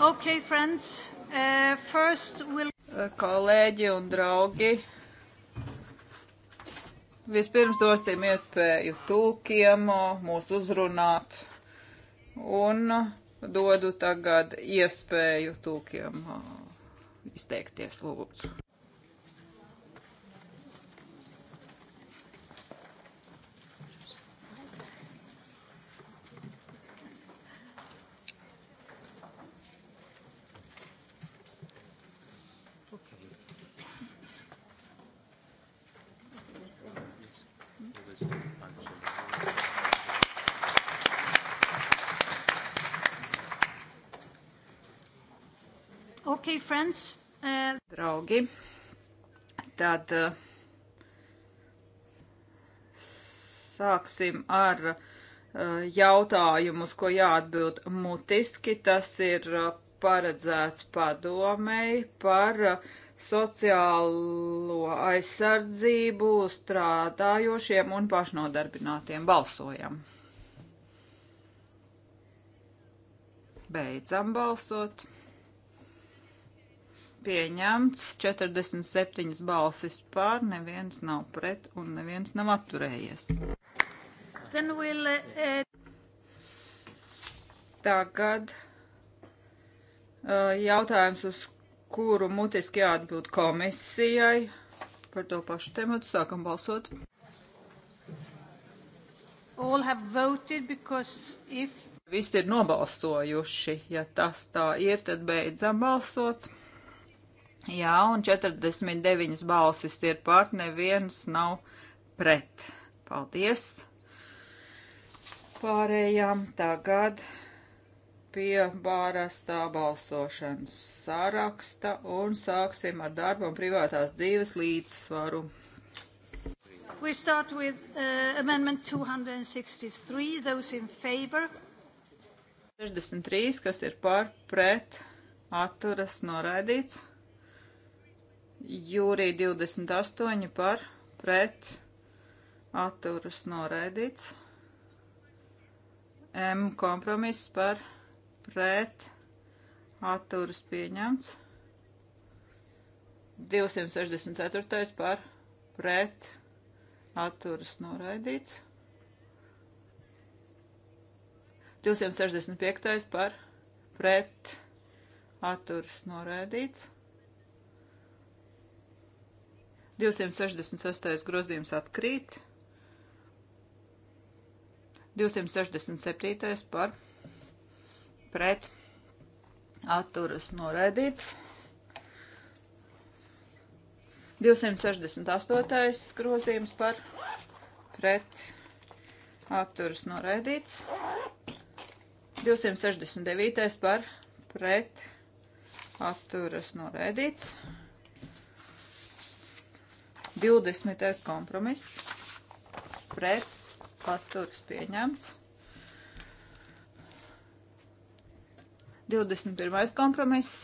Okay, friends. Uh, first we'll... Uh, kolēģi un draugi, vispirms dosim iespēju tulkiem uh, mūs uzrunāt un uh, dodu tagad iespēju tulkiem izteikties lūdzu. draugi. Tad uh, sāksim ar uh, jautājumus, ko jāatbild mutiski. Tas ir uh, paredzēts padomei par sociālo aizsardzību strādājošiem un pašnodarbinātiem. Balsojam! Beidzam balsot! pieņemts 47 balsis pār, neviens nav pret un neviens nav atturējies. We'll, uh... Tagad uh, jautājums, uz kuru mutiski jāatbild komisijai par to pašu tematu. Sākam balsot. All have voted because if... Visi ir nobalstojuši. Ja tas tā ir, tad beidzam balsot. Jā, un 49 balsis ir par, neviens nav pret. Paldies! Pārējām tagad pie bārastā balsošanas saraksta un sāksim ar darbu un privātās dzīves līdzsvaru. We start with uh, amendment 263, those in favor. 63, kas ir par, pret, atturas, noraidīts. Jūrī 28 par pret atturas noraidīts. M kompromiss par pret atturas pieņemts. 264 par pret atturas noraidīts. 265 par pret atturas noraidīts. 268. grozījums atkrīt. 267. par pret atturas noraidīts. 268. grozījums par pret atturas noraidīts. 269. par pret atturas noraidīts. 20. kompromiss pret atturas pieņemts. 21. kompromiss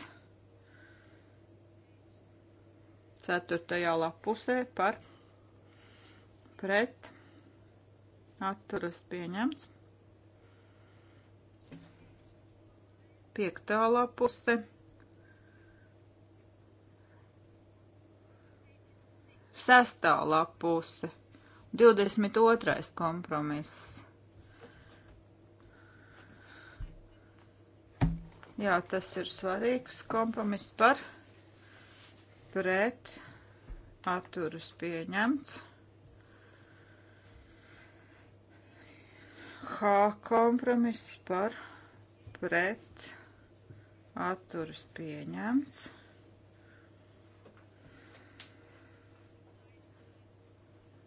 4. lapusē par pret atturas pieņemts. 5. lapuse Sestā lapuse. 22. kompromiss. Jā, tas ir svarīgs kompromiss par pret atturus pieņemts. H kompromiss par pret atturus pieņemts.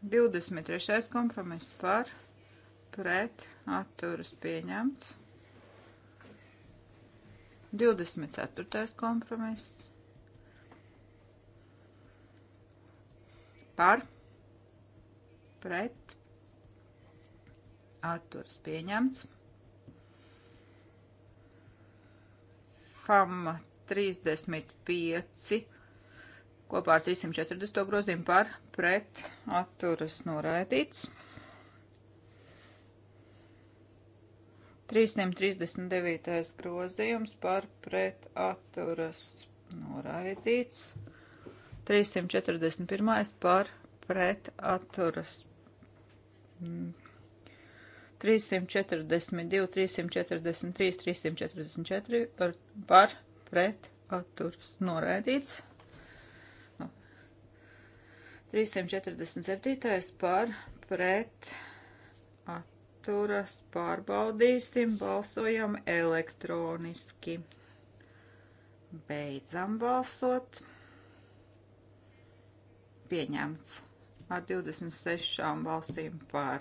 23. kompromiss par pret atturas pieņemts. 24. kompromiss par pret atturas pieņemts. FAM 35 kopā ar 340. grozījumu par pret atturas noraidīts. 339. grozījums par pret atturas noraidīts. 341. par pret atturas. 342, 343, 344 par pret atturas noraidīts. 347. par pret atturas pārbaudīsim, balsojam elektroniski. Beidzam balsot. Pieņemts ar 26 balsīm par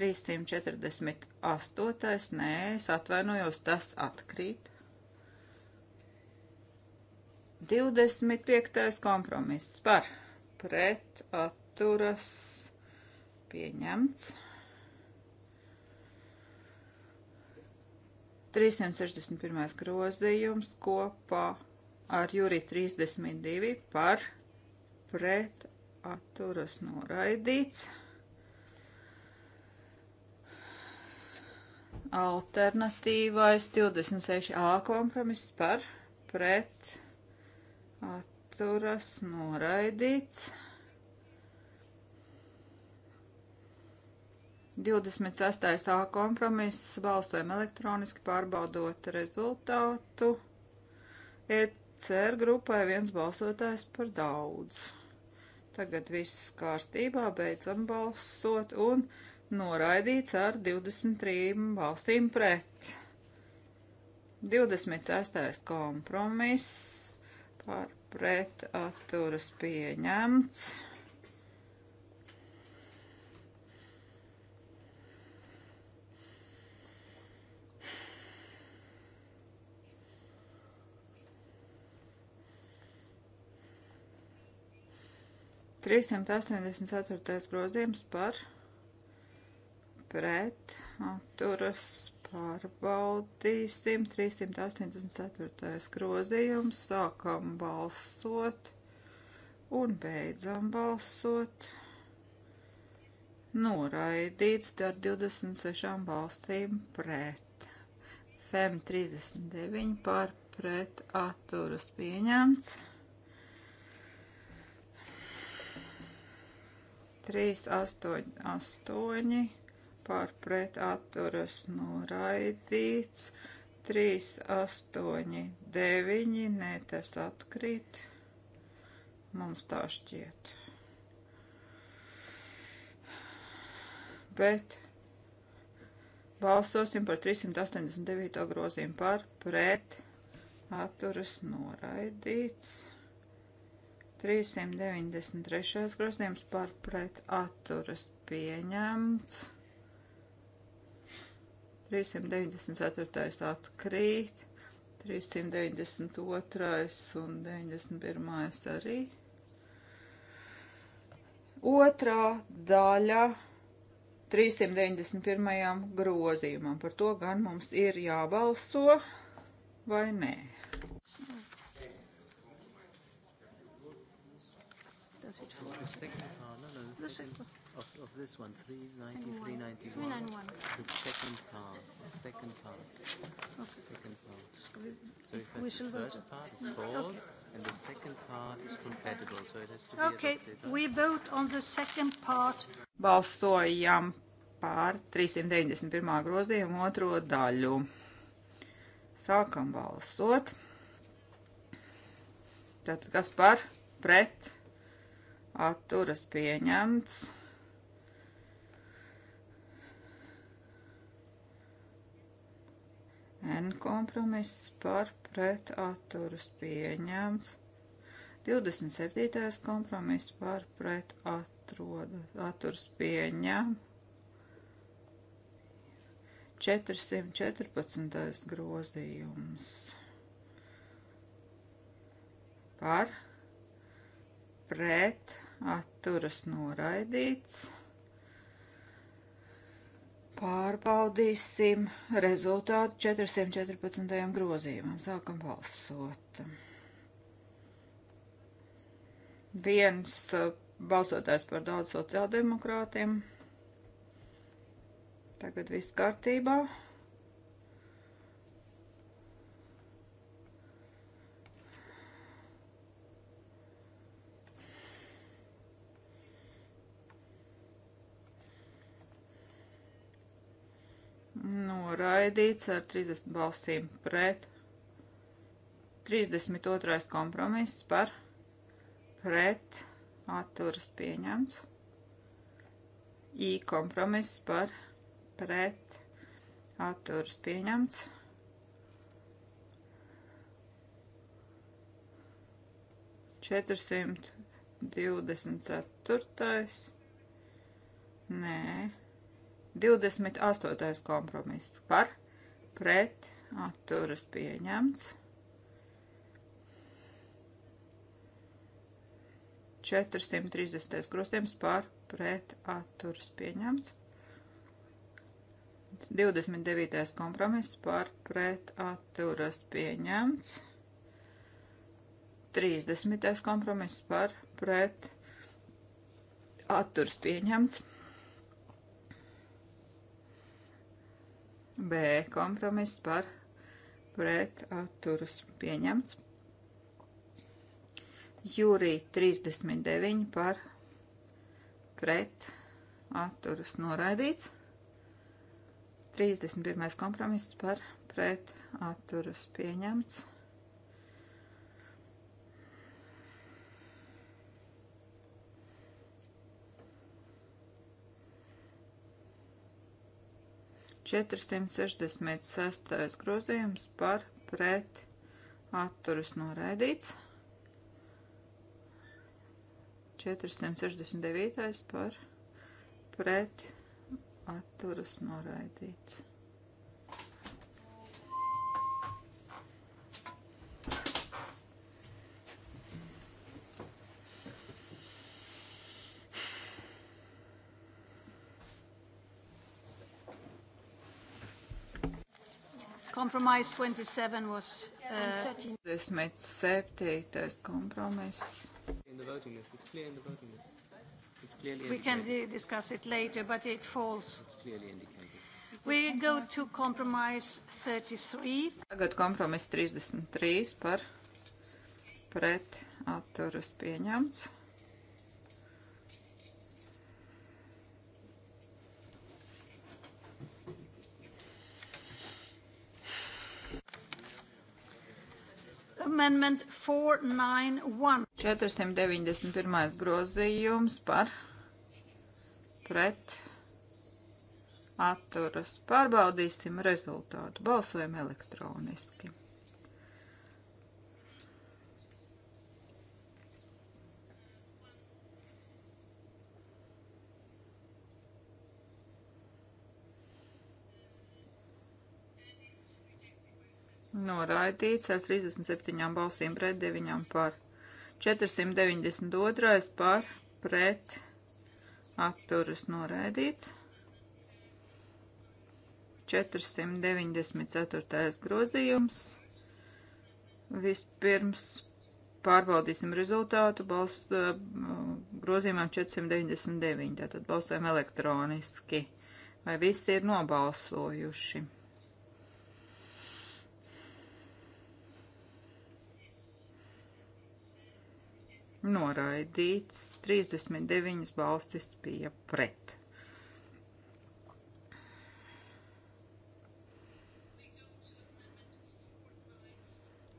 348. Nē, es atvainojos, tas atkrīt. 25. kompromiss par pret atturas pieņemts. 361. grozījums kopā ar Juri 32 par pret atturas noraidīts. Alternatīvais 26a kompromiss par pret atturas atturas noraidīts. 26. A kompromiss balsojam elektroniski pārbaudot rezultātu. ECR grupai viens balsotājs par daudz. Tagad viss kārtībā, beidzam balsot un noraidīts ar 23 balsīm pret. 26. kompromiss par pret atturas pieņemts. Trīsimt astoņdesmit ceturtais grozījums par pret atturas Pārbaudīsim 384. grozījums, sākam balsot un beidzam balsot. Noraidīts ar 26 balstīm pret. FEM 39 par pret atturus pieņemts. 3, 8, 8 par pret atturas noraidīts. 3, 8, 9, nē, tas atkrīt. Mums tā šķiet. Bet balsosim par 389. grozījumu par pret atturas noraidīts. 393. grozījums par pret atturas pieņemts. 394. atkrīt, 392. un 91. arī. Otrā daļa 391. grozījumam. Par to gan mums ir jābalso vai nē. Does it fall? The second, oh, no, no, the second of, of this one, 390, 391. 391. The second part, the second part, okay. second part. So if we the first vote. part is false, okay. and the second part is compatible, so it has to be Okay, adopted. we vote on the second part. Balsojam pār 391. grozījumu otro daļu. Sākam balsot. Tātad kas par pret atturas pieņemts. N kompromiss par pret atturas pieņemts. 27. kompromiss par pret atroda, atturas pieņemts. 414. grozījums par pret atturas noraidīts. Pārbaudīsim rezultātu 414. grozījumam. Sākam balsot. Viens eh, balsotājs par daudz sociāldemokrātiem. Tagad viss kārtībā. noraidīts ar 30 balsīm pret. 32. kompromiss par pret atturas pieņemts. I kompromiss par pret atturas pieņemts. Četrsimt divdesmit ceturtais. Nē. 28. kompromiss par pret atturas pieņemts. 430. grozījums par pret atturas pieņemts. 29. kompromiss par pret atturas pieņemts. 30. kompromiss par pret atturas pieņemts. B kompromiss par pret atturus pieņemts. Jūrī 39 par pret atturus noraidīts. 31. kompromiss par pret atturus pieņemts. 466. grozījums par pret atturas noraidīts. 469. par pret atturas noraidīts. Compromise 27 was uh, 37. kompromiss. In the voting list, it's clear in the voting list. It's clearly indicated. We can discuss it later, but it falls. It's clearly indicated. We go to compromise 33. Tagad kompromiss 33 par pret atturas pieņemts. Amendment 491. 491. grozījums par pret atturas. Pārbaudīsim rezultātu. Balsojam elektroniski. noraidīts ar 37 balsīm pret 9 par 492 par pret atturas noraidīts. 494. grozījums. Vispirms pārbaudīsim rezultātu balst, grozījumam 499. Tātad balsojam elektroniski. Vai visi ir nobalsojuši? noraidīts, 39 balstis bija pret.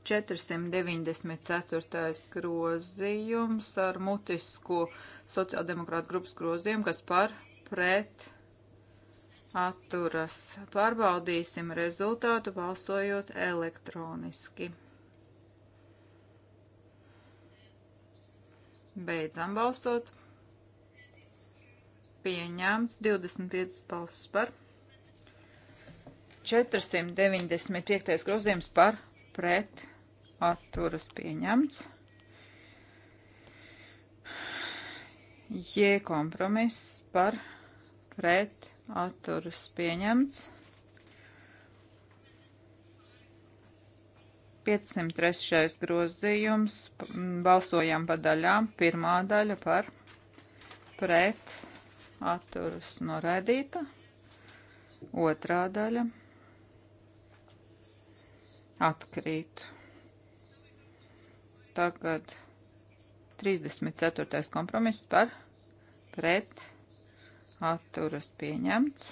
Četrsimt deviņdesmit ceturtais grozījums ar mutisko sociāldemokrātu grupas grozījumu, kas par pret atturas. Pārbaudīsim rezultātu balsojot elektroniski. Beidzam balsot. Pieņemts 25 balsis par. 495. grozījums par pret atturas pieņemts. J kompromiss par pret atturas pieņemts. 503. grozījums. Balsojam pa daļām. Pirmā daļa par pret atturas noraidīta. Otrā daļa atkrīt. Tagad 34. kompromiss par pret atturas pieņemts.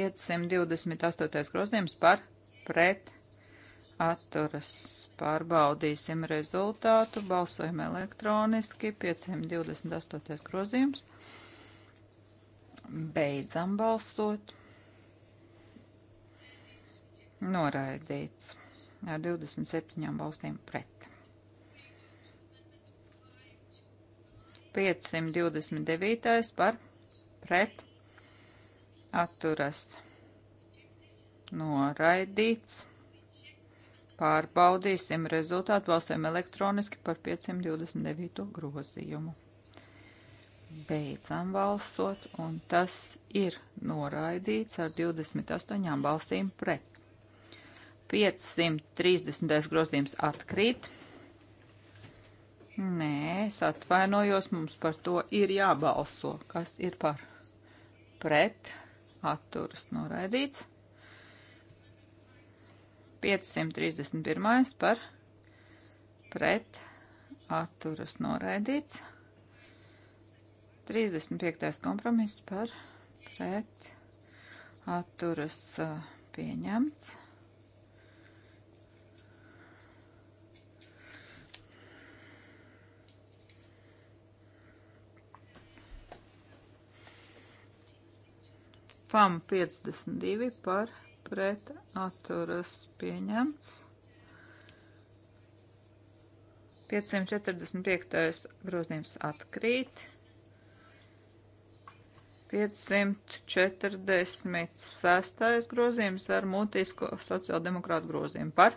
528. grozījums par pret atturas. Pārbaudīsim rezultātu. Balsojam elektroniski. 528. grozījums. Beidzam balsot. Noraidīts ar 27 balstīm pret. 529. par pret atturas noraidīts. Pārbaudīsim rezultātu balsēm elektroniski par 529. grozījumu. Beidzam balsot, un tas ir noraidīts ar 28 balsīm pret. 530. grozījums atkrīt. Nē, es atvainojos, mums par to ir jābalso. Kas ir par pret? atturas noraidīts. 531. par pret atturas noraidīts. 35. kompromiss par pret atturas uh, pieņemts. FAM 52 par pret atturas pieņemts. 545. grozījums atkrīt. 546. grozījums ar mutisko sociāldemokrātu grozījumu par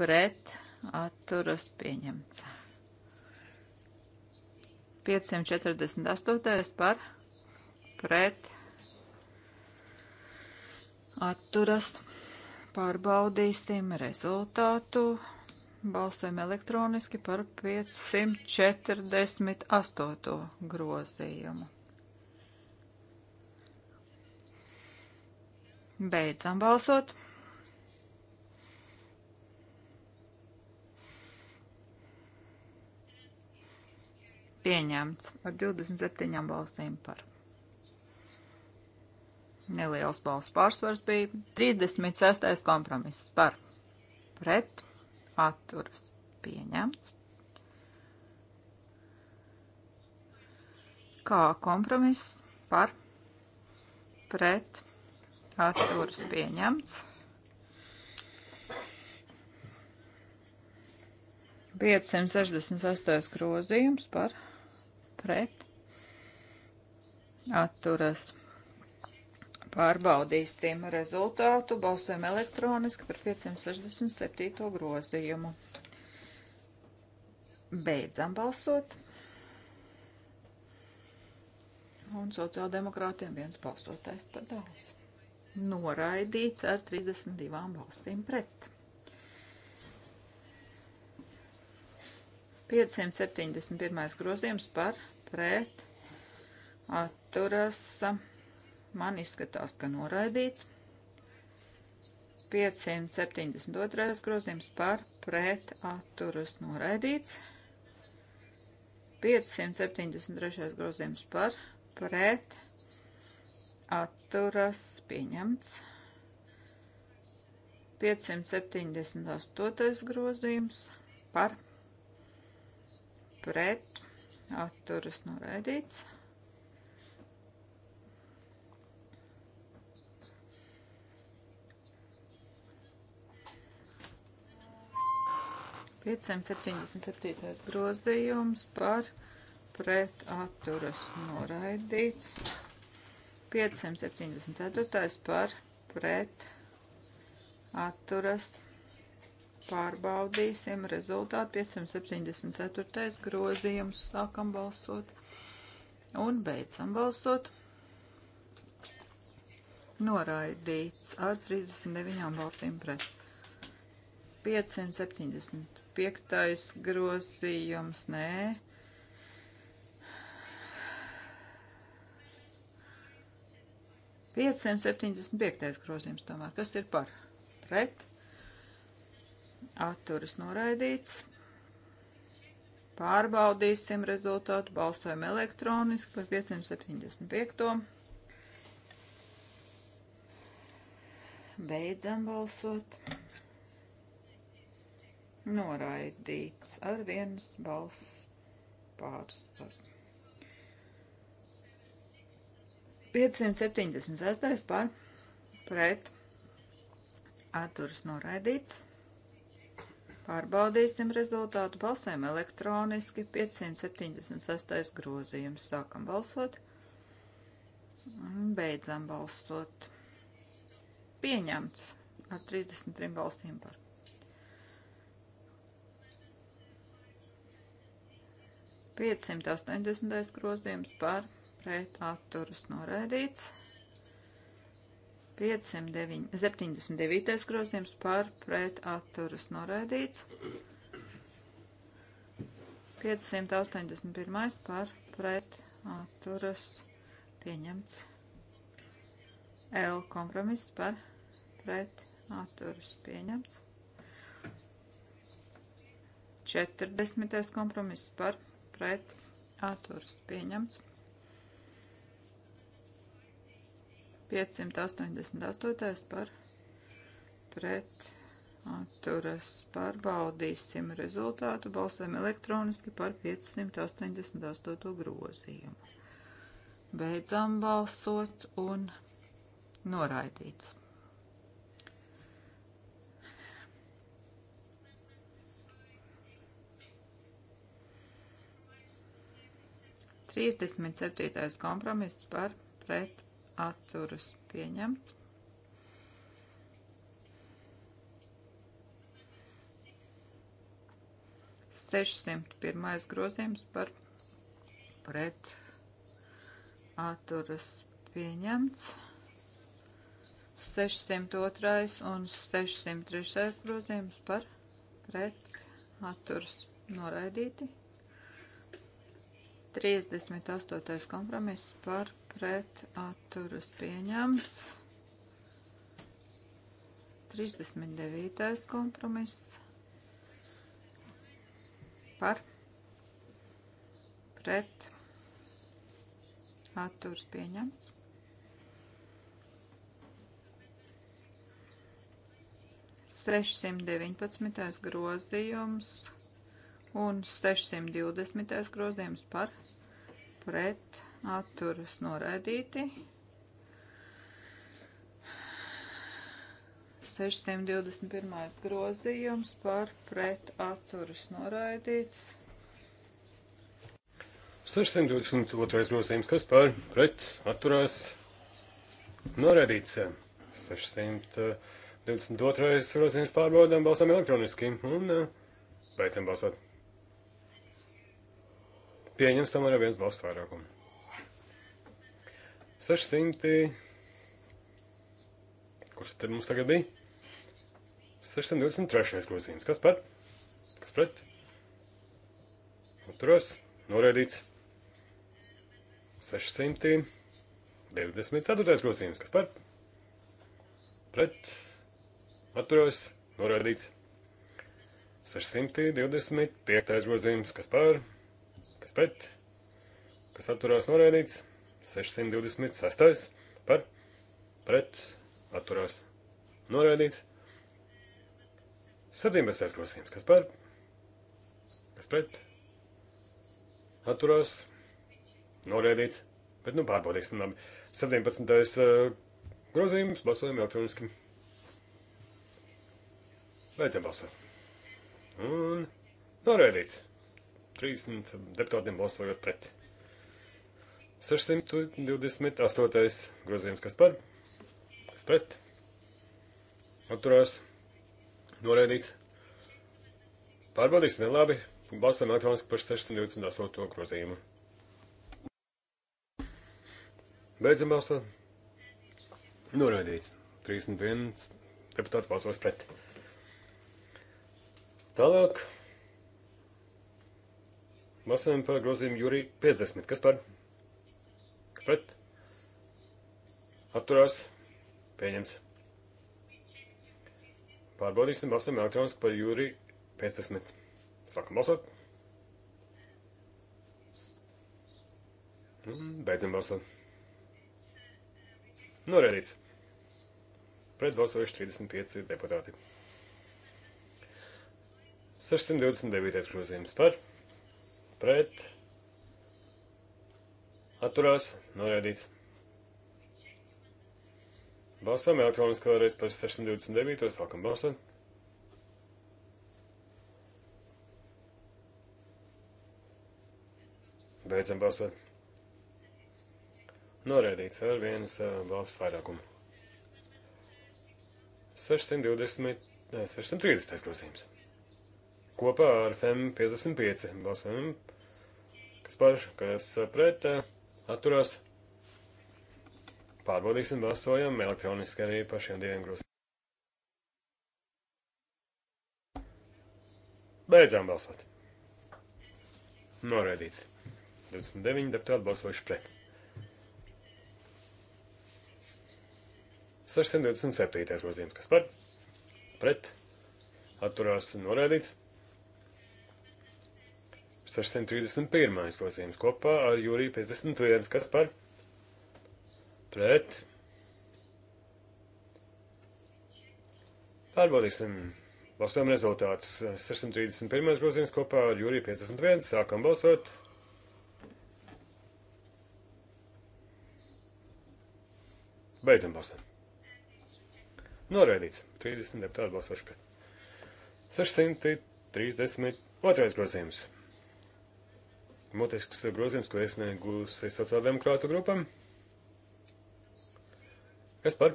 pret atturas pieņemts. 548. par pret atturas. Pārbaudīsim rezultātu. Balsojam elektroniski par 548. grozījumu. Beidzam balsot. Pieņemts ar 27 balsīm par. Neliels balss pārsvars bija. 36. kompromiss par pret atturas pieņemts. Kā kompromiss par pret atturas pieņemts. 568. grozījums par pret atturas pieņemts Pārbaudīsim rezultātu. Balsojam elektroniski par 567. grozījumu. Beidzam balsot. Un sociāldemokrātiem viens balsotais par daudz. Noraidīts ar 32 balsīm pret. 571. grozījums par pret atturas atturas Man izskatās, ka noraidīts. 572. grozījums par pret atturus noraidīts. 573. grozījums par pret atturas pieņemts. 578. grozījums par pret atturas noraidīts. 577. grozījums par pret atturas noraidīts. 574. par pret atturas pārbaudīsim rezultātu. 574. grozījums sākam balsot un beidzam balsot. Noraidīts ar 39 balsīm pret 570 piektais grozījums, nē. Pieciem septiņdesmit piektais grozījums tomēr. Kas ir par? Pret. Atturas noraidīts. Pārbaudīsim rezultātu. Balsojam elektroniski par 575. Beidzam balsot noraidīts ar vienas balss pārsvaru. 576. par pret atturas noraidīts. Pārbaudīsim rezultātu. Balsojam elektroniski. 576. grozījums. Sākam balsot. Beidzam balsot. Pieņemts ar 33 balsīm par 580. grozījums par pret atturas noraidīts. 579. grozījums par pret atturas noraidīts. 581. par pret atturas pieņemts. L kompromiss par pret atturas pieņemts. 40. kompromiss par pret pret atturas pieņemts. 588 par pret atturas pārbaudīsim rezultātu. Balsojam elektroniski par 588 grozījumu. Beidzam balsot un noraidīts. 37. kompromiss par pret atturus pieņemts. 601. grozījums par pret atturas pieņemts. 602. un 603. grozījums par pret atturas noraidīti. 604. 38. kompromiss par pret atturas pieņemts. 39. kompromiss par pret atturas pieņemts. 619. grozījums un 620. grozījums par pret atturas noraidīti. 621. grozījums par pret atturas noraidīts. 622. grozījums, kas par pret atturās noraidīts. 622. grozījums pārbaudām balsām elektroniski un eh, beidzam balsot. Pieņems tomēr viens balsts vairākumu. 600. Kurš tad mums tagad bija? 623. grozījums. Kas par? Kas pret? Atturās. Noraidīts. 600. 24. grozījums. Kas par? Pret. Atturās. Noraidīts. 625. grozījums. Kas par? kas pret, kas atturās noraidīts, 626. par, pret, atturās noraidīts, 17. grozījums, kas par, kas pret, atturās noraidīts, bet nu pārbaudīsim labi. 17. Eh, grozījums, balsojam elektroniski. Beidzam balsot. Un noraidīts. 30 deputātiem balsojot pret. 628. grozījums, kas par, kas pret, atturās, noraidīts. Pārbaudīsim, vien labi, balsojam elektroniski par 628. grozījumu. Beidzam balsot. Noraidīts. 31 deputāts balsos pret. Tālāk. Balsojam par grozījumu Jurī 50. Kas par? Kas pret? Atturās. Pieņems. Pārbaudīsim balsojumu elektroniski par Jurī 50. Sākam balsot. Beidzam balsot. Norēdīts. Pret balsojuši 35 deputāti. 629. grozījums par pret, atturās, norēdīts. Balsojam elektroniski vēlreiz par 629. Sākam balsot. Beidzam balsot. Norēdīts ar vienas balsas vairākumu. 620, ne, 630 grozījums. Kopā ar FEM 55 balsojam Kas par, kas pret, eh, atturās. Pārbaudīsim, balsojam elektroniski arī par šiem diviem grūstiem. Beidzām balsot. Noraidīts. 29 deputāti balsojuši pret. 627. grozījums, kas par? Pret. Atturās noraidīts. 631. grozījums kopā ar Jūriju 51. Kas par? Pret. Pārbaudīsim balsojumu rezultātus. 631. grozījums kopā ar Jūriju 51. Sākam balsot. Beidzam balsot. Noraidīts. 30 deputāti balsoši pret. 632. grozījums mutisks grozījums, ko iesniegusi sociāldemokrātu grupam. Kas par?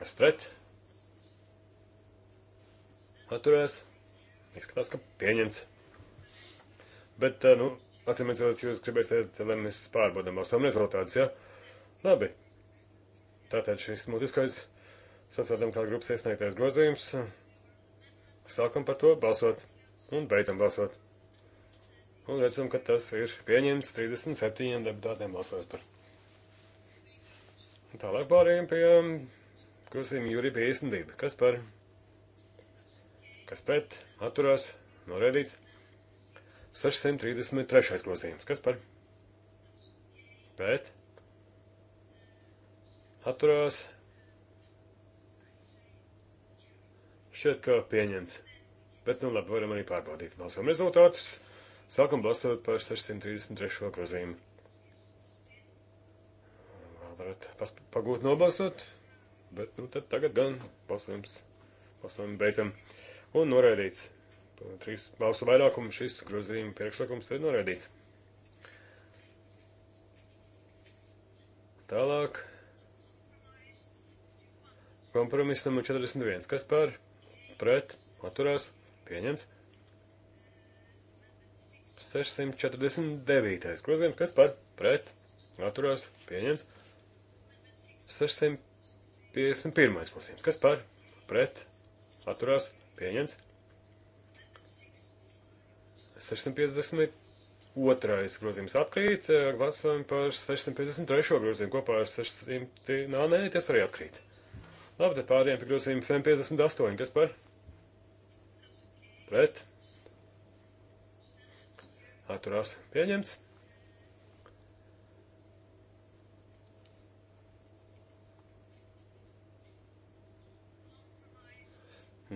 Kas pret? Atturējās. Izskatās, ka pieņemts. Bet, eh, nu, atsimēcot, jūs gribēsiet, lai mēs pārbaudām ar savam rezultātus, ja? Labi. Tātad šis mutiskais sociāldemokrāta grupas iesniegtais grozījums. Sākam par to balsot un beidzam balsot. Un redzam, ka tas ir pieņemts 37 deputātiem balsojot par. Tālāk pārējiem pie grozījuma jūri 52. Kas par? Kas pret? Atturās? Norēdīts? 633. grozījums. Kas par? Pret? Atturās? Šķiet, ka pieņemts. Bet nu labi, varam arī pārbaudīt balsojuma rezultātus. Sākam balsot par 633. grozījumu. Vēl varat pagūt nobalsot, bet nu tad tagad gan balsojums, balsojumu beidzam. Un noraidīts. Trīs balsu vairākumu šis grozījuma priekšlikums ir noraidīts. Tālāk. Kompromiss numur 41. Kas par? Pret? Atturās? Pieņemts? 649. grozījums, kas par pret atturās pieņems. 651. grozījums, kas par pret atturās pieņems. 652. grozījums atkrīt, eh, balsojam par 653. grozījumu kopā ar 600. Nā, nē, tas arī atkrīt. Labi, tad pārējiem pie grozījuma 558. kas par pret atturās pieņems atturās pieņemts.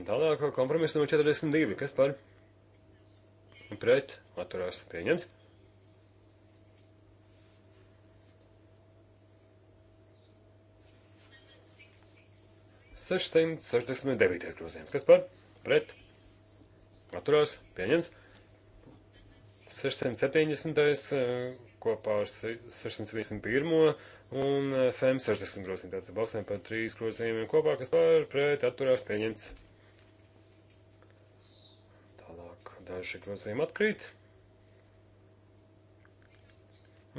Tālāk kompromiss numur 42, kas par pret atturās pieņemts. Sešsimt sešdesmit devītais grozījums, kas par pret atturās pieņemts. 670. Eh, kopā ar 651. un FM 60 grozīm. Tātad balsēm par trīs grozījumiem kopā, kas par pret atturās pieņemts. Tālāk daži grozījumi atkrīt.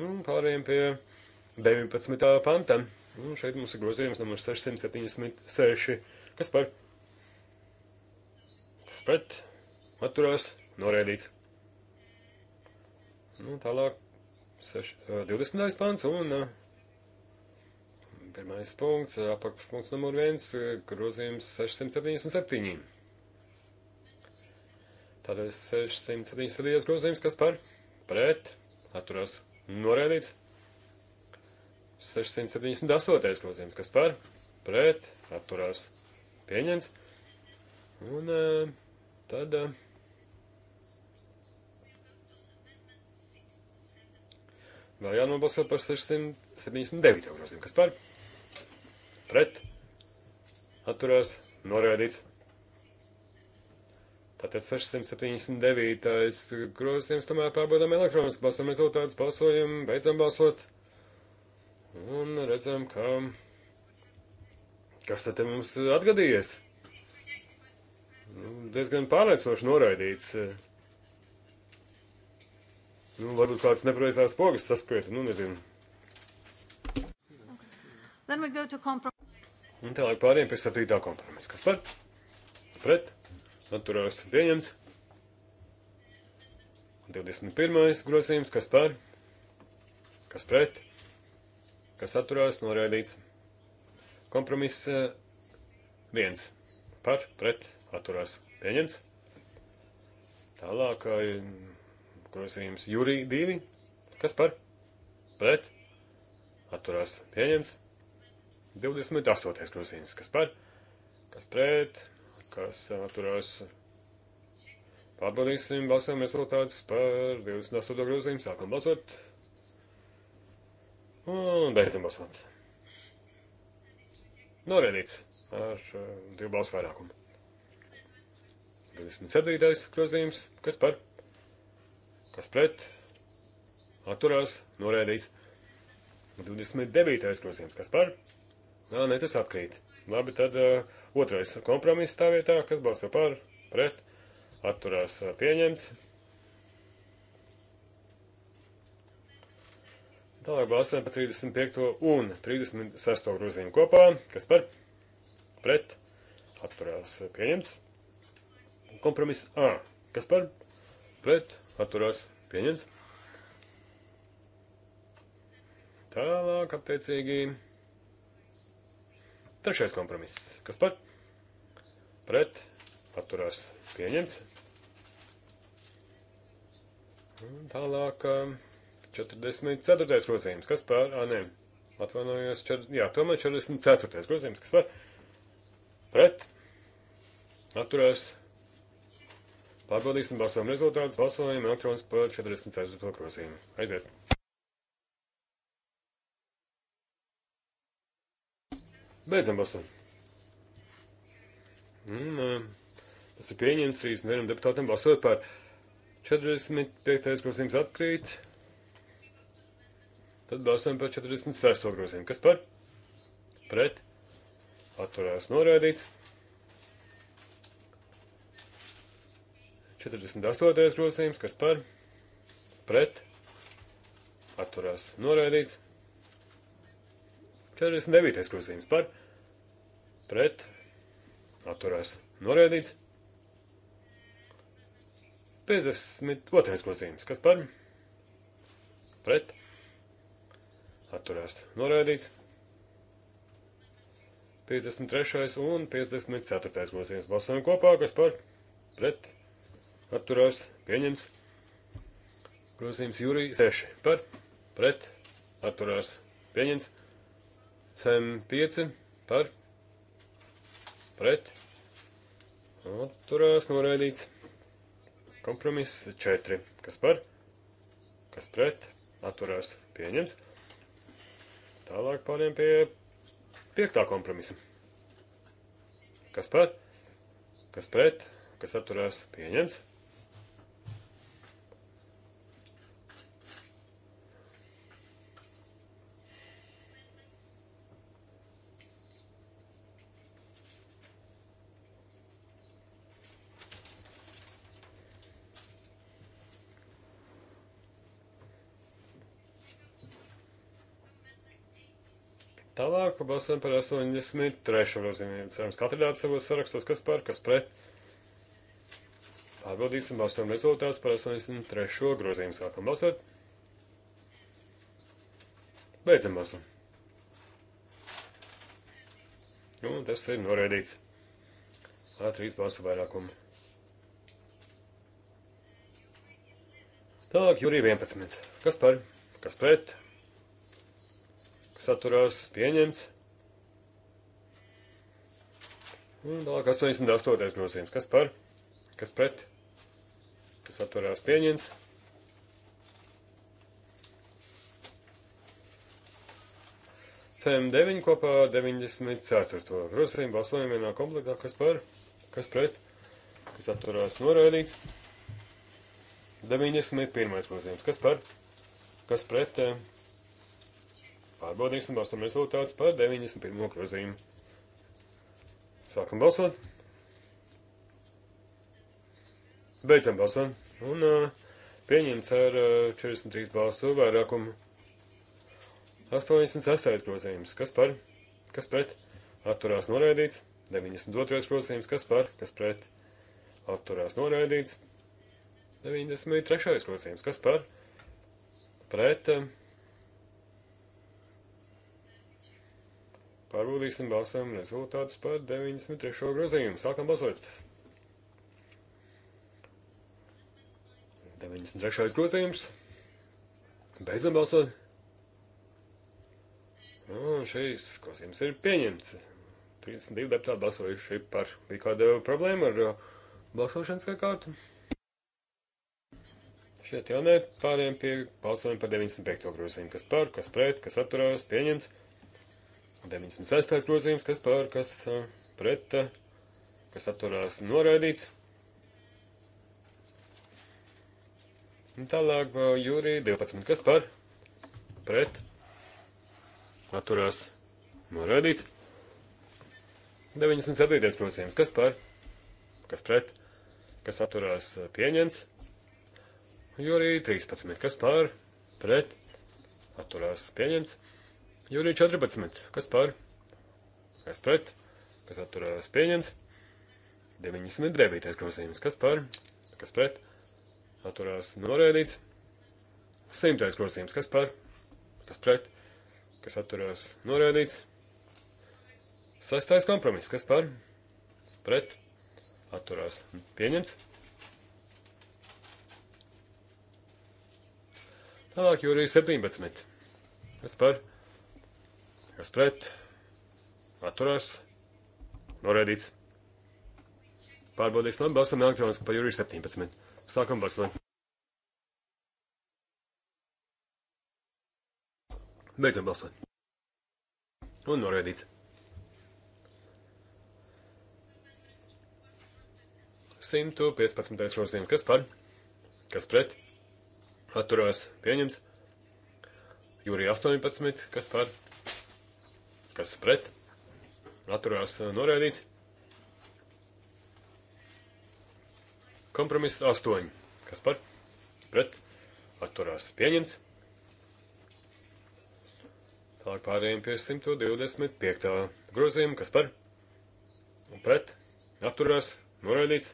Un pārējiem pie 19. panta. Un šeit mums ir grozījums numur 676, kas par, kas pret atturās norēdīts. Nu, tālāk, seš, 20. pants un pirmais punkts, apakšpunkts numur viens, grozījums 677. Tātad 677. grozījums, kas par pret, atturās norēdīts. 678. grozījums, kas par pret, atturās pieņemts. Un tad. Uh, Vēl jānobalso par 679 grozījumu. Kas par? Pret. Atturās. Noraidīts. Tātad 679. grozījums tomēr pārbaudām elektronisku balsojumu rezultātus, balsojumu, beidzam balsot. Un redzam, ka... Kas tad te mums atgadījies? Nu, diezgan pārliecinoši noraidīts. Nu, varbūt kāds nepareizās pogas saspieta, nu nezinu. Un tālāk pāriem pie septītā kompromisa. Kas par? Pret? Atturās pieņemts. 21. grozījums. Kas par? Kas pret? Kas atturās? Noraidīts. Kompromiss eh, viens. Par? Pret? Atturās pieņemts. Tālāk grozījums Jurī 2. Kas par? Pret. Atturās pieņems. 28. grozījums. Kas par? Kas pret? Kas atturās? Pārbaudīsim balsojumu rezultātus par 28. grozījumu. Sākam balsot. Un beidzam balsot. Norēdīts ar uh, divu balsu vairākumu. 27. grozījums. Kas par? Kas pret? Atturās, norēdīts. 29. grozījums. Kas par? Nā, ne, tas atkrīt. Labi, tad uh, otrais kompromiss tā vietā, kas balso par, pret, atturās uh, pieņemts. Tālāk balsojam par 35. un 36. grozījumu kopā, kas par, pret, atturās uh, pieņemts. Kompromiss A, kas par, pret, atturās pieņemts atturās pieņemts. Tālāk, attiecīgi, trešais kompromiss. Kas par? Pret, atturās pieņemts. Un tālāk, 44. grozījums. Kas par? Ā, nē, atvainojos. Čer... Jā, tomēr 44. grozījums. Kas par? Pret, atturās pieņemts Pārbaudīsim balsojumu rezultātus. Balsojam elektroniski par 44. grozījumu. Aiziet! Beidzam balsojumu. Un, mm, tas ir pieņemts. 31 deputātiem balsot par 45. grozījums atkrīt. Tad balsojam par 46. grozījumu. Kas par? Pret. Atturās noraidīts. 48. grozījums, kas par pret atturās noraidīts. 49. grozījums par pret atturās noraidīts. 52. grozījums, kas par pret atturās noraidīts. 53. un 54. grozījums balsojam kopā, kas par pret atturās noraidīts atturās pieņems. Grozījums jūrī 6 par pret atturās pieņems. Fem 5 par pret atturās noraidīts. Kompromiss 4. Kas par? Kas pret? Atturās pieņems. Tālāk pāriem pie piektā kompromisa. Kas par? Kas pret? Kas atturās pieņems. Balsojam par 83. grozījumu. Cerams, kandidāts savos sarakstos, kas par, kas pret. Pārbaudīsim balsojumu rezultātus par 83. grozījumu. Sākam balsot. Beidzam balsojumu. Un tas ir noraidīts. A3 balsu vairākumu. Tālāk, Jurija 11. Kas par? Kas pret? Kas atturās? Pieņemts. Un tālāk 88. grozījums. Kas par? Kas pret? Kas atturējās pieņemts? FM9 kopā 94. grozījumu balsojam vienā komplektā. Kas par? Kas pret? Kas atturējās noraidīts? 91. grozījums. Kas par? Kas pret? Pārbaudīsim balsojumu rezultātus par 91. grozījumu. Sākam balsot. Beidzam balsot. Un uh, pieņemts ar uh, 43 balsu vairākumu. 86. grozījums. Kas par? Kas pret? Atturās noraidīts. 92. grozījums. Kas par? Kas pret? Atturās noraidīts. 93. grozījums. Kas par? Pret. Uh, Pārbaudīsim balsojumu rezultātus par 93. grozījumu. Sākam balsot! 93. grozījums. Beidzam balsot. Un šīs grozījums ir pieņemts. 32 deputāti balsojuši par. Bija kāda problēma ar uh, balsošanas kārtu? Šeit jau ne pārējiem pie balsojuma par 95. grozījumu. Kas par, kas pret, kas atturās, pieņemts. 96. grozījums, kas pār, kas pret, kas atturās noraidīts. Un tālāk jūrī 12. kas pār, pret, atturās noraidīts. 97. grozījums, kas pār, kas pret, kas atturās pieņemts. Jūrī 13. kas pār, pret, atturās pieņemts. Jūrija 14. Kas par? Kas pret? Kas atturējās pieņems? 99. grozījums. Kas par? Kas pret? Atturējās norēdīts. 100. grozījums. Kas par? Kas pret? Kas atturējās norēdīts. 6. kompromiss. Kas par? Pret? Atturējās pieņems. Tālāk jūrija 17. Kas par? Kas pret? Atturās. Noraidīts. Pārbaudīsim, labi, balsam elektroniski pa jūriju 17. Sākam balsot. Beidzam balsot. Un noraidīts. 115. grozījums. Kas par? Kas pret? Atturās. Pieņems. Jūrija 18. Kas par? kas pret, atturās noraidīts. Kompromiss 8, kas par, pret, atturās pieņemts. Tālāk pārējiem pie 125. grozījuma, kas par, un pret, atturās noraidīts.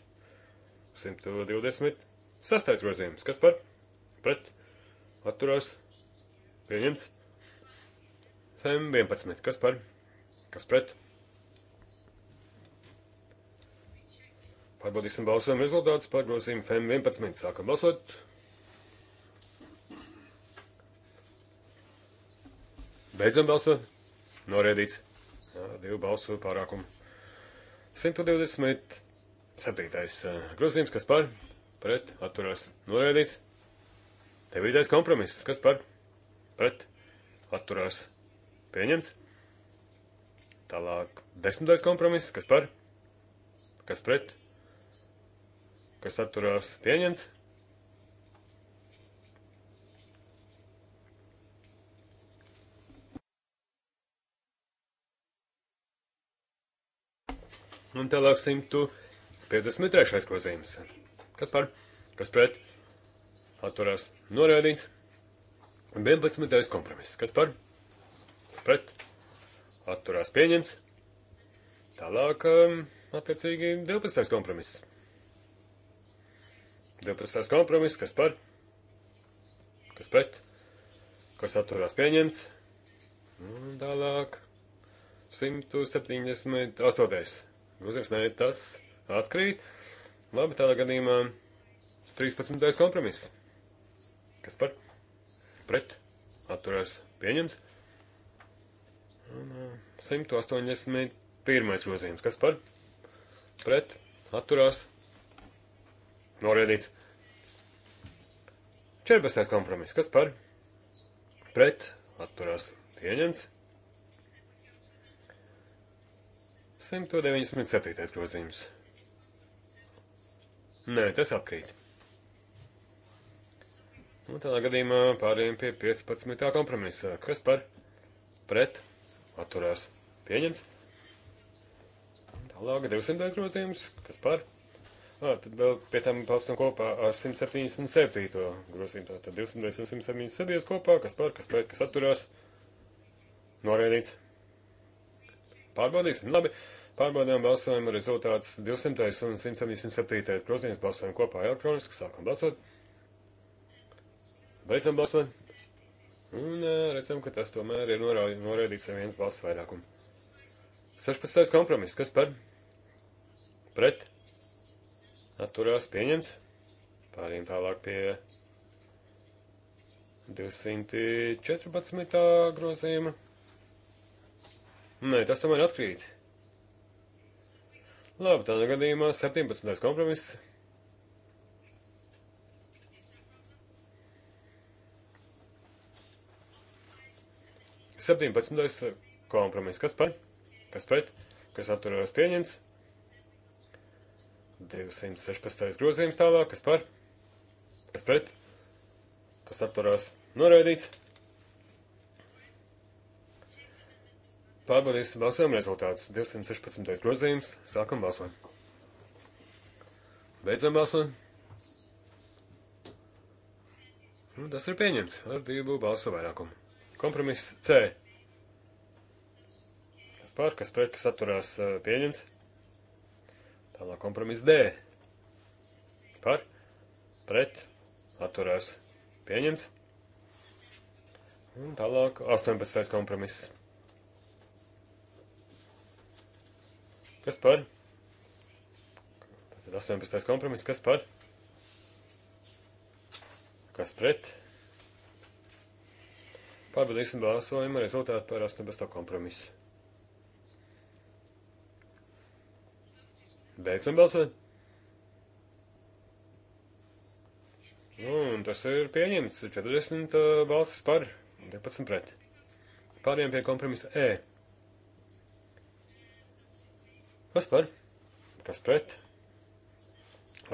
126. grozījums, kas par, pret, atturās pieņemts. FEM 11. Kas par? Kas pret? Pārbaudīsim balsojumu rezultātus par grozījumu FEM 11. Sākam balsot. Beidzam balsot. Norēdīts. Jā, divu balsu pārākumu. 127. grozījums. Kas par? Pret. Atturās. Norēdīts. 9. kompromiss. Kas par? Pret. Atturās. Pieņemts. Tālāk, desmitais kompromiss, kas par, kas pret, kas atturās, pieņemts. Un tālāk 153. grozījums. Kas par, kas pret, atturās, norādīts. 11. kompromiss. Kas par? pret, atturās pieņemts. Tālāk, um, attiecīgi, 12. kompromiss. 12. kompromiss, kas par, kas pret, kas atturās pieņemts. Un tālāk, 178. Grūzījums, nē, tas atkrīt. Labi, tādā gadījumā 13. kompromiss. Kas par? Pret. Atturās pieņemts. Un 181. grozījums. Kas par? Pret. Atturās. Norēdīts. 14. kompromiss. Kas par? Pret. Atturās. Pieņemts. 197. grozījums. Nē, tas atkrīt. Un nu, tādā gadījumā pārējiem pie 15. kompromisa. Kas par? Pret atturās pieņemts. Tālāk 200 grozījums, kas par? Nā, tad vēl pie tam balstam kopā ar 177. grozījumu. Tātad 200 un 177 kopā, kas par, kas pret, kas atturās. Norēdīts. Pārbaudīsim. Labi. Pārbaudām balsojuma rezultātus 200 un 177. grozījums. Balsojam kopā elektroniski. Sākam balsot. Beidzam balsot. Un eh, redzam, ka tas tomēr ir noraidīts ar viens balss vairākumu. 16. kompromiss. Kas par? Pret? Atturās pieņemts. Pārējiem tālāk pie 214. grozījuma. Nē, tas tomēr atkrīt. Labi, tādā gadījumā 17. kompromiss 17. kompromiss. Kas par? Kas pret? Kas atturējās pieņemts? 216. grozījums tālāk. Kas par? Kas pret? Kas atturējās noraidīts? Pārbaudīsim balsojumu rezultātus. 216. grozījums. Sākam balsot. Beidzam balsot. Nu, tas ir pieņemts ar divu balsu vairākumu. Kompromiss C. Kas par, kas pret, kas atturās pieņemts. Tālāk kompromiss D. Par, pret, atturās pieņemts. Un tālāk 18. kompromiss. Kas par? Tad 18. kompromiss, kas par? Kas pret? Pārbaudīsim balsojumu rezultātu par 18. kompromisu. Beidzam balsot. Nu, un tas ir pieņemts. 40 uh, balsis par, 12 pret. Pārējām pie kompromisa E. Kas par? Kas pret?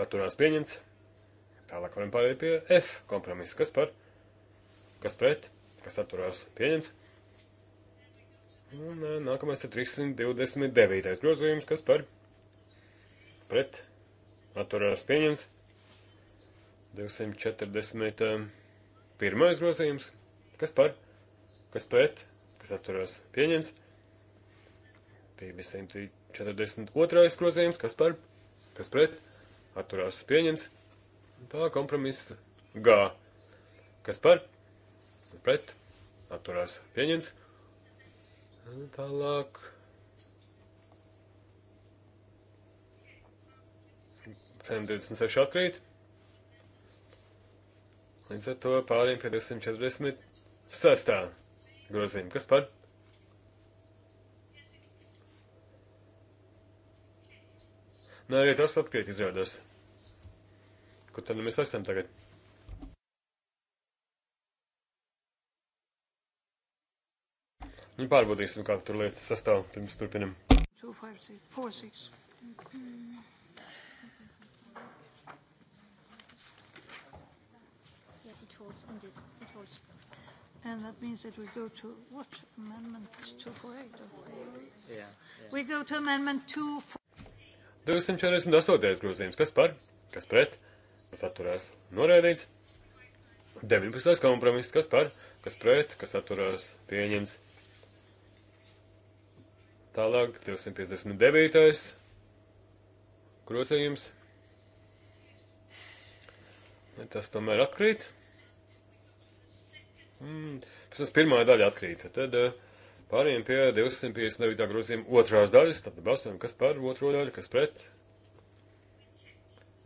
Atturās pieņemts. Tālāk varam pārēt pie F kompromisa. Kas par? Kas pret? kas atturās pieņems. Un eh, nākamais ir 329. grozījums, kas par pret atturās pieņems. 241. Eh, grozījums, kas par, kas pret, kas atturās pieņems. 242. grozījums, kas par, kas pret, atturās pieņems. Tā kompromiss G, kas par, pret, atturās pieņemts. Tālāk. FM 26 atkrīt. Līdz ar to pārējiem pie 246. grozījuma. Kas par? Nē, arī tas atkrīt izrādās. Kur tad nu mēs esam tagad? Nu, pārbaudīsim, kā tur lietas sastāv, pirms turpinam. 2, 5, 6, 4, 6. Yes, it holds, indeed. It holds. And that means that we go to what amendment 248? Yeah, yeah. We go to amendment 248. 248. grozījums. Kas par? Kas pret? Kas atturās? Noraidīts. 19. kompromiss. Kas par? Kas pret? Kas atturās? Pieņemts. Tālāk 259. grozījums. Tas tomēr atkrīt. Mm, Pēc pirmā daļa atkrīt. Tad eh, pārējiem pie 259. grozījuma otrās daļas. Tad balsojam, kas par otro daļu, kas pret.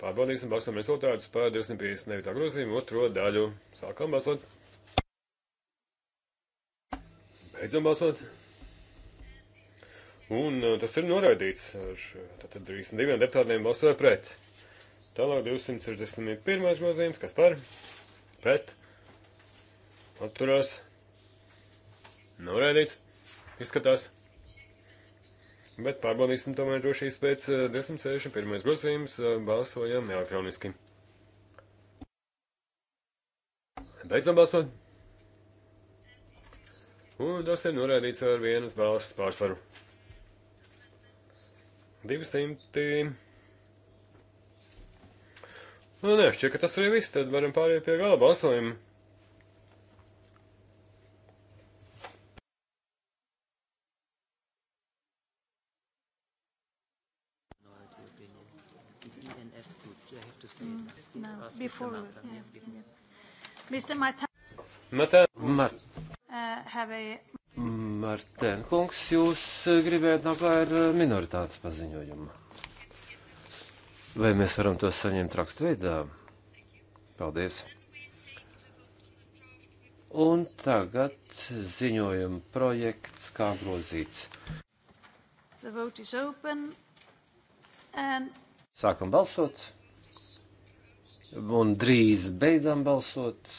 Pārbaudīsim balsojumu rezultātus par 259. grozījumu otro daļu. Sākam balsot. Beidzam balsot. Un uh, tas ir noraidīts ar 32 deputātiem balsoja pret. Tālāk 261. grozījums, kas par? Pret. Atturās. Noraidīts. Izskatās. Bet pārbaudīsim tomēr drošības pēc 261. Uh, grozījums. Uh, balsojam elektroniski. Beidzam balsot. Un tas ir noraidīts ar vienas balsas pārsvaru. 200. Nu, nē, šķiet, ka tas arī viss. Tad varam pāriet pie gala balsojuma. Mm, before. Yeah, yeah. Mr. Matan, Matan. Matan. Uh, have a Martēn, kungs, jūs gribējāt nāk ar eh, minoritātes paziņojumu. Vai mēs varam to saņemt rakstveidā? Paldies! Un tagad ziņojuma projekts kā grozīts. And... Sākam balsot. Un drīz beidzam balsot.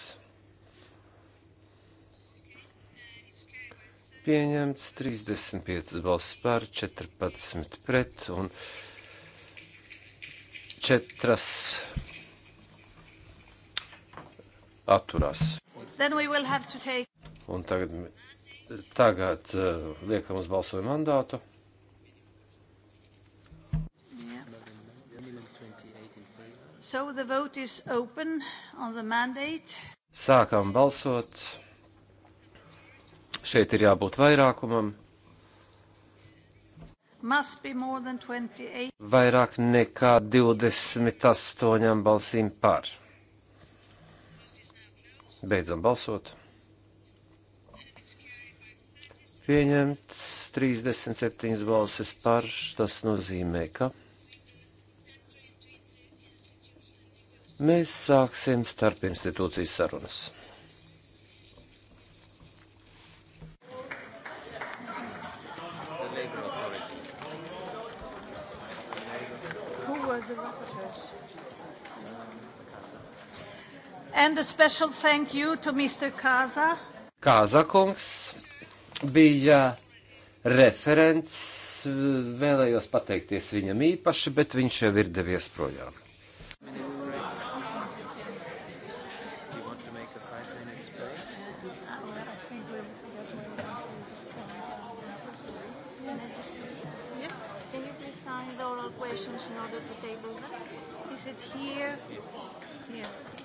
pieņemts 35 balss par, 14 pret un 4 atturās. Take... Un tagad, tagad uh, liekam uz balsoju mandātu. Yeah. So the vote is open on the mandate. Sākam balsot. Šeit ir jābūt vairākumam. Vairāk nekā 28 balsīm par. Beidzam balsot. Pieņemts 37 balsis par. Tas nozīmē, ka. mēs sāksim starp institūciju sarunas. And a special thank you to Mr. Kāza. Kāza kungs bija referents, vēlējos pateikties viņam īpaši, bet viņš jau ir devies projām. Sign the oral questions in order to table them. Is it here? Here.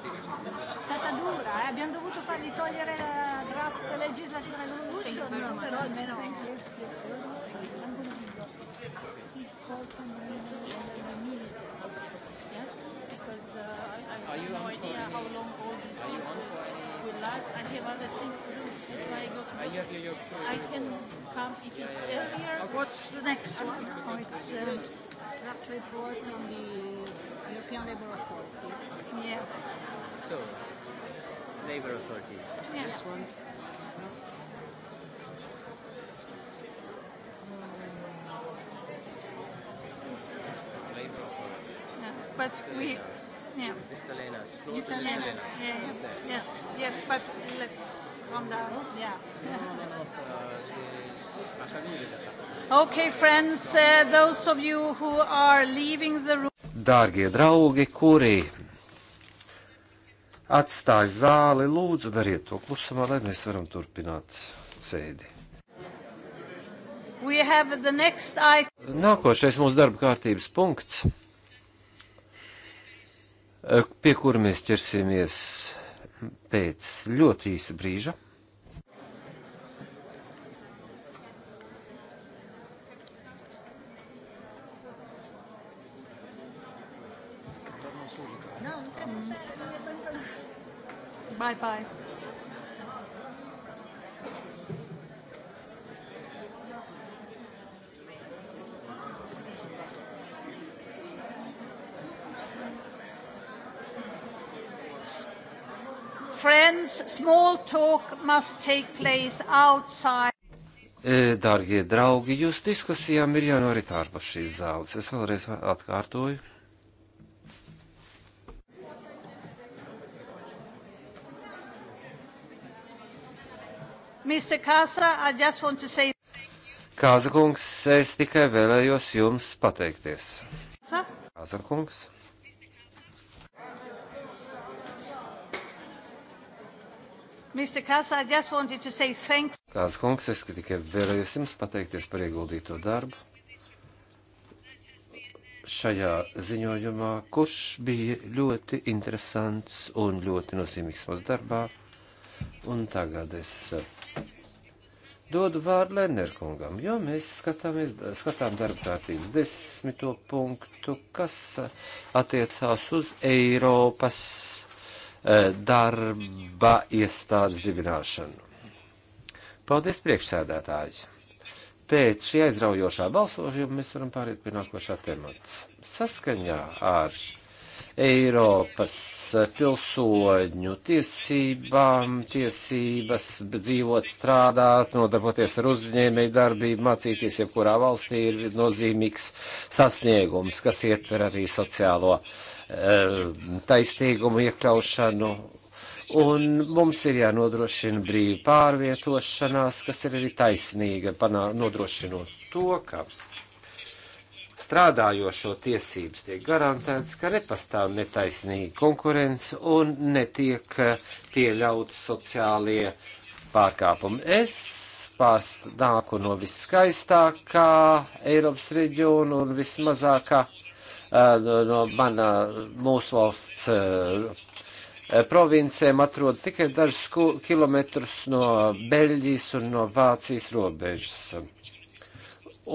È stata dura, eh? abbiamo dovuto fargli togliere la draft legislativa dell'Evolution, però almeno... Are you on for any? Are you on for any? Will last. I have other things to do. That's why I go. To and you have your. your I can come if yeah, yeah, yeah. earlier. Oh, what's the next one? Oh, it's uh, draft report on the European Labour Authority. Yeah. So, labor authority. Yeah. This one? No? So, labor authority. Yeah. But Mr. we... Lenas. Yeah. Mr. Lenas. Floor Mr. Mr. Lenas. Lenas. Yeah, yeah. Yes, yes, but let's calm down. Yeah. No, no, no, sir. Okay, friends, uh, those of you who are leaving the room. Dārgie draugi, kuri atstāj zāli. Lūdzu, dariet to klusumā, lai mēs varam turpināt sēdi. Nākošais mūsu darba kārtības punkts, pie kura mēs ķersimies pēc ļoti īsa brīža. Bye bye. Friends, small talk must take place outside. E, dārgie draugi, jūs diskusijām ir jānorit ārpus šīs zāles. Es vēlreiz atkārtoju. Kāza say... kungs, es tikai vēlējos jums pateikties. Kāza kungs. Kāza kungs, es tikai vēlējos jums pateikties par ieguldīto darbu šajā ziņojumā, kurš bija ļoti interesants un ļoti nozīmīgs mūsu darbā. Un tagad es Dodu vārdu Lennerkungam, jo mēs skatāmies, skatām darba kārtības desmito punktu, kas uh, attiecās uz Eiropas e, darba iestādes dibināšanu. Paldies, priekšsēdētāji! Pēc šī aizraujošā balsošana mēs varam pāriet pie nākošā temata. Saskaņā ar Eiropas pilsoņu tiesībām, tiesības dzīvot, strādāt, nodarboties ar uzņēmēju darbību, mācīties jebkurā valstī ir nozīmīgs sasniegums, kas ietver arī sociālo e, eh, taistīgumu iekļaušanu. Un mums ir jānodrošina brīva pārvietošanās, kas ir arī taisnīga, panā, nodrošinot to, ka strādājošo tiesības tiek garantētas, ka nepastāv netaisnīga konkurence un netiek eh, pieļauti sociālie pārkāpumi. Es pārstāku no viskaistākā Eiropas reģiona un vismazākā eh, no, no mana mūsu valsts eh, provincēm atrodas tikai dažus kilometrus no Beļģijas un no Vācijas robežas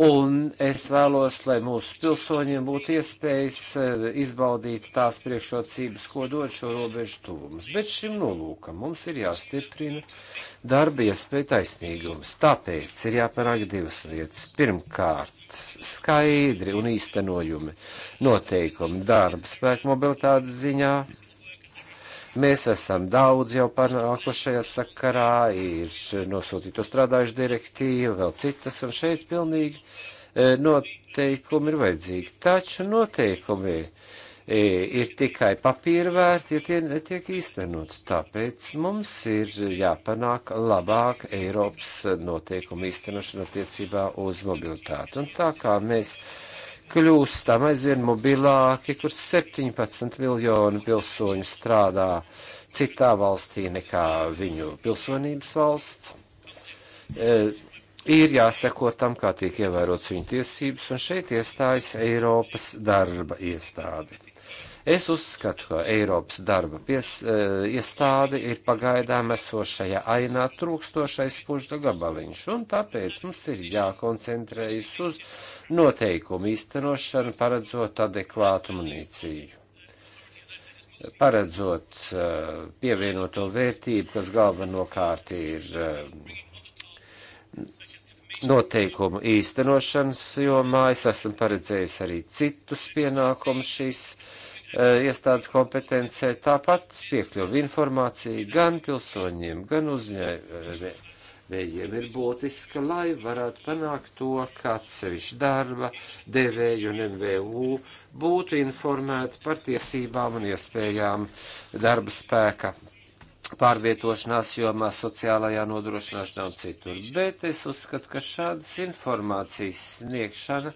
Un es vēlos, lai mūsu pilsoņiem būtu iespējas eh, izbaudīt tās priekšrocības, ko dod šo robežu tūlums. Bet šim nolūkam mums ir jāstiprina darba iespēja taisnīgums. Tāpēc ir jāpanāk divas lietas. Pirmkārt, skaidri un īstenojumi noteikumi darba spēku mobilitātes ziņā Mēs esam daudz jau panākuši šajā sakarā, ir nosūtīto strādājuši direktīvu, vēl citas, un šeit pilnīgi e, noteikumi ir vajadzīgi. Taču noteikumi e, ir tikai papīra vērti, ja tie netiek īstenots. Tāpēc mums ir jāpanāk labāk Eiropas noteikumu īstenošana attiecībā uz mobilitāti. Un tā kā mēs kļūstam aizvien mobilāki, kur 17 miljoni pilsoņu strādā citā valstī nekā viņu pilsonības valsts. E, ir jāseko tam, kā tiek ievērots viņu tiesības, un šeit iestājas Eiropas darba iestāde. Es uzskatu, ka Eiropas darba pies, e, iestāde ir pagaidām esošajā ainā trūkstošais pušta gabaliņš, un tāpēc mums ir jākoncentrējas uz noteikumu īstenošanu, paredzot adekvātu munīciju. Paredzot eh, pievienoto vērtību, kas galvenokārt ir eh, noteikumu īstenošanas jomā, es esmu paredzējis arī citus pienākumus šīs eh, iestādes kompetencē, tāpat piekļuvi informācija gan pilsoņiem, gan uzņēmējiem vējiem ir būtiska, lai varētu panākt to, ka atsevišķi darba devēju un MVU būtu informēti par tiesībām un iespējām darba spēka pārvietošanās jomā, sociālajā nodrošināšanā un citur. Bet es uzskatu, ka šādas informācijas sniegšana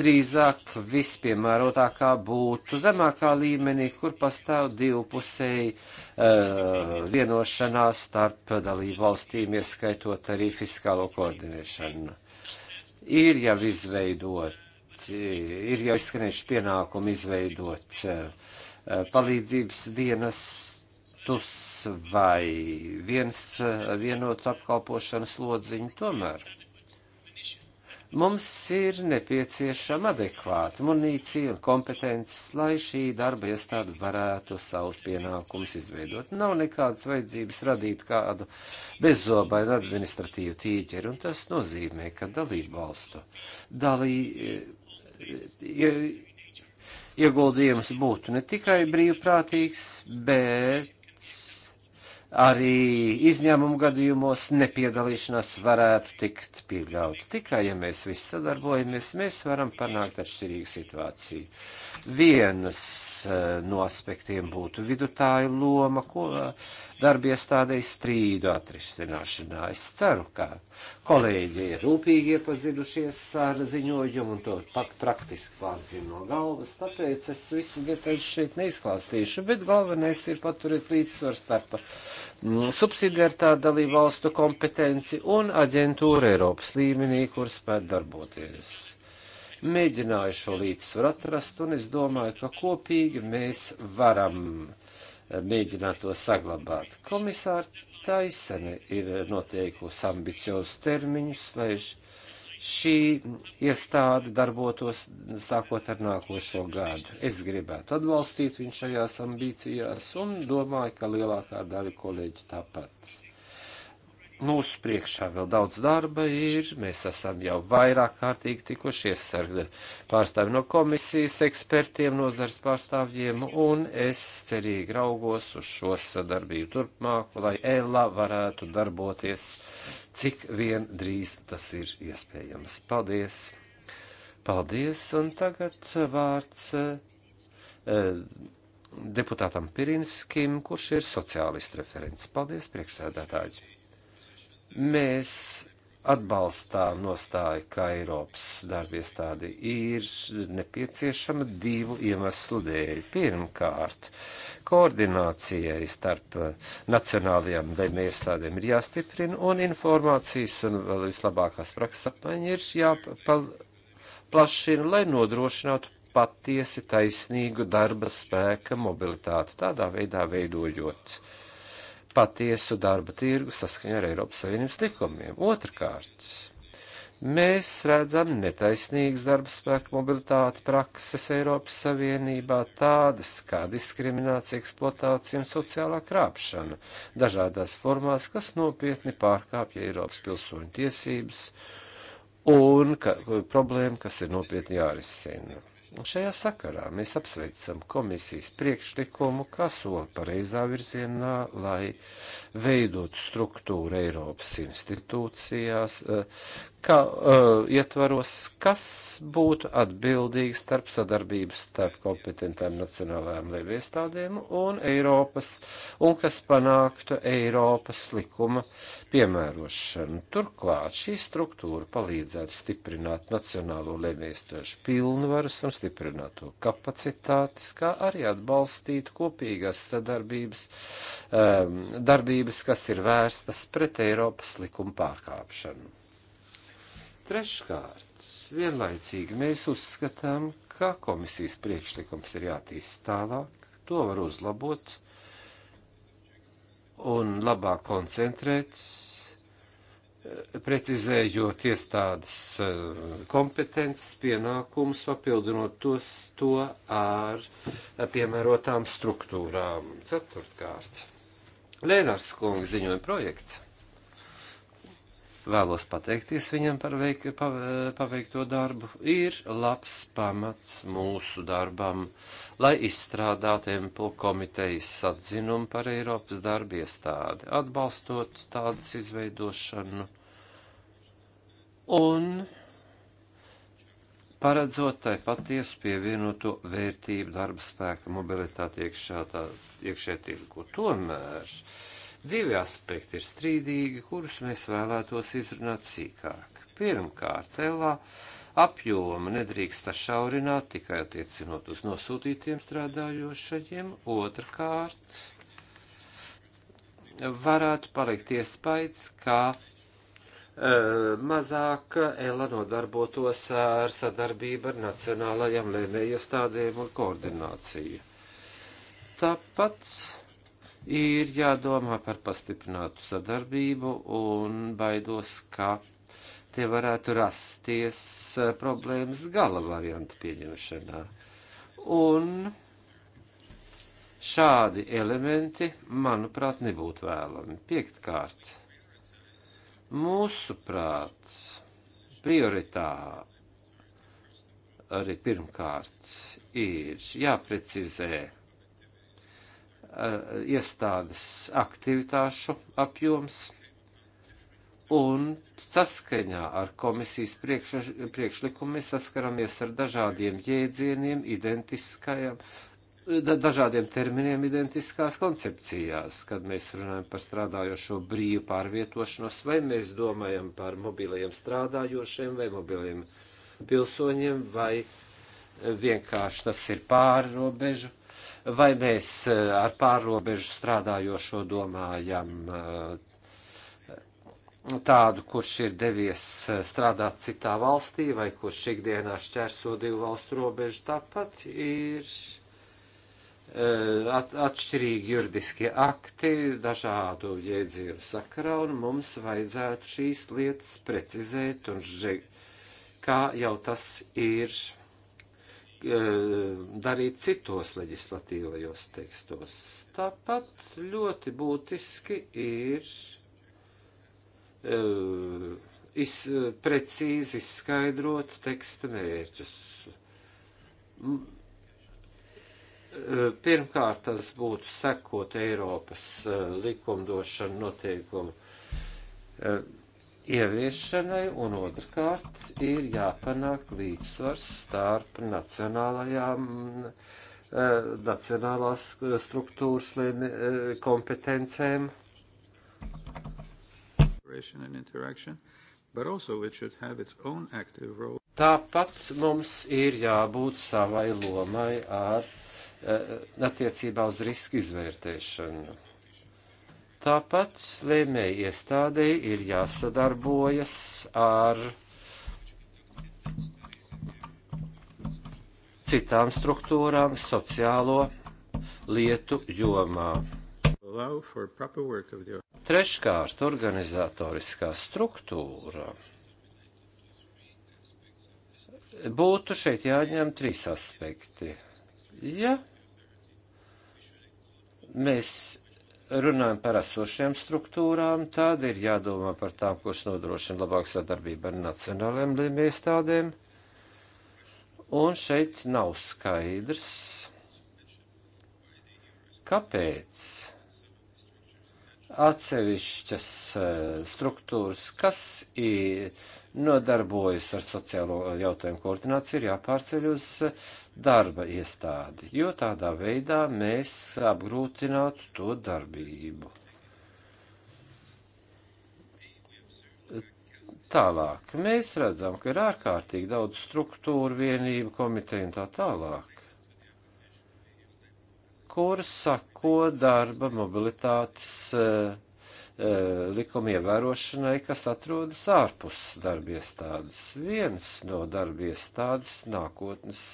drīzāk vispiemērotākā būtu zemākā līmenī, kur pastāv divpusēji uh, vienošanās starp dalību valstīm, ieskaitot arī fiskālo koordinēšanu. Ir jau izveidot, ir jau izskanējuši pienākumi izveidot uh, palīdzības dienestus vai viens uh, vienotu apkalpošanas lodziņu tomēr Mums ir nepieciešama adekvāta munīcija un kompetences, lai šī darba iestāde varētu savus pienākumus izveidot. Nav nekādas vajadzības radīt kādu bezobainu administratīvu tīķeri, un tas nozīmē, ka dalību valstu dalī, ieguldījums būtu ne tikai brīvprātīgs, bet arī izņēmumu gadījumos nepiedalīšanās varētu tikt pieļauta. Tikai, ja mēs visi sadarbojamies, mēs varam panākt atšķirīgu situāciju. Vienas eh, no aspektiem būtu vidutāju loma, ko eh, darbi iestādēja strīdu atrisināšanā. Es ceru, ka kolēģi ir rūpīgi iepazinušies ar ziņojumu un to pat praktiski pārzina no galvas, tāpēc es visu detaļu šeit neizklāstīšu, bet galvenais ir paturēt līdzsvaru starp Mm, subsidiartā dalību valstu kompetenci un aģentūra Eiropas līmenī, kur spētu darboties. Mēģināju šo līdzsvaru atrast, un es domāju, ka kopīgi mēs varam eh, mēģināt to saglabāt. Komisāra Taisene ir noteikusi ambiciozus termiņus, lai šī iestāde darbotos sākot ar nākošo gadu. Es gribētu atbalstīt viņu šajās ambīcijās un domāju, ka lielākā daļa kolēģi tāpat. Mūsu priekšā vēl daudz darba ir, mēs esam jau vairāk kārtīgi tikušies ar pārstāvi no komisijas, ekspertiem, nozars pārstāvjiem, un es cerīgi raugos uz šo sadarbību turpmāk, lai ELA varētu darboties uh, cik vien drīz tas ir iespējams. Paldies! Paldies! Un tagad vārds eh, deputātam Pirinskim, kurš ir sociālistu referents. Paldies, priekšsēdētāji! Mēs atbalstām nostāju, ka Eiropas darbiestādi ir nepieciešama divu iemeslu dēļ. Pirmkārt, koordinācijai starp nacionālajām iestādēm ir jāstiprina, un informācijas un vēl vislabākās prakses apmaiņa ir jāplašina, lai nodrošinātu patiesi taisnīgu darba spēka mobilitāti, tādā veidā veidojot uh, patiesu darba tirgu saskaņā ar Eiropas Savienības likumiem. Otrkārt, mēs redzam netaisnīgas darba spēka mobilitāti prakses Eiropas Savienībā, tādas kā diskriminācija, eksploatācija un sociālā krāpšana, dažādās formās, kas nopietni pārkāpja Eiropas pilsoņu tiesības un ka, problēma, kas ir nopietni jārisina. Un šajā sakarā mēs apsveicam komisijas priekšlikumu, kā soli pareizā virzienā, lai veidot struktūru Eiropas institūcijās, eh, ka, eh, ietvaros, kas būtu atbildīgs starp sadarbības starp kompetentām nacionālajām lēviestādēm un Eiropas, un kas panāktu Eiropas likuma piemērošanu. Turklāt šī struktūra palīdzētu stiprināt nacionālo lēviestāžu pilnvaras un stiprināt to kapacitātes, kā arī atbalstīt kopīgās sadarbības um, darbības darbības, kas ir vērstas pret Eiropas likuma pārkāpšanu. Treškārt, vienlaicīgi mēs uzskatām, ka komisijas priekšlikums ir jātīst tālāk, to var uzlabot un labāk koncentrēt, precizējot iestādes eh, kompetences, pienākumus, papildinot tos to ar piemērotām struktūrām. Ceturtkārt Lēnārs kunga ziņojuma projekts. Vēlos pateikties viņam par veik, paveikto darbu. Ir labs pamats mūsu darbam, lai izstrādātu emplu komitejas atzinumu par Eiropas darba iestādi, atbalstot tādas izveidošanu un paredzot tai patiesu pievienoto vērtību darba spēka mobilitāti iekšā tā, iekšē tirgu. Tomēr divi aspekti ir strīdīgi, kurus mēs vēlētos izrunāt sīkāk. Pirmkārt, elā apjoma nedrīkst sašaurināt tikai attiecinot uz nosūtītiem strādājošajiem. Otrkārt, varētu palikt iespējas, ka Eh, mazāk ELA nodarbotos ar sadarbību ar nacionālajām lēmējiestādēm un koordināciju. Tāpat ir jādomā par pastiprinātu sadarbību un baidos, ka tie varētu rasties eh, problēmas gala varianta pieņemšanā. Un šādi elementi, manuprāt, nebūtu vēlami. Piektkārt, Mūsu prāts prioritā arī pirmkārt ir jāprecizē eh, iestādes aktivitāšu apjoms un saskaņā ar komisijas priekš, priekšlikumu mēs saskaramies ar dažādiem jēdzieniem, identiskajam uh, dažādiem terminiem identiskās koncepcijās, kad mēs runājam par strādājošo brīvu pārvietošanos, vai mēs domājam par mobiliem strādājošiem vai mobiliem pilsoņiem, vai vienkārši tas ir pārrobežu, vai mēs eh, ar pārrobežu strādājošo domājam eh, tādu, kurš ir devies eh, strādāt citā valstī, vai kurš ikdienā šķērso divu valstu robežu, tāpat ir Eh, at, atšķirīgi juridiskie akti dažādu jēdzību sakarā, un mums vajadzētu šīs lietas precizēt, un že, kā jau tas ir eh, darīt citos leģislatīvajos tekstos. Tāpat ļoti būtiski ir uh, iz, precīzi izskaidrot teksta mērķus. M Pirmkārt, tas būtu sekot Eiropas eh, likumdošanu noteikumu eh, ieviešanai, un otrkārt ir jāpanāk līdzsvars starp nacionālajām, eh, nacionālās struktūras kompetencēm. And interaction, but also it should have its own active role. Tāpat mums ir jābūt savai lomai ar Eh, attiecībā uz risku izvērtēšanu. Tāpat lēmēji iestādēji ir jāsadarbojas ar citām struktūrām sociālo lietu jomā. Treškārt, organizatoriskā struktūra. Būtu šeit jāņem trīs aspekti. Ja mēs runājam par esošajām struktūrām, tad ir jādomā par tām, kuras nodrošina labāku sadarbību ar nacionālajiem līmeņa iestādēm. Un šeit nav skaidrs, kāpēc atsevišķas eh, struktūras, kas ir nodarbojas ar sociālo jautājumu koordināciju, ir jāpārceļ uz eh, darba iestādi, jo tādā veidā mēs apgrūtinātu to darbību. Tālāk mēs redzam, ka ir ārkārtīgi daudz struktūru, vienību, komiteju un tā tālāk, kuras sako darba mobilitātes uh, E, likuma ievērošanai, kas atrodas ārpus darbiestādes. Viens no darbiestādes nākotnes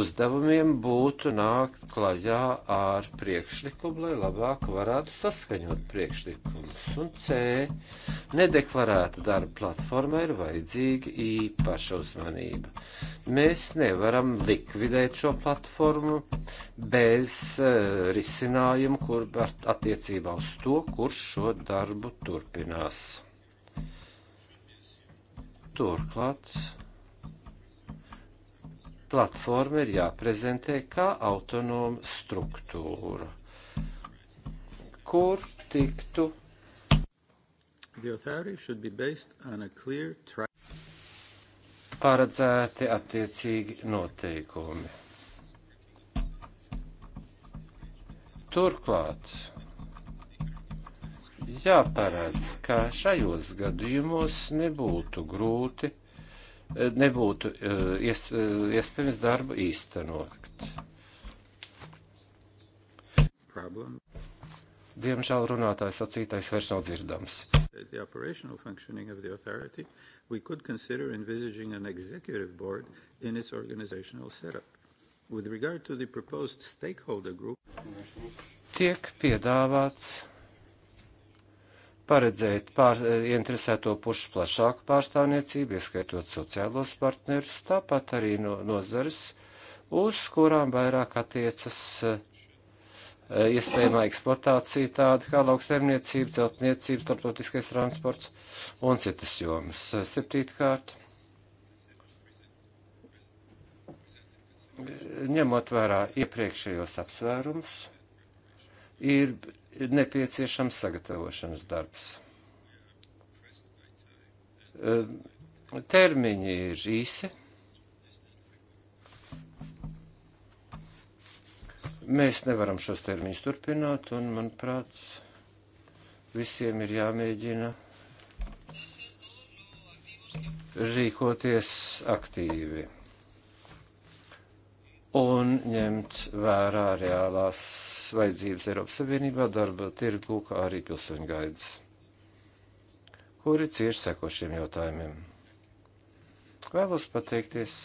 uzdevumiem būtu nākt klajā ar priekšlikumu, lai labāk varētu saskaņot priekšlikumus. Un C. Nedeklarēta darba platforma ir vajadzīga īpaša uzmanība. Mēs nevaram likvidēt šo platformu bez uh, risinājumu, kur attiecībā uz to, kurš šo darbu turpinās turklāt platforma ir jāprezentē kā autonoma struktūra, kur tiktu. Paredzēti attiecīgi noteikumi. Turklāt jāparedz, ka šajos gadījumos nebūtu grūti nebūtu eh, ies, eh, iespējams darbu īstenot. Problem. Diemžēl runātājs sacītais vairs nav dzirdams. The operational functioning of the authority, we could consider envisaging an executive board in its organizational setup. With regard to the proposed stakeholder group, tiek piedāvāts paredzēt pār, eh, interesēto pušu plašāku pārstāvniecību, ieskaitot sociālos partnerus, tāpat arī no, nozares, uz kurām vairāk attiecas eh, iespējamā eksploatācija tāda kā lauksaimniecība, dzeltniecība, starptautiskais transports un citas jomas. Eh, septītkārt, ņemot vērā iepriekšējos apsvērumus, ir ir nepieciešams sagatavošanas darbs. Ehm, termiņi ir īsi. Mēs nevaram šos termiņus turpināt, un, manuprāt, visiem ir jāmēģina rīkoties aktīvi un ņemt vērā reālās vajadzības Eiropas Savienībā, darba tirgu, kā arī pilsoņu gaidas, kuri cieši seko šiem jautājumiem. Vēlos pateikties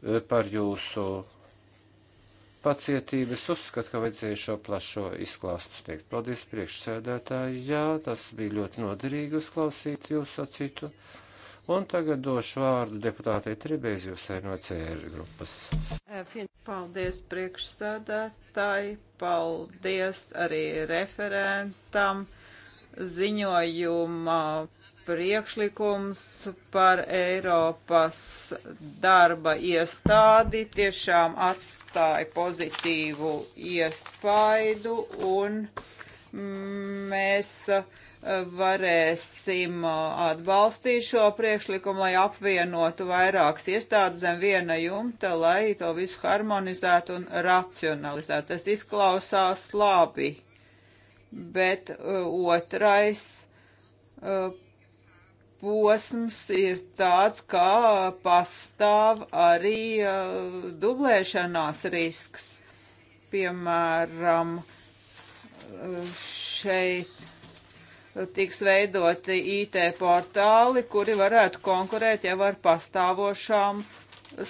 e, par jūsu pacietību. Es uzskatu, ka vajadzēja šo plašo izklāstu sniegt. Paldies priekšsēdētāji. Jā, tas bija ļoti noderīgi uzklausīt jūsu sacītu. Un tagad došu vārdu deputātei Tribēzijusai no CR grupas. Paldies priekšsēdētāji, paldies arī referentam ziņojuma priekšlikums par Eiropas darba iestādi tiešām atstāja pozitīvu iespaidu un mēs uh, varēsim uh, atbalstīt šo priekšlikumu, lai apvienotu vairākas iestādes zem viena jumta, lai to visu harmonizētu un racionalizētu. Tas izklausās labi, bet uh, otrais uh, posms ir tāds, kā pastāv arī dublēšanās risks. Piemēram, šeit tiks veidoti IT portāli, kuri varētu konkurēt jau ar pastāvošām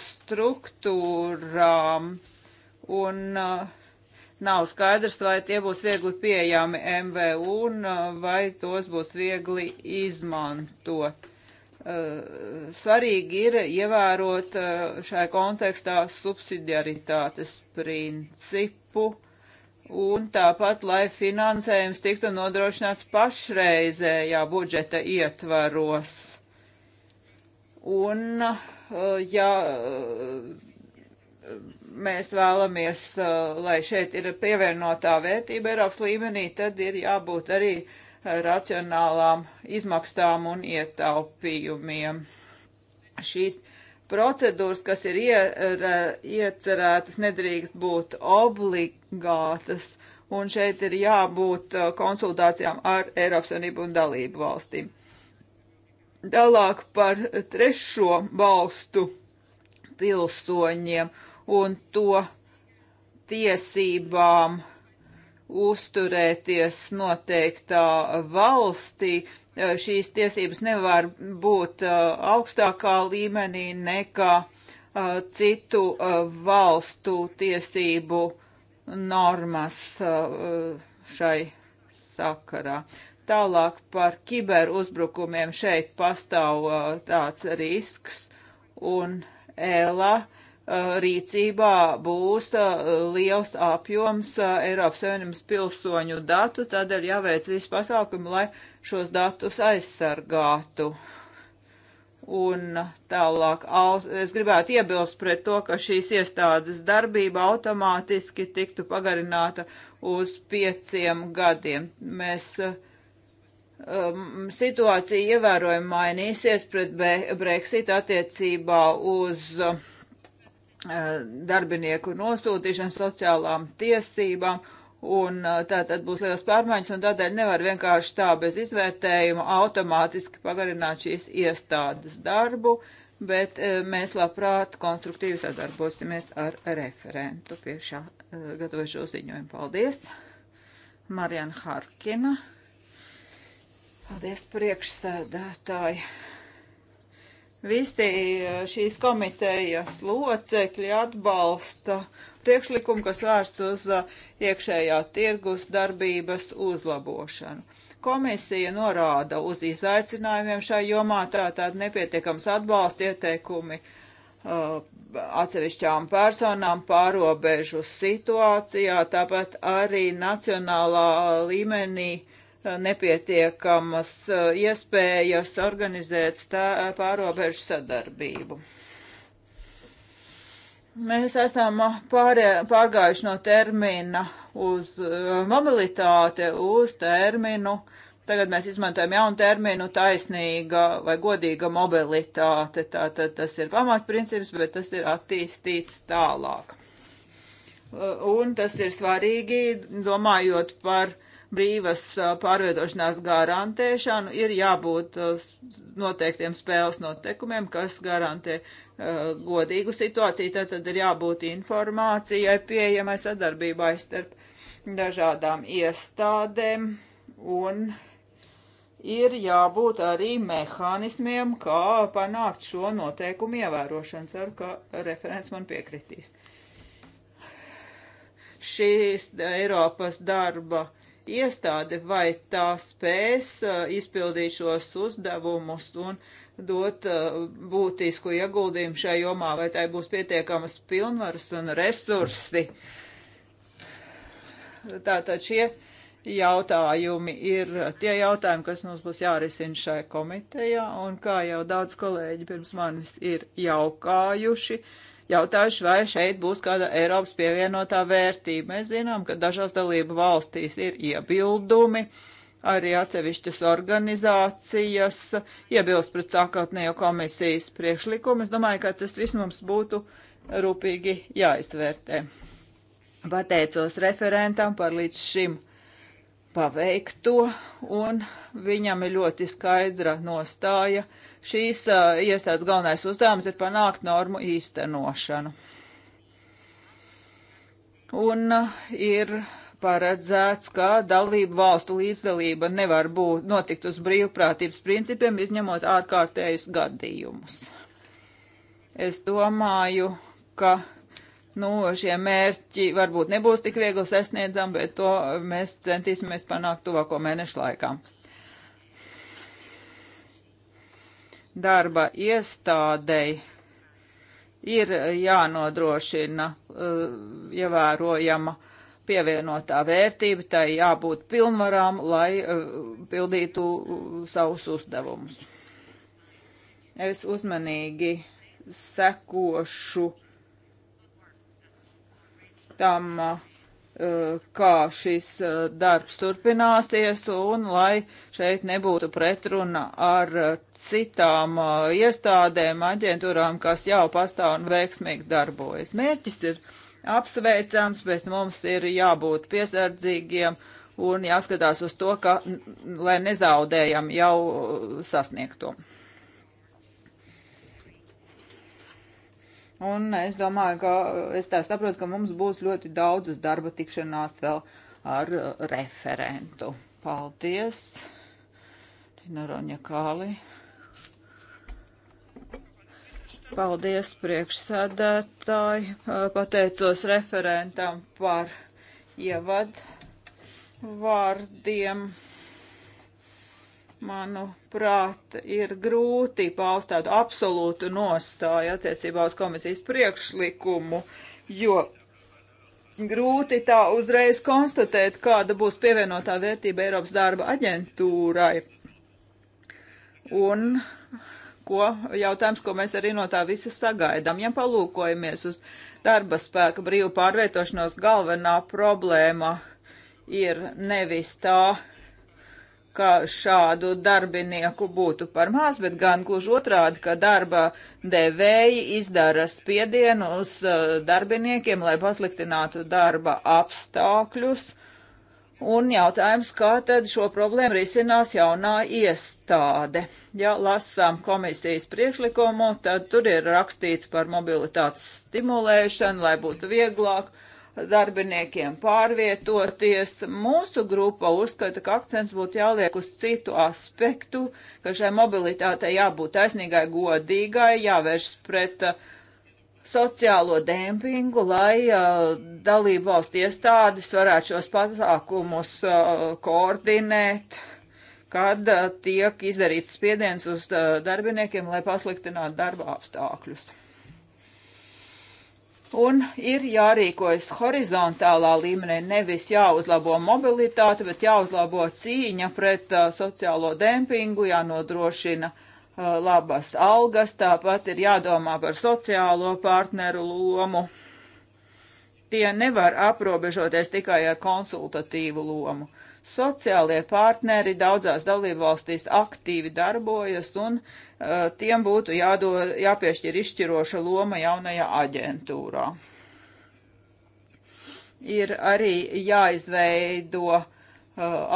struktūrām. Un uh, nav skaidrs, vai tie būs viegli pieejami MVU un uh, vai tos būs viegli izmantot. Uh, svarīgi ir ievērot uh, šajā kontekstā subsidiaritātes principu un tāpat, lai finansējums tiktu nodrošināts pašreizējā budžeta ietvaros. Un, eh, ja eh, mēs vēlamies, eh, lai šeit ir pievienotā vērtība Eiropas līmenī, tad ir jābūt arī racionālām izmaksām un ietaupījumiem. Šīs uh, procedūras, kas ir e, iecerētas, nedrīkst būt obligātas, un šeit ir jābūt e, konsultācijām ar Eiropas Savienību un dalību valstīm. Tālāk par trešo valstu pilsoņiem un to tiesībām uzturēties noteiktā valstī. Eh, šīs tiesības nevar būt eh, augstākā līmenī nekā eh, citu valstu tiesību normas šai sakarā. Tālāk par kiberuzbrukumiem šeit pastāv tāds risks un ēla Eh, rīcībā būs eh, liels apjoms eh, Eiropas Savienības pilsoņu datu, tādēļ jāveic visi pasākumi, lai šos datus aizsargātu. Un tālāk, es gribētu iebilst pret to, ka šīs iestādes darbība automātiski tiktu pagarināta uz pieciem gadiem. Mēs uh, um, situācija ievērojami mainīsies pret Brexit attiecībā uz uh, Eh, darbinieku nosūtīšanu, sociālām tiesībām. Un eh, tā tad būs liels pārmaiņas, un tādēļ nevar vienkārši tā bez izvērtējuma automātiski pagarināt šīs iestādes darbu, bet eh, mēs labprāt konstruktīvi sadarbosimies ar referentu pie šā gatavojušo ziņojumu. Paldies! Mariana Harkina. Paldies priekšsēdētāji! Visi eh, šīs komitejas locekļi atbalsta priekšlikumu, kas vērsts uz eh, iekšējā tirgus darbības uzlabošanu. Komisija norāda uz izaicinājumiem šai jomā, tātad nepietiekams atbalsts ieteikumi eh, atsevišķām personām pārobežu situācijā, tāpat arī nacionālā līmenī uh, nepietiekamas eh, iespējas organizēt pārobežu sadarbību. Mēs esam pārē, pārgājuši no termina uz eh, mobilitāte uz terminu. Tagad mēs izmantojam jaunu terminu taisnīga vai godīga mobilitāte. Tātad tas ir pamatprincips, bet tas ir attīstīts tālāk. Eh, un tas ir svarīgi, domājot par uh, brīvas pārvietošanās garantēšanu, ir jābūt noteiktiem spēles noteikumiem, kas garantē uh, godīgu situāciju. Tad ir jābūt informācijai, pieejamai sadarbībai starp dažādām iestādēm un ir jābūt arī mehānismiem, kā panākt šo noteikumu ievērošanu. Ceru, ka referents man piekritīs. Šīs Eiropas darba uh, iestāde, vai tā spēs uh, izpildīt šos uzdevumus un dot uh, būtisku ieguldījumu šajā jomā, vai tai būs pietiekamas pilnvaras un resursi. Tātad šie jautājumi ir tie jautājumi, kas mums būs jārisina šai komitejā, un kā jau daudz kolēģi pirms manis ir jaukājuši, uh, jautājuši, vai šeit būs kāda Eiropas pievienotā vērtība. Mēs zinām, ka dažās dalību valstīs ir iebildumi, arī atsevišķas organizācijas iebilst pret sākotnējo komisijas priekšlikumu. Es domāju, ka tas viss mums būtu rūpīgi jāizvērtē. Pateicos referentam par līdz šim paveikto, un viņam ir ļoti skaidra nostāja Šīs uh, iestādes galvenais uzdevums ir panākt normu īstenošanu. Un uh, ir paredzēts, ka dalību valstu līdzdalība nevar būt notikt uz brīvprātības principiem, izņemot ārkārtējus gadījumus. Es domāju, ka nu, šie mērķi varbūt nebūs tik viegli sasniedzami, bet to mēs centīsimies panākt tuvāko mēnešu laikā. darba iestādei ir jānodrošina eh, ievērojama pievienotā vērtība, tai jābūt pilnvarām, lai eh, pildītu eh, savus uzdevumus. Es uzmanīgi sekošu tam uh, Eh, kā šis eh, darbs turpināsies un lai šeit nebūtu pretruna ar eh, citām iestādēm, aģentūrām, kas jau pastāv un veiksmīgi darbojas. Mērķis ir apsveicams, bet mums ir jābūt piesardzīgiem un jāskatās uz to, ka, lai nezaudējam jau sasniegto. Un es domāju, ka es tā saprotu, ka mums būs ļoti daudzas darba tikšanās vēl ar uh, referentu. Paldies! Tinaroņa Kāli. Paldies priekšsēdētāji. Uh, pateicos referentam par ievad vārdiem manuprāt, ir grūti paust tādu absolūtu nostāju attiecībā uz komisijas priekšlikumu, jo grūti tā uzreiz konstatēt, kāda būs pievienotā vērtība Eiropas darba aģentūrai. Un ko jautājums, ko mēs arī no tā visa sagaidām. Ja palūkojamies uz darba spēka brīvu pārvietošanos, galvenā problēma ir nevis tā, ka šādu darbinieku būtu par maz, bet gan gluži otrādi, ka darba devēji izdara spiedienu uz eh, darbiniekiem, lai pasliktinātu darba apstākļus. Un jautājums, kā tad šo problēmu risinās jaunā iestāde. Ja lasām komisijas priekšlikumu, tad tur ir rakstīts par mobilitātes stimulēšanu, lai būtu vieglāk uh, darbiniekiem pārvietoties. Mūsu grupa uzskata, ka akcents būtu jāliek uz citu aspektu, ka šai mobilitātei jābūt taisnīgai, godīgai, jāvēršas pret uh, sociālo dempingu, lai uh, dalību valstu iestādes varētu šos pasākumus uh, koordinēt, kad uh, tiek izdarīts spiediens uz uh, darbiniekiem, lai pasliktinātu darba apstākļus. Un ir jārīkojas horizontālā līmenī, nevis jāuzlabo mobilitāte, bet jāuzlabo cīņa pret uh, sociālo dempingu, jānodrošina uh, labas algas, tāpat ir jādomā par sociālo partneru lomu tie nevar aprobežoties tikai ar konsultatīvu lomu. Sociālie partneri daudzās dalībvalstīs aktīvi darbojas un uh, tiem būtu jādo, jāpiešķir izšķiroša loma jaunajā aģentūrā. Ir arī jāizveido uh,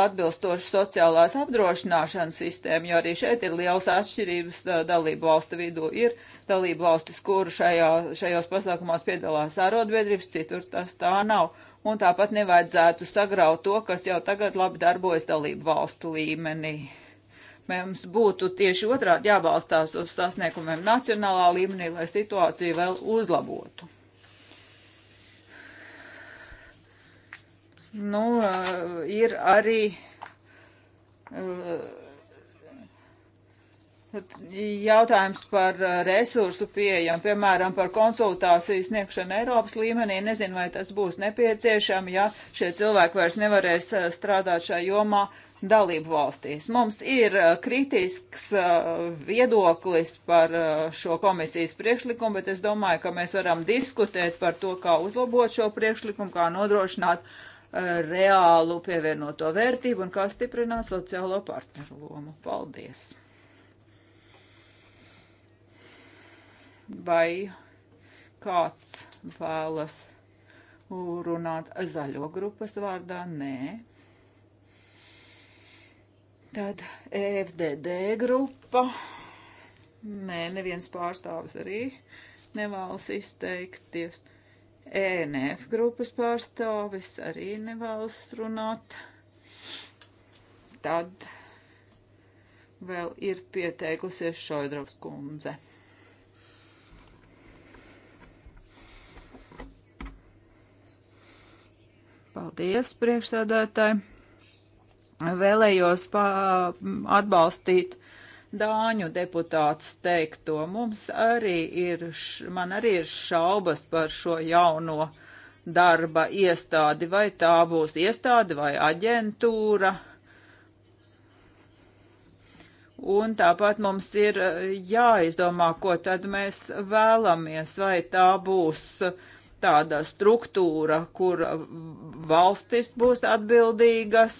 atbilstoši sociālās apdrošināšanas sistēma, jo arī šeit ir liels atšķirības uh, dalību valstu vidū. Ir dalību valstis, kur šajā, šajos pasākumos piedalās ārotbiedrības, citur tas tā nav un tāpat nevajadzētu sagraut to, kas jau tagad labi darbojas dalību valstu līmenī. Mums būtu tieši otrādi jābalstās uz sasniegumiem nacionālā līmenī, lai situāciju vēl uzlabotu. Nu, eh, ir arī uh, Jautājums par uh, resursu pieejam, piemēram, par konsultāciju sniegšanu Eiropas līmenī. Nezinu, vai tas būs nepieciešami, ja šie cilvēki vairs nevarēs uh, strādāt šajā jomā dalību valstīs. Mums ir uh, kritisks viedoklis par šo komisijas priekšlikumu, bet es domāju, ka mēs varam diskutēt par to, kā uzlabot šo priekšlikumu, kā nodrošināt reālu pievienoto vērtību un kā stiprināt sociālo partneru lomu. Paldies! vai kāds vēlas runāt zaļo grupas vārdā? Nē. Tad EFDD grupa. Nē, neviens pārstāvis arī nevēlas izteikties. ENF grupas pārstāvis arī nevēlas runāt. Tad vēl ir pieteikusies Šoidrovs kundze. Paldies, priekšsēdētāji. Vēlējos atbalstīt Dāņu deputāts teikto. Mums arī ir, man arī ir šaubas par šo jauno darba iestādi, vai tā būs iestāde vai aģentūra. Un tāpat mums ir jāizdomā, ko tad mēs vēlamies, vai tā būs uh, tāda struktūra, kur valstis būs atbildīgas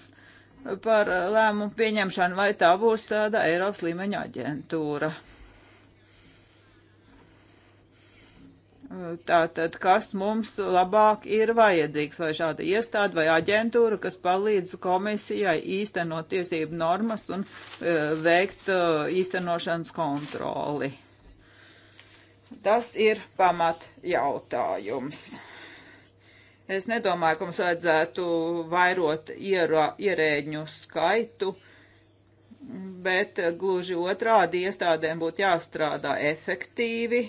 par lēmumu pieņemšanu, vai tā būs tāda Eiropas līmeņa aģentūra. Tātad, kas mums labāk ir vajadzīgs, vai šāda iestāde vai aģentūra, kas palīdz komisijai īstenot tiesību normas un e, veikt e, īstenošanas kontroli? Tas ir pamat jautājums. Es nedomāju, ka mums vajadzētu vairot ierā, ierēģņu skaitu, bet gluži otrādi iestādēm būtu jāstrādā efektīvi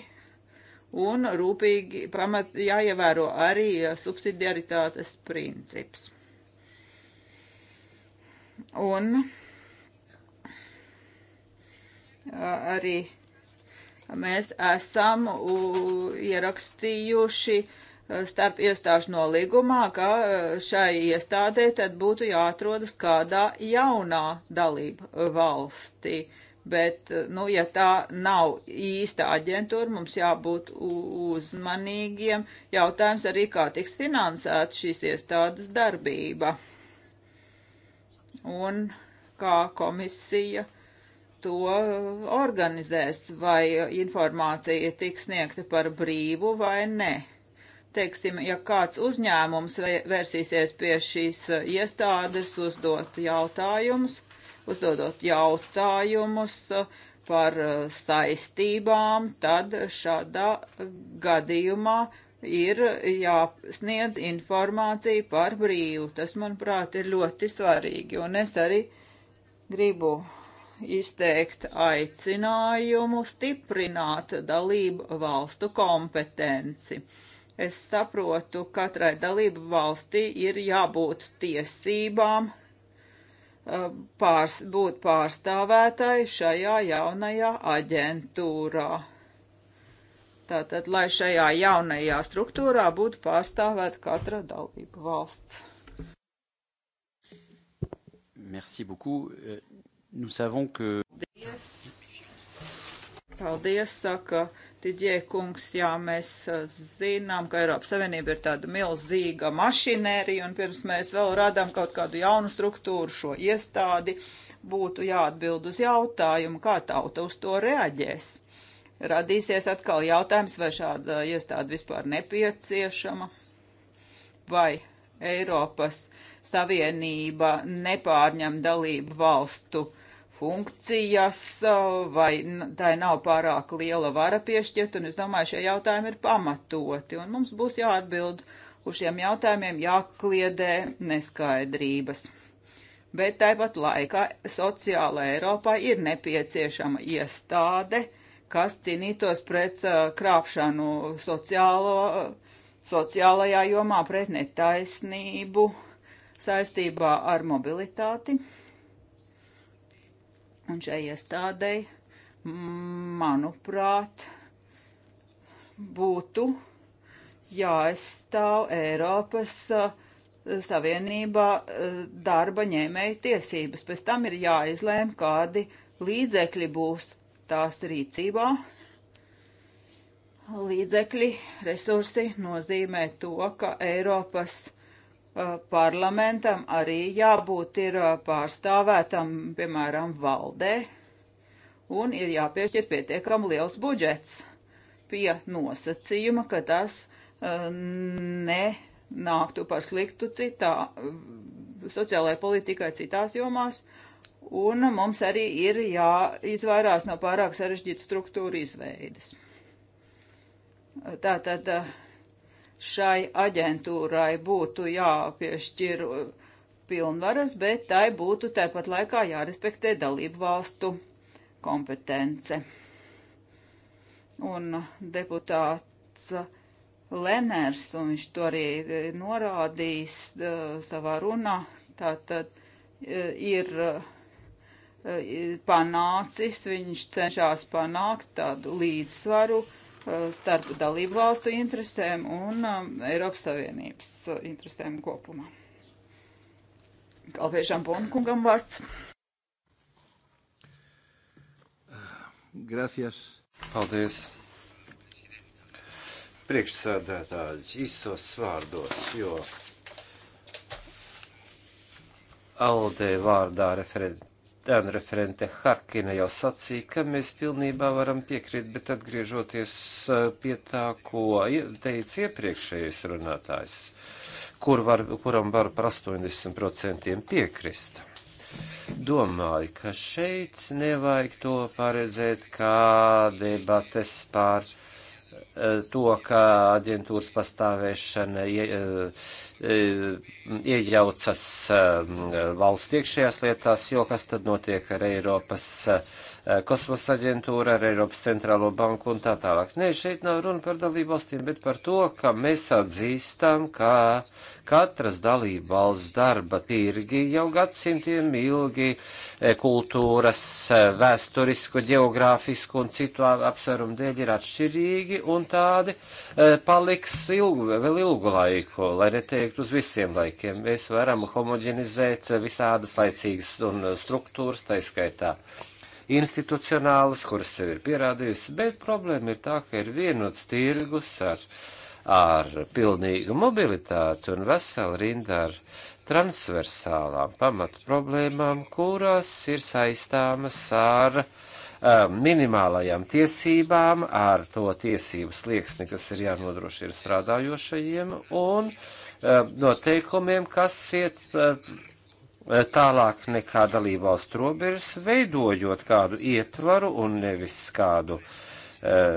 un rūpīgi pamat, jāievēro arī subsidiaritātes princips. Un arī mēs esam ierakstījuši e, starp iestāžu nolīgumā, ka e, šai iestādē tad būtu jāatrodas kādā jaunā dalība e, valstī. Bet, nu, ja tā nav īsta aģentūra, mums jābūt uzmanīgiem. Jautājums arī, kā tiks finansēta šīs iestādes darbība. Un kā komisija uh, to organizēs, vai informācija tiks sniegta par brīvu vai nē. Teiksim, ja kāds uzņēmums vērsīsies pie šīs iestādes, uzdot jautājumus, uzdodot jautājumus par saistībām, tad šādā gadījumā ir jāsniedz informācija par brīvu. Tas, manuprāt, ir ļoti svarīgi, un es arī gribu izteikt aicinājumu stiprināt dalību valstu kompetenci. Es saprotu, katrai dalību valstī ir jābūt tiesībām pārs, būt pārstāvētai šajā jaunajā aģentūrā. Tātad, lai šajā jaunajā struktūrā būtu pārstāvēta katra dalība valsts. Merci beaucoup. Euh, Nous savons que... Paldies. Paldies, saka Tidjē kungs. Jā, mēs uh, zinām, ka Eiropas Savienība ir tāda milzīga mašinērija, un pirms mēs vēl radām kaut kādu jaunu struktūru šo iestādi, būtu jāatbild uz jautājumu, kā tauta uz to reaģēs. Radīsies atkal jautājums, vai šāda iestāde vispār nepieciešama, vai Eiropas Savienība nepārņem dalību valstu funkcijas, eh, vai tai nav pārāk liela vara piešķirt, un es domāju, šie jautājumi ir pamatoti, un mums būs jāatbild uz šiem jautājumiem, jākliedē neskaidrības. Bet tāpat laikā sociālajā Eiropā ir nepieciešama iestāde, kas cīnītos pret uh, krāpšanu sociālo, sociālajā jomā, pret netaisnību saistībā ar mobilitāti. Un šai iestādei, manuprāt, būtu jāaizstāv Eiropas uh, eh, Savienībā uh, eh, darba ņēmēju tiesības. Pēc tam ir jāizlēm, kādi līdzekļi būs tās rīcībā. Līdzekļi, resursi nozīmē to, ka Eiropas uh, Eh, parlamentam arī jābūt ir eh, pārstāvētam, piemēram, valdē, un ir jāpiešķir pietiekam liels budžets pie nosacījuma, ka tas eh, nenāktu par sliktu citā sociālajai politikai citās jomās, un mums arī ir jāizvairās no pārāk sarežģītu struktūru izveidas. Tātad šai aģentūrai būtu jāpiešķir pilnvaras, bet tai būtu tāpat laikā jārespektē dalību valstu kompetence. Un deputāts Leners, un viņš to arī norādījis uh, savā runā, tātad uh, ir uh, panācis, viņš cenšas panākt tādu līdzsvaru uh, Eh, starp dalību valstu interesēm un eh, Eiropas Savienības eh, interesēm kopumā. Kalvēšām Bonkungam vārds. Gracias. Paldies. Priekšsādētāji īsos vārdos, jo Aldē vārdā referenta Ēna referente Harkina jau sacīja, ka mēs pilnībā varam piekrīt, bet atgriežoties pie tā, ko teica iepriekšējais runātājs, kur var, kuram var par 80% piekrist. Domāju, ka šeit nevajag to paredzēt kā debates par to, kā aģentūras pastāvēšana. Ja, Eh, iejaucas eh, valsts iekšējās lietās, jo kas tad notiek ar Eiropas eh, kosmosa aģentūru, ar Eiropas centrālo banku un tā tālāk. Nē, šeit nav runa par dalību valstīm, bet par to, ka mēs atzīstam, ka katras dalību valsts darba tirgi jau gadsimtiem ilgi kultūras, vēsturisku, geogrāfisku un citu apsvērumu dēļ ir atšķirīgi un tādi paliks ilgu, vēl ilgu laiku, lai neteiktu notikt uz visiem laikiem. Mēs varam homogenizēt visādas laicīgas un struktūras, taiskaitā institucionālas, kuras sev ir pierādījusi, bet problēma ir tā, ka ir vienots tirgus ar, ar pilnīgu mobilitāti un veselu rindu ar transversālām pamatu problēmām, kurās ir saistāmas ar um, minimālajām tiesībām, ar to tiesību slieksni, kas ir jānodrošina strādājošajiem, un uh, Um, noteikumiem, kas iet um, tālāk nekā dalībvalstu robežas, veidojot kādu ietvaru un nevis kādu uh,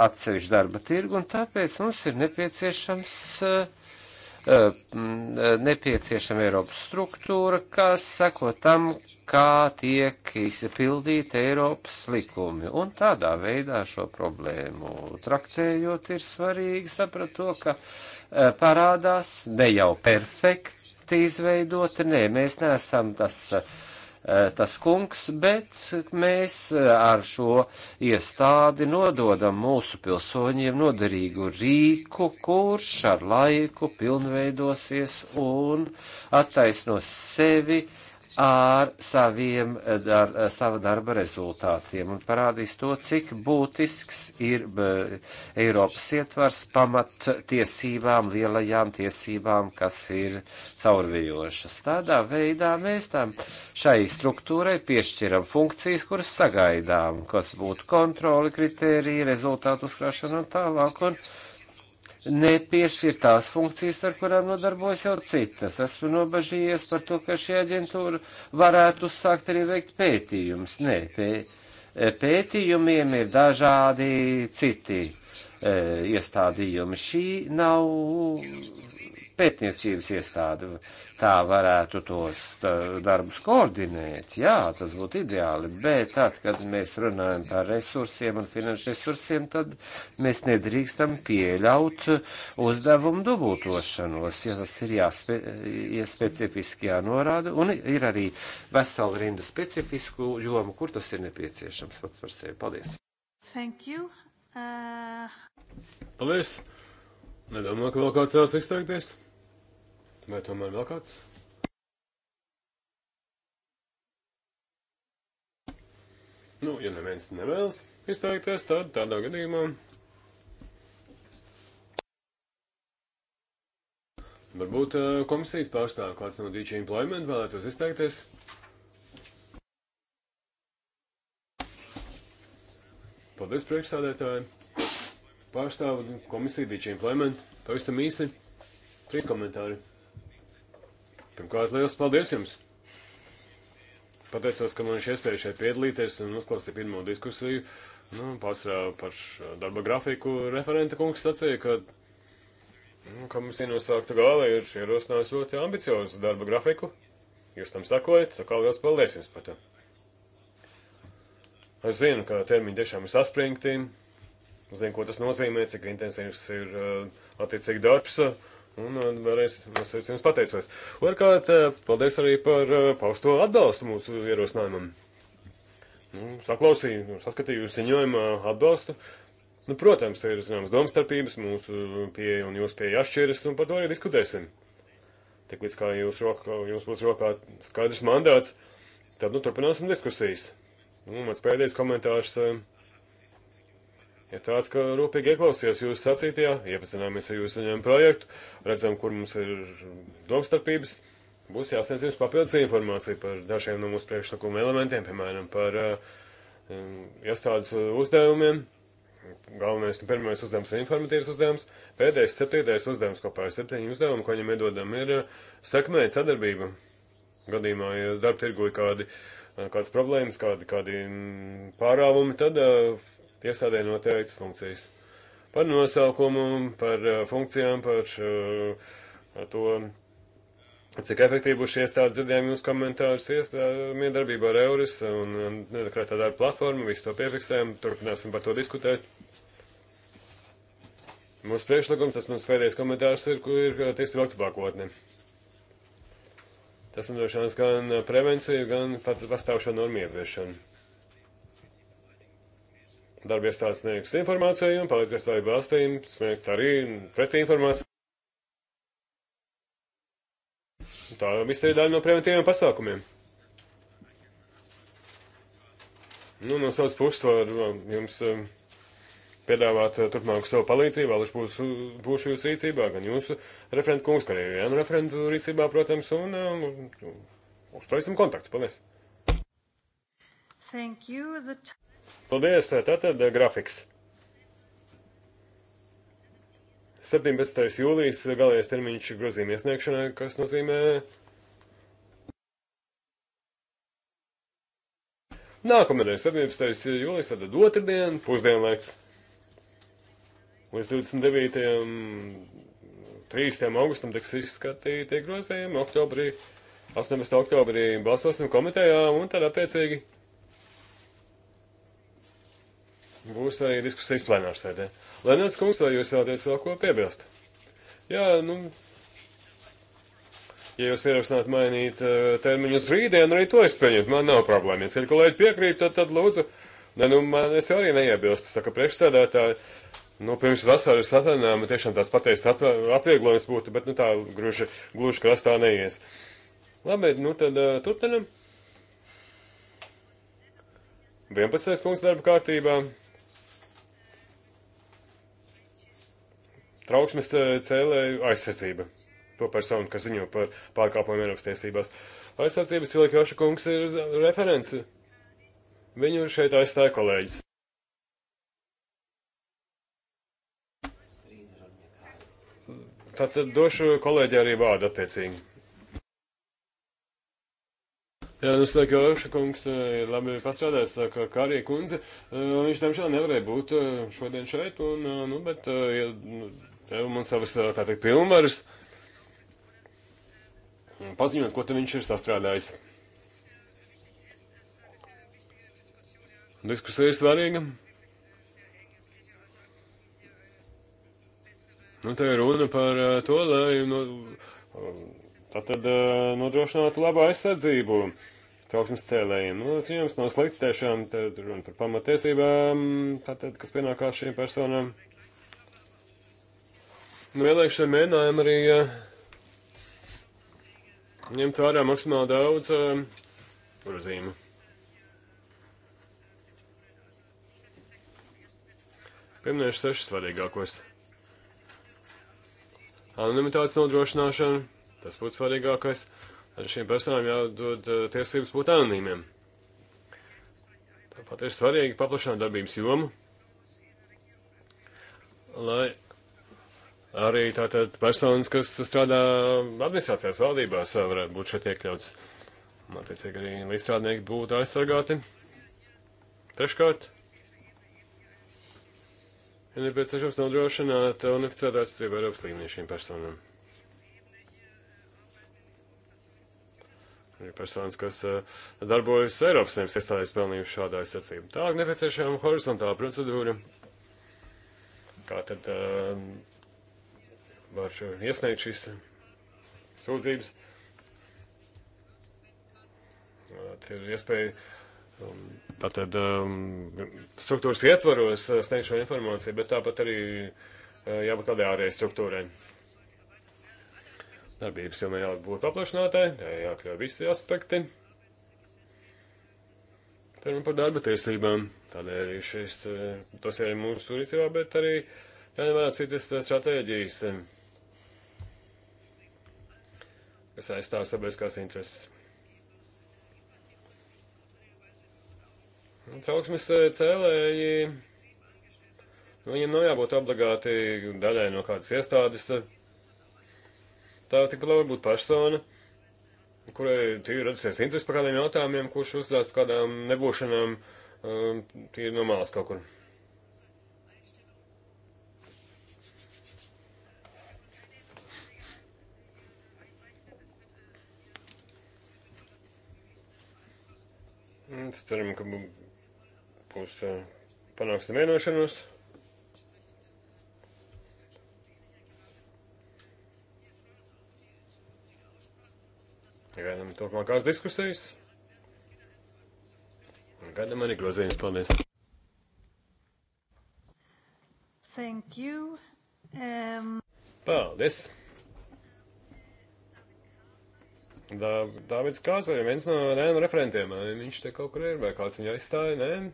atsevišķu darba tirgu, un tāpēc mums ir nepieciešams, uh, uh nepieciešama Eiropas struktūra, kas seko tam, kā tiek izpildīti Eiropas likumi. Un tādā veidā šo problēmu traktējot ir svarīgi saprat to, ka uh, Eh, parādās, ne jau perfekti izveidoti, nē, mēs neesam tas, eh, tas kungs, bet mēs eh, ar šo iestādi nododam mūsu pilsoņiem noderīgu rīku, kurš ar laiku pilnveidosies un attaisnos sevi, uh, ar saviem, ar, ar sava darba rezultātiem un parādīs to, cik būtisks ir Eiropas ietvars pamat tiesībām, lielajām tiesībām, kas ir caurvijošas. Tādā veidā mēs tam šai struktūrai piešķiram funkcijas, kuras sagaidām, kas būtu kontroli, kritērija, rezultātu uzkrāšana un tālāk. Un, nepiešķir tās funkcijas, ar kurām nodarbojas jau citas. Esmu nobažījies par to, ka šī aģentūra varētu uzsākt arī veikt pētījumus. Nē, pē, e, pētījumiem ir dažādi citi e, iestādījumi. Šī nav pētniecības iestāde tā varētu tos darbus koordinēt. Jā, tas būtu ideāli, bet tad, kad mēs runājam par resursiem un finanšu resursiem, tad mēs nedrīkstam pieļaut uzdevumu dubultošanos, ja tas ir jāspe, ja specifiski jānorāda, un ir arī vesela rinda specifisku jomu, kur tas ir nepieciešams pats par sevi. Paldies! Thank you. Uh... Paldies! Nedomāju, ka vēl kāds vēlas izteikties. Vai tomēr vēl kāds? Nu, ja neviens nevēlas izteikties, tad tādā gadījumā varbūt eh, komisijas pārstāv kāds no DG Employment vēlētos izteikties. Paldies, priekšstādētāji. Pārstāvu komisiju DG Employment. Pavisam īsi. Trīs komentāri. Pirmkārt, liels paldies jums! Pateicos, ka man šī iespēja šeit piedalīties un uzklausīt pirmo diskusiju. Nu, Pārsvarā par darba grafiku referenta kungs sacīja, ka, nu, ka mums ienosākta gala ir ierosinājums ļoti ambiciozu darba grafiku. Jūs tam sakojat, tā kā liels paldies jums par to. Es zinu, ka termiņi tiešām ir saspringti. Zinu, ko tas nozīmē, cik intensīvs ir uh, attiecīgi darbs. Uh, Un vēlreiz es jums pateicos. Otrkārt, eh, paldies arī par eh, pausto atbalstu mūsu ierosinājumam. Nu, saklausīju, saskatīju ziņojumā atbalstu. Nu, protams, ir zināmas domstarpības, mūsu pieeja un jūsu pieeja atšķiras, un par to arī diskutēsim. Tik līdz kā jūs, roka, jūs būs rokā skaidrs mandāts, tad nu, turpināsim diskusijas. Nu, un mans pēdējais komentārs. Uh, ir tāds, ka rūpīgi ieklausījos jūsu sacītajā, iepazināmies ar jūsu saņēmumu projektu, redzam, kur mums ir domstarpības. Būs jāsniedz jums papildus informācija par dažiem no mūsu priekšlikuma elementiem, piemēram, par um, iestādes uzdevumiem. Galvenais un nu, pirmais uzdevums ir informatīvs uzdevums. Pēdējais, septītais uzdevums kopā ar septiņu uzdevumu, ko viņam iedodam, ir eh, sekmēt sadarbību. Gadījumā, ja darba tirgu ir kādi, eh, kādas problēmas, kādi, kādi mm, pārāvumi, tad uh, tiesādē noteikts funkcijas. Par nosaukumu, par uh, funkcijām, par uh, to, cik efektīvi būs šī iestāde, dzirdējām jūs komentārus eh, miedarbībā ar Euris un nedekrētā darba platforma, visu to piefiksējam, turpināsim par to diskutēt. Mūsu priekšlikums, tas mans pēdējais komentārs ir, kur ir tiesību aktu pakotne. Tas nodrošinās gan prevenciju, gan pat pastāvošo normu ieviešanu darba iestādes sniegs informāciju un palīdzēs dalību valstīm sniegt arī pretī informāciju. Tā viss ir daļa no preventīviem pasākumiem. Nu, no savas puses var um, jums um, piedāvāt uh, turpmāk savu palīdzību, vēl es būšu, būšu jūsu rīcībā, gan jūsu referentu kungs, gan arī vienu referentu rīcībā, protams, un um, uzturēsim kontakts. Paldies! Thank you. The Paldies, eh, tātad eh, grafiks. 17. jūlijas eh, galējais termiņš grozījuma iesniegšanai, kas nozīmē Nākamnedēļ, 17. jūlijas, tad otrdien, pusdienlaiks. Līdz 29. 3. augustam tiks izskatīti grozījumi, oktobrī, 18. oktobrī balsosim komitejā un tad attiecīgi būs arī diskusijas plenārsēdē. Lenārs Kungs, vai jūs vēlaties vēl ko piebilst? Jā, nu, ja jūs ierosināt mainīt uh, termiņu uz rītdienu, arī to es pieņemtu, man nav problēma. Ja ceļu kolēģi piekrīt, tad, tad lūdzu, ne, nu, man es arī neiebilstu, saka priekšstādātāji. Nu, pirms vasaras atvaļinājuma tiešām tāds pateicis atvieglojums būtu, bet, nu, tā gluži, gluži krastā neies. Labi, nu, tad uh, turpinam. 11. punkts darba kārtībā. trauksmes eh, cēlēju aizsardzība. To personu, kas ziņo par pārkāpumu Eiropas tiesībās. Aizsardzības Ilikaša kungs ir referents. Viņu šeit aizstāja kolēģis. Tātad došu kolēģi arī vārdu attiecīgi. Jā, nu, tā kā Oša kungs eh, ir labi pastrādājis, tā kā Kārija kundze, eh, viņš tam šādi nevarēja būt šodien šeit, un, nu, bet, ja, nu, un savas, tā teikt, pilnvaras, paziņot, ko te viņš ir sastrādājis. Diskusija ir svarīga. Nu, te ir runa par to, lai no, tātad nodrošinātu labu aizsardzību trauksmes cēlējiem. Nu, ziņojums nav slikts tiešām, tad runa par pamatiesībām, tātad, kas pienākās šīm personām. Nu, vienlaik šeit mēģinājām arī uh, ņemt vērā maksimāli daudz uh, grozījumu. Pieminēšu sešas svarīgākos. Anonimitātes nodrošināšana, tas būtu svarīgākais. Ar šīm personām jādod uh, tiesības būt anonīmiem. Tāpat ir svarīgi paplašināt darbības jomu, lai Arī tātad personas, kas strādā administrācijās valdībās, varētu būt šeit iekļauts. Attiecīgi arī līdzstrādnieki būtu aizsargāti. Treškārt, ir ja nepieciešams nodrošināt unificētā aizsardzību Eiropas līmenī šīm personām. Ir personas, kas eh, darbojas Eiropas Savienības iestādēs pelnījuši šādā aizsardzību. Tā ir nepieciešama horizontāla procedūra. Kā tad uh, var uh, iesniegt šīs uh, sūdzības. Uh, Tad ir iespēja um, tātad um, struktūras ietvaros sniegt šo informāciju, bet tāpat arī jābūt kādai ārējai struktūrai. Darbības jomai jābūt paplašinātai, jāiekļauj visi aspekti. Pirmā par darba tiesībām. Tādēļ arī šis, tas ir mūsu rīcībā, bet arī jāņem vērā citas stratēģijas kas aizstāv sabiedriskās intereses. Trauksmes eh, cēlēji, nu, viņiem nav jābūt obligāti daļai no kādas iestādes. Tā tikpat labi būtu persona, kurai tīri radusies interesi par kādiem jautājumiem, kurš uzdās par kādām nebūšanām, eh, tīri no malas kaut kur. Mēs mm, ceram, ka būs panāksim vienošanos. Gaidām turpmākās diskusijas. Gaidām arī grozījumus. Paldies! Thank you. Um... Paldies! Dāvids Kāza ir viens no ēnu referentiem. Viņš te kaut kur ir, vai kāds viņu aizstāja, nē?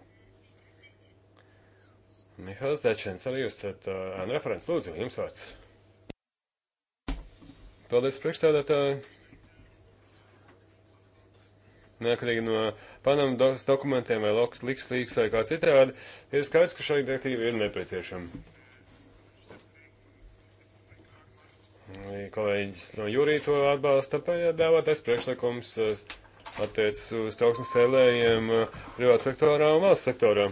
Mihāls Dečens, arī jūs esat ēnu referents. Lūdzu, jums vārds. Paldies, priekšstādātāji. Neatkarīgi no Panamas dokumentiem vai Liks, Liks vai kā citādi, ir skaidrs, ka šai direktīva ir nepieciešama. Kolēģis no jūrī to atbalsta, piedāvātais priekšlikums eh, attiecas uz trauksmes cēlējiem eh, privāta sektorā un valsts sektorā.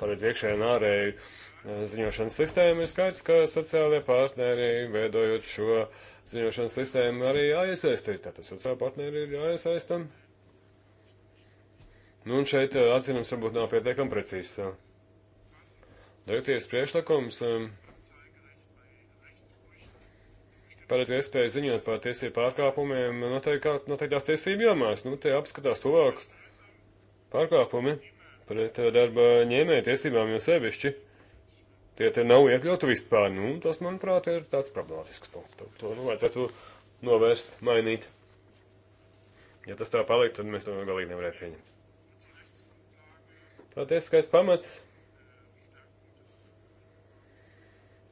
Paredz iekšējā un ārēju eh, ziņošanas sistēmu ir skaidrs, ka sociālajie partneri, veidojot šo ziņošanas sistēmu, arī jāiesaistīt. Tātad sociālajie partneri ir jāiesaistam. Nu, un šeit atzinums varbūt nav pietiekami precīzs. Direktīvas priekšlikums. Um, paredz iespēju ziņot par tiesību pārkāpumiem noteiktās, noteiktās tiesību jomās. Nu, te apskatās tuvāk pārkāpumi pret eh, darba ņēmēju tiesībām jau sevišķi. Tie te nav iekļauti vispār. Nu, tas, manuprāt, ir tāds problemātisks punkts. To, to nu, vajadzētu novērst, mainīt. Ja tas tā paliek, tad mēs to galīgi nevarētu pieņemt. Tā tiesiskais pamats.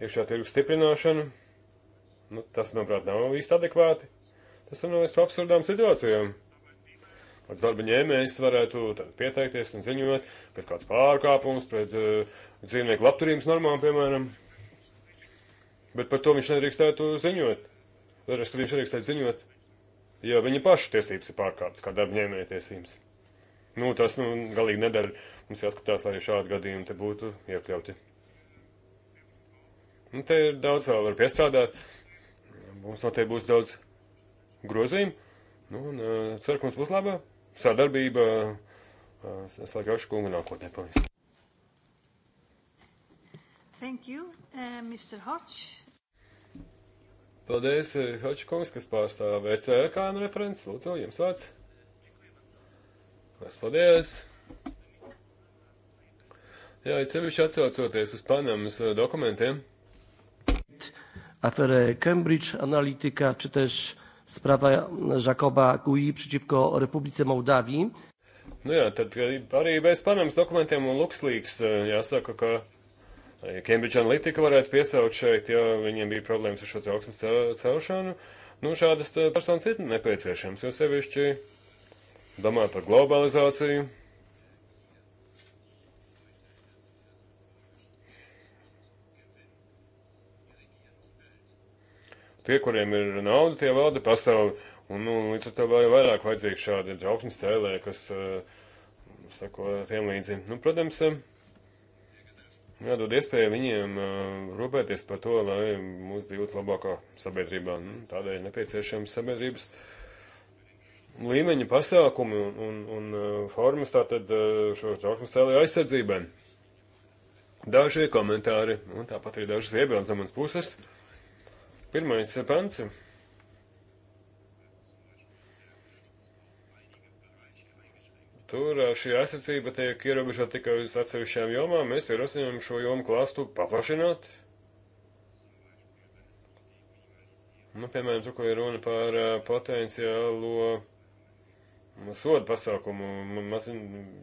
Iekšā tirgus stiprināšana Nu, tas, manuprāt, nav īsti adekvāti. Tas ir novērst absurdām situācijām. Kāds darba ņēmējs varētu pieteikties un ziņot, ka kāds pārkāpums pret uh, dzīvnieku labturības normām, piemēram, bet par to viņš nedrīkstētu ziņot. Varbūt viņš nedrīkstētu ziņot, ja viņa pašu tiesības ir pārkāptas, kā darba ņēmēja tiesības. Nu, tas nu, galīgi nedara. Mums jāskatās, lai šādi gadījumi te būtu iekļauti. Un nu, te ir daudz vēl var piestrādāt. Mums noteikti būs daudz grozījumu. Nu, un eh, ceru, ka mums būs laba sadarbība. Eh, es laiku jaušu kungu nākotnē. Paldies. Thank you, uh, eh, Mr. Hodge. Paldies, Hodge kungs, kas pārstāv ECR kā nu referents. Lūdzu, jums vārds. Paldies. paldies. Jā, it sevišķi atsaucoties uz Panamas dokumentiem aferę Cambridge Analytica, czy też sprawa Jakoba Gui przeciwko Republice Mołdawii. Nu jā, tad arī bez Panamas dokumentiem un LuxLeaks jāsaka, ka eh, Cambridge Analytica varētu piesaukt šeit, ja viņiem bija problēmas ar šo trauksmes celšanu. Nu, šādas eh, personas ir nepieciešams, jo sevišķi domā par globalizāciju, Tie, kuriem ir nauda, tie valda pasauli. Un, nu, līdz ar to vēl vairāk vajadzīgi šādi trauksmes cēlē, kas uh, sako tiem līdzi. Nu, protams, eh, jādod iespēju viņiem uh, rūpēties par to, lai mūs dzīvotu labākā sabiedrībā. Nu, tādēļ nepieciešams sabiedrības līmeņa pasākumi un, un, un formas tātad šo trauksmes cēlēju aizsardzībai. Daži komentāri un tāpat arī dažas iebildes no manas puses. Uh, Pirmais pants. Tur uh, šī aizsardzība tiek ierobežota tikai uz atsevišķām jomām. Mēs ierosinām šo jomu klāstu paplašināt. Nu, piemēram, tur, ko ir runa par uh, potenciālo mm, sodu pasākumu, mazin,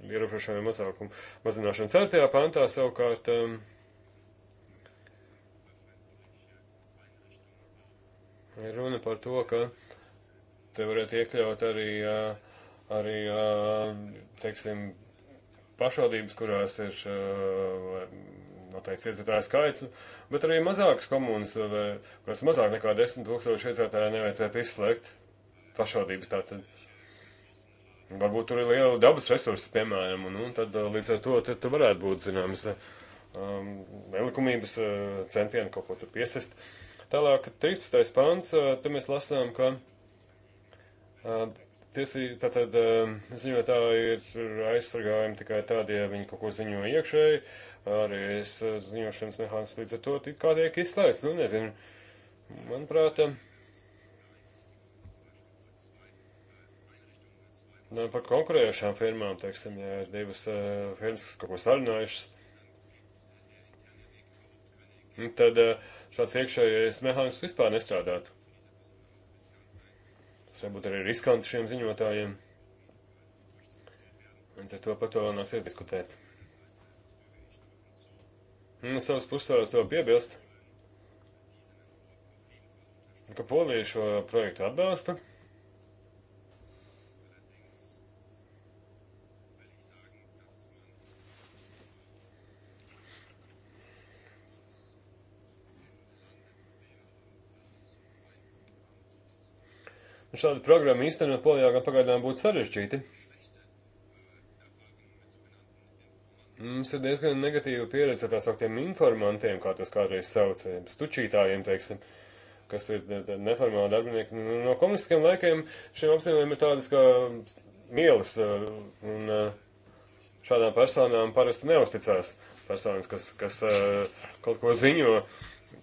ierobežošanu pasākumu mazināšanu. Ceturtajā pantā savukārt. Um, Ir runa par to, ka te varētu iekļaut arī, arī teiksim, pašvaldības, kurās ir noteikti iedzīvotāju skaits, bet arī mazākas komunas, kurās mazāk nekā 10 tūkstoši iedzīvotāju nevajadzētu izslēgt pašvaldības tātad. Varbūt tur ir liela dabas resursa, piemēram, un, un tad līdz ar to tad varētu būt, zināms, um, likumības centieni kaut ko tur piesist. Uh, Tālāk, 13. pants, te mēs lasām, ka tiesība, tātad ziņotāji ir aizsargājumi tikai tad, ja viņi kaut ko ziņo iekšēji, arī ziņošanas mehānisms līdz ar to tik kā tiek izslēgts, nu nezinu, manuprāt, nu, par konkurējošām firmām, teiksim, ja ir divas firmas, kas kaut ko sarunājušas, tad uh, šāds iekšējais mehānisms vispār nestrādātu. Tas varbūt arī ir riskanti šiem ziņotājiem. Līdz ar to par to nāksies diskutēt. Nu, no savas puses vēlos vēl piebilst, ka Polija šo projektu atbalsta. Šādu programmu īstenot Polijā gan pagaidām būtu sarežģīti. Mums ir diezgan negatīva pieredze ar tā sauktiem informantiem, kā tos kādreiz sauc, stučītājiem, teiksim, kas ir neformāli darbinieki. Nu, no komunistiskiem laikiem šiem apzīmēm ir tādas kā mielas, uh, un uh, šādām personām parasti neusticās personas, kas, kas uh, kaut ko ziņo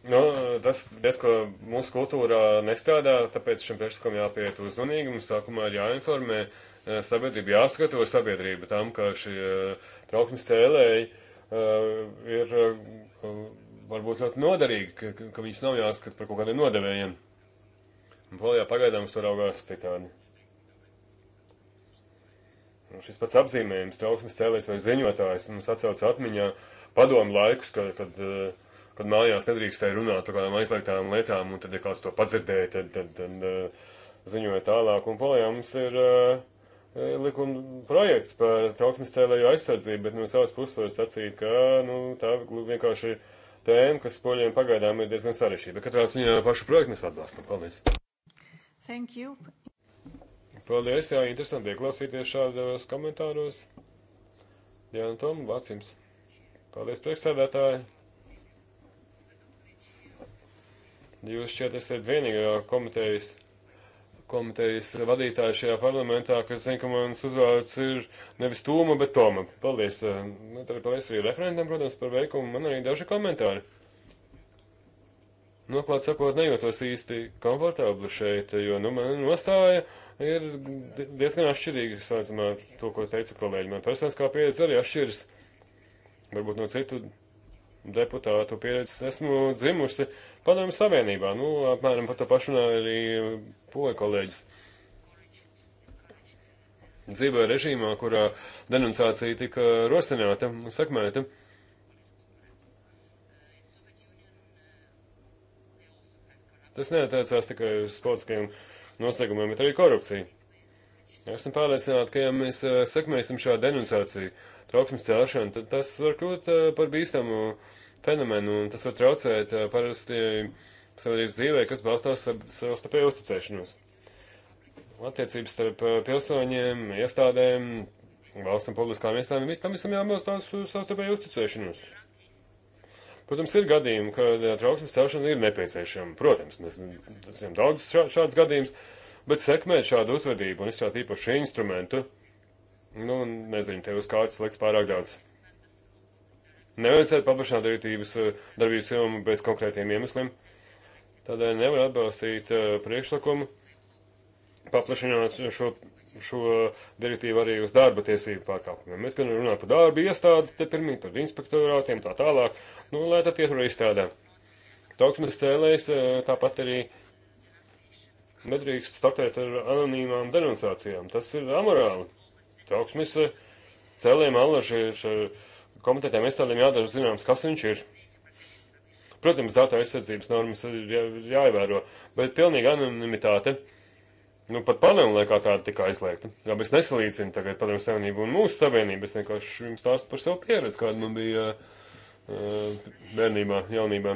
Nu, tas diezko mūsu kultūrā nestrādā, tāpēc šim priekšlikumam jāpiet uzmanīgi. Mums sākumā ir jāinformē eh, sabiedrība, jāsagatavo sabiedrība tam, ka šie eh, trauksmes cēlēji eh, ir varbūt ļoti noderīgi, ka, ka viņus nav jāskat par kaut kādiem nodevējiem. Un polijā pagaidām uz to raugās citādi. Un šis pats apzīmējums, trauksmes cēlējs vai ziņotājs, mums atsauca atmiņā padomu laikus, kad, kad uh, kad mājās nedrīkstēja runāt par kādām aizliegtām lietām, un tad, ja kāds to padzirdēja, tad, tad, tad, tad eh, ziņoja tālāk. Un palējā mums ir uh, likuma projekts par trauksmes cēlēju aizsardzību, bet no savas puses var sacīt, ka nu, tā vienkārši ir tēma, kas poļiem pagaidām ir diezgan sarežģīta. Katrā ziņā pašu projektu mēs atbalstam. Paldies! Thank you! Paldies, jā, interesanti ieklausīties šādos komentāros. Diana Toma, vārds jums. Paldies, priekšsēdētāji! Jūs šķiet esat vienīgā komitejas, komitejas vadītāja šajā parlamentā, kas zina, ka mans uzvārds ir nevis Tūma, bet Toma. Paldies. Eh, nu, tad paldies arī referentam, protams, par veikumu. Man arī daži komentāri. Noklāt nu, sakot, nejūtos īsti komfortabli šeit, jo, nu, man nostāja ir diezgan atšķirīga, sācumā, to, ko teica kolēģi. Man personiskā pieredze arī atšķiras, varbūt no citu deputātu pieredzes esmu dzimusi padomju savienībā. Nu, apmēram par to pašu runāja arī poļu kolēģis. Dzīvoja režīmā, kurā denunciācija tika rosināta un sakmēta. Tas neatiecās tikai uz sportiskajiem noslēgumiem, bet arī korupciju. Esmu pārliecināta, ka ja mēs eh, sekmēsim šādu denunciāciju, trauksmes celšanu, tad tas var kļūt eh, par bīstamu fenomenu, un tas var traucēt eh, parasti sabiedrības dzīvē, kas balstās savstarpēju uzticēšanos. Attiecības starp eh, pilsoņiem, iestādēm, valsts un publiskām iestādēm, vis tam visam jābalstās uz savstarpēju uzticēšanos. Protams, ir gadījumi, kad trauksmes celšana ir nepieciešama. Protams, mēs esam daudz šā, šādus gadījumus, bet sekmēt šādu uzvedību un izstrādāt īpašu instrumentu, uh, Nu, nezinu, tev uz kārtas liks pārāk daudz. Nevajadzētu paplašināt direktīvas eh, darbības jomu bez konkrētiem iemesliem. Tādēļ nevar atbalstīt eh, priekšlikumu paplašināt šo, šo direktīvu arī uz darba tiesību pārkāpumiem. Mēs gan runājam par darba iestādi, te pirmīt par inspektorātiem, tā tālāk. Nu, lai tad ietur izstrādā. Tauksmes cēlējs eh, tāpat arī nedrīkst startēt ar anonīmām denunciācijām. Tas ir amorāli trauksmes eh, cēliem allaži ir eh, komitētiem iestādēm jādara zināms, kas viņš ir. Protams, datu aizsardzības normas ir jā, jāievēro, bet pilnīga anonimitāte, nu, pat padomu laikā tāda tika aizliegta. Labi, es nesalīdzinu tagad padomu savienību un mūsu savienību, es vienkārši jums stāstu par savu pieredzi, kāda man bija uh, bērnībā, jaunībā.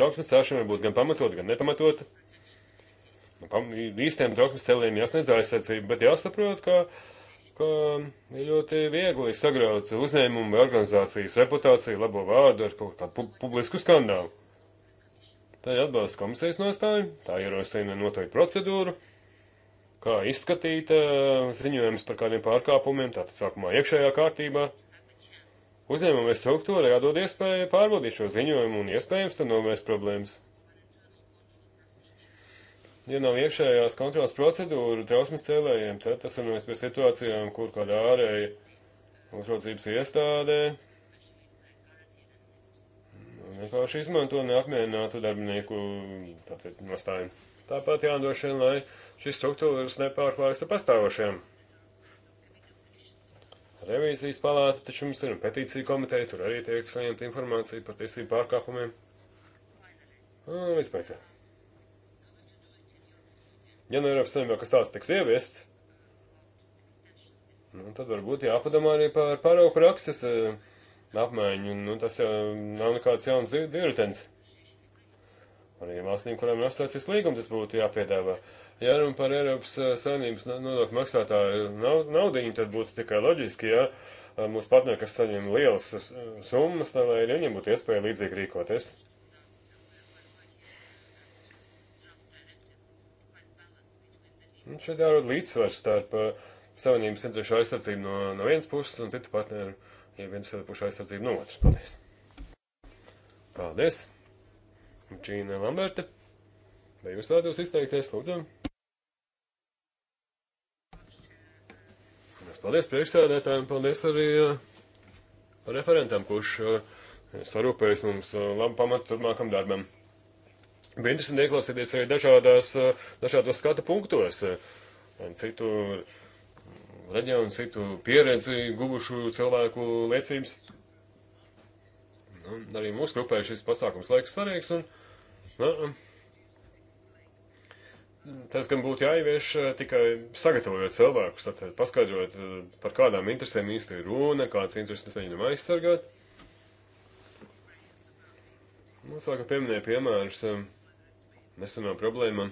Trauksmes sāšana var būt gan pamatota, gan nepamatota. Nu, īstiem drachmas celieniem jāsniedz aizsardzība, bet jāsaprot, ka, ka ir ļoti viegli sagraut uzņēmumu vai organizācijas reputāciju, labo vārdu ar kaut kādu pu publisku skandālu. Tā ir atbalsta komisijas nostāja, tā ierosina noteikti procedūru, kā izskatīt eh, ziņojumus par kādiem pārkāpumiem, tātad sākumā iekšējā kārtībā. Uzņēmumai struktūrai jādod iespēja pārbaudīt šo ziņojumu un iespējams tad novērst problēmas. Ja nav iekšējās kontrolas procedūra trausmas cēlējiem, tad tas var novest pie situācijām, kur kāda ārēja uzraudzības iestādē vienkārši izmanto neapmierinātu darbinieku tātad, nostājumu. Tāpat jānodrošina, lai šīs struktūras nepārklājas ar pastāvošiem. Revīzijas palāta taču mums ir un petīcija komiteja, tur arī tiek saņemta informācija par tiesību pārkāpumiem. Un vispēc. Ja no nu Eiropas Savienībā kas tāds tiks ieviests, nu, tad varbūt jāpadomā arī par paraugu prakses eh, apmaiņu. Nu, tas jau eh, nav nekāds jauns divritenis. Arī valstīm, kurām ir apstāsts šis līgums, tas būtu jāpiedāvā. Ja runa par Eiropas eh, saimnības nodokļu maksātāju naudiņu, tad būtu tikai loģiski, ja mūsu partneri, kas saņem lielas summas, lai arī viņiem būtu iespēja līdzīgi rīkoties. Un nu, šeit jārod līdzsvars starp uh, savienības interesu aizsardzību no, no vienas puses un citu partneru, ja viens pušu aizsardzību no otras. Paldies! Paldies! Džīna Lamberta, vai jūs vēlatos izteikties, lūdzu? Paldies priekšsēdētājiem, paldies arī uh, referentam, kurš uh, sarūpējis mums labu pamatu turpmākam darbam. Bija interesanti ieklausīties arī dažādās, dažādos skatu punktos, citu reģionu, citu pieredzi guvušu cilvēku liecības. Nu, arī mūsu grupai šis pasākums liekas svarīgs. Un, nu, Tas gan būtu jāievieš eh, tikai sagatavojot cilvēkus, tad paskaidrot, eh, par kādām interesēm īsti ir runa, kādas intereses mēģinam aizsargāt. Nu, sākam pieminēt piemērus. Um, nesenām problēmām.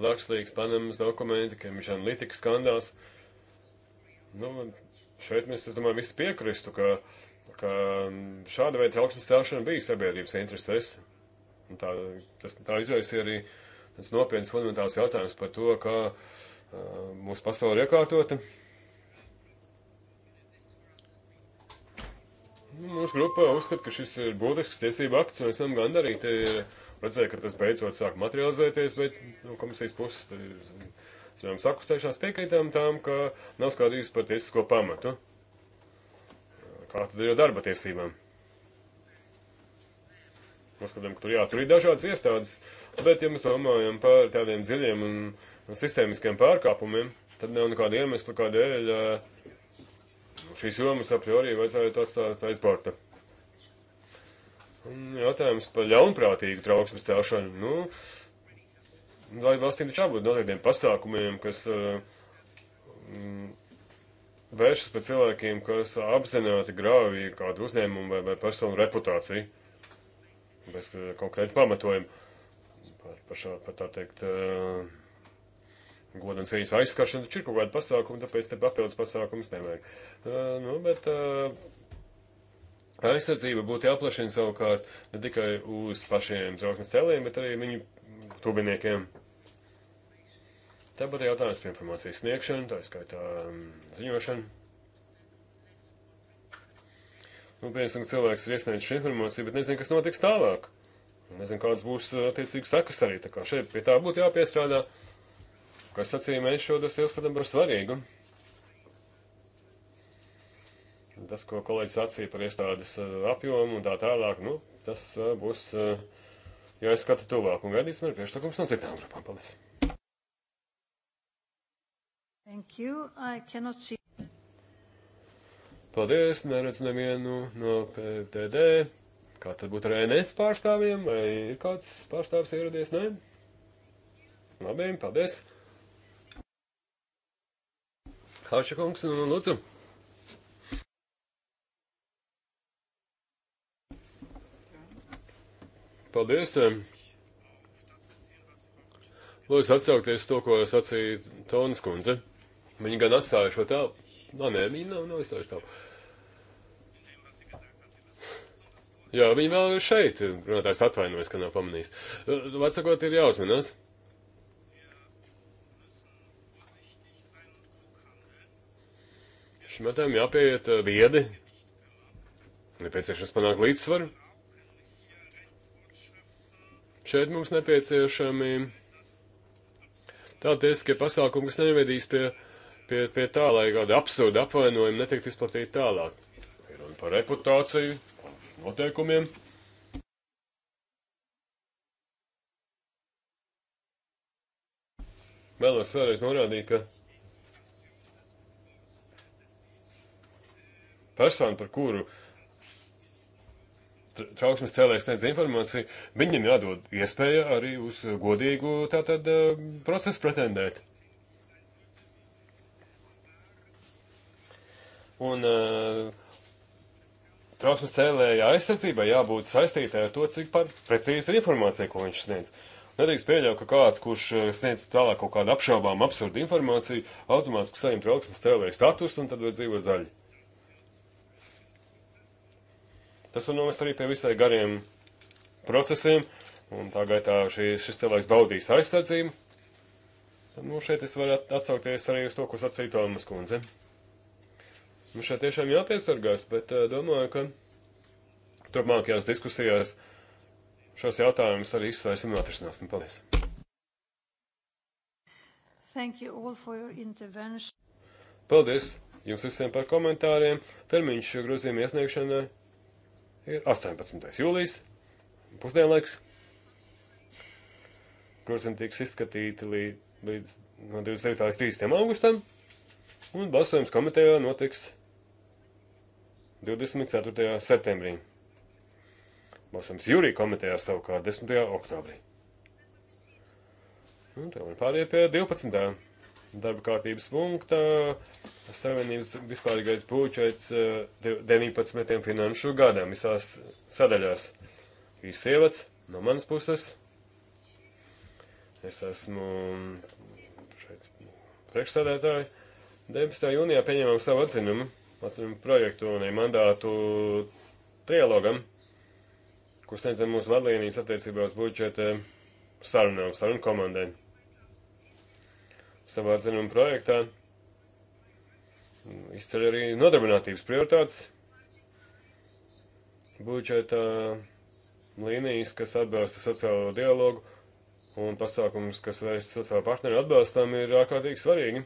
Lakslīgs Panamas dokumenti, Cambridge Analytica skandāls. Nu, šeit mēs, es domāju, visi piekristu, ka, ka šāda veida trauksmes celšana bija sabiedrības interesēs. Un tā, tas, tā izraisīja arī tas nopietns fundamentāls jautājums par to, kā uh, mūsu pasauli ir iekārtota. Nu, mūsu grupa uzskata, ka šis ir būtisks tiesību akts, un esam gandarīti. Uh, redzēja, ka tas beidzot sāk materializēties, bet no nu, komisijas puses zinām, sakustējušās piekrītām tām, ka nav skaidrības par tiesisko pamatu. Kā tad ir ar darba tiesībām? Uzskatām, ka tur jā, tur ir dažādas iestādes, bet ja mēs domājam par tādiem dziļiem un, un sistēmiskiem pārkāpumiem, tad nav nekāda iemesla, kādēļ eh, šīs jomas a priori vajadzētu atstāt aiz borta. Un jautājums par ļaunprātīgu trauksmes celšanu. Nu, lai valstīm taču jābūt noteiktiem pasākumiem, kas uh, vēršas pret cilvēkiem, kas apzināti grāvīja kādu uzņēmumu vai, vai personu reputāciju. Bez uh, eh, konkrēta pamatojuma par, par, šā, par tā teikt uh, eh, godam cieņas aizskaršanu. Taču ir kaut kāda pasākuma, tāpēc te papildus pasākums nevajag. Uh, nu, bet, uh, aizsardzība būtu jāplašina savukārt ne tikai uz pašiem trauksmes cēlējiem, bet arī viņu tuviniekiem. Tāpat ir jautājums par informācijas sniegšanu, tā skaitā um, ziņošanu. Nu, piemēram, cilvēks ir iesniedzis šo informāciju, bet nezinu, kas notiks tālāk. Nezinu, kādas būs uh, attiecīgas sekas arī. Tā kā šeit pie tā būtu jāpiestrādā. Kā sacīja, mēs šo dosiju uzskatām par svarīgu. Tas, ko kolēģis sacīja par iestādes eh, apjomu un tā tālāk, nu, tas eh, būs eh, jāizskata tuvāk. Un gaidīsim ar priekšlikumus no citām grupām. Paldies! Thank you. I cannot see. Paldies, neredzu nevienu no PTD. Kā tad būtu ar NF pārstāvjiem? Vai ir kāds pārstāvs ieradies? Nē? Labi, paldies. Hauša kungs, nu, nu lūdzu. Paldies! Lūdzu, atsaukties to, ko sacīja Tonas kundze. Viņa gan atstāja šo tēlu. Nā, nē, viņa nav, nav atstājusi tēlu. Jā, viņa vēl ir šeit. Runātājs atvainojas, ka nav pamanījis. Atsakot, ir jāuzmanās. Šim jautājumam jāpieiet viedi. Eh, Nepieciešams panākt līdzsvaru. Šeit mums nepieciešami tādi tiesiskie pasākumi, kas nevedīs pie, pie, pie tā, lai kādi absurdi apvainojumi netiek izplatīti tālāk. Ir runa par reputāciju, noteikumiem. Vēlos vēlreiz norādīt, ka persona, par kuru uh, trauksmes cēlējs sniedz informāciju, viņam jādod iespēja arī uz godīgu tātad eh, procesu pretendēt. Un uh, trauksmes cēlēja aizsardzībai jābūt saistītē ar to, cik par precīzi ir informācija, ko viņš sniedz. Nedrīkst pieļaut, ka kāds, kurš eh, sniedz tālāk kaut kādu apšaubām absurdu informāciju, automātiski saņem trauksmes cēlēja status un tad var dzīvot zaļi. Tas var novest arī pie visai gariem procesiem, un tā gaitā šī, šis cilvēks baudīs aizsardzību. Nu, šeit es varu atsaukties arī uz to, ko sacīja Tomas kundze. Nu, šeit tiešām jāpiesargās, bet uh, domāju, ka turpmākajās diskusijās šos jautājumus arī izsvērsim un atrisināsim. Paldies! Thank you all for your intervention. Paldies jums visiem par komentāriem. Termiņš grozījuma iesniegšanai ir 18. jūlijas, pusdienlaiks. Grozījumi tiks izskatīti līdz, līdz no 29. līdz 30. augustam, un balsojums komitejā notiks 24. septembrī. Balsojums jūrī komitejā savukārt 10. oktobrī. Un tā man pārējie pie 12 darba kārtības punktā Savienības vispārīgais būčets 19. Eh, finanšu gadam visās sadaļās. Viss ievads no manas puses. Es esmu šeit priekšsādētāji. 19. jūnijā pieņēmām savu atzinumu, atzinumu projektu un mandātu trialogam, kur sniedzam mūsu vadlīnijas attiecībā uz budžeta sarunām, sarunu komandai savā dzinuma projektā. Izceļ arī nodarbinātības prioritātes budžeta līnijas, kas atbalsta sociālo dialogu un pasākums, kas veids sociālo partneru atbalstām, ir ārkārtīgi svarīgi.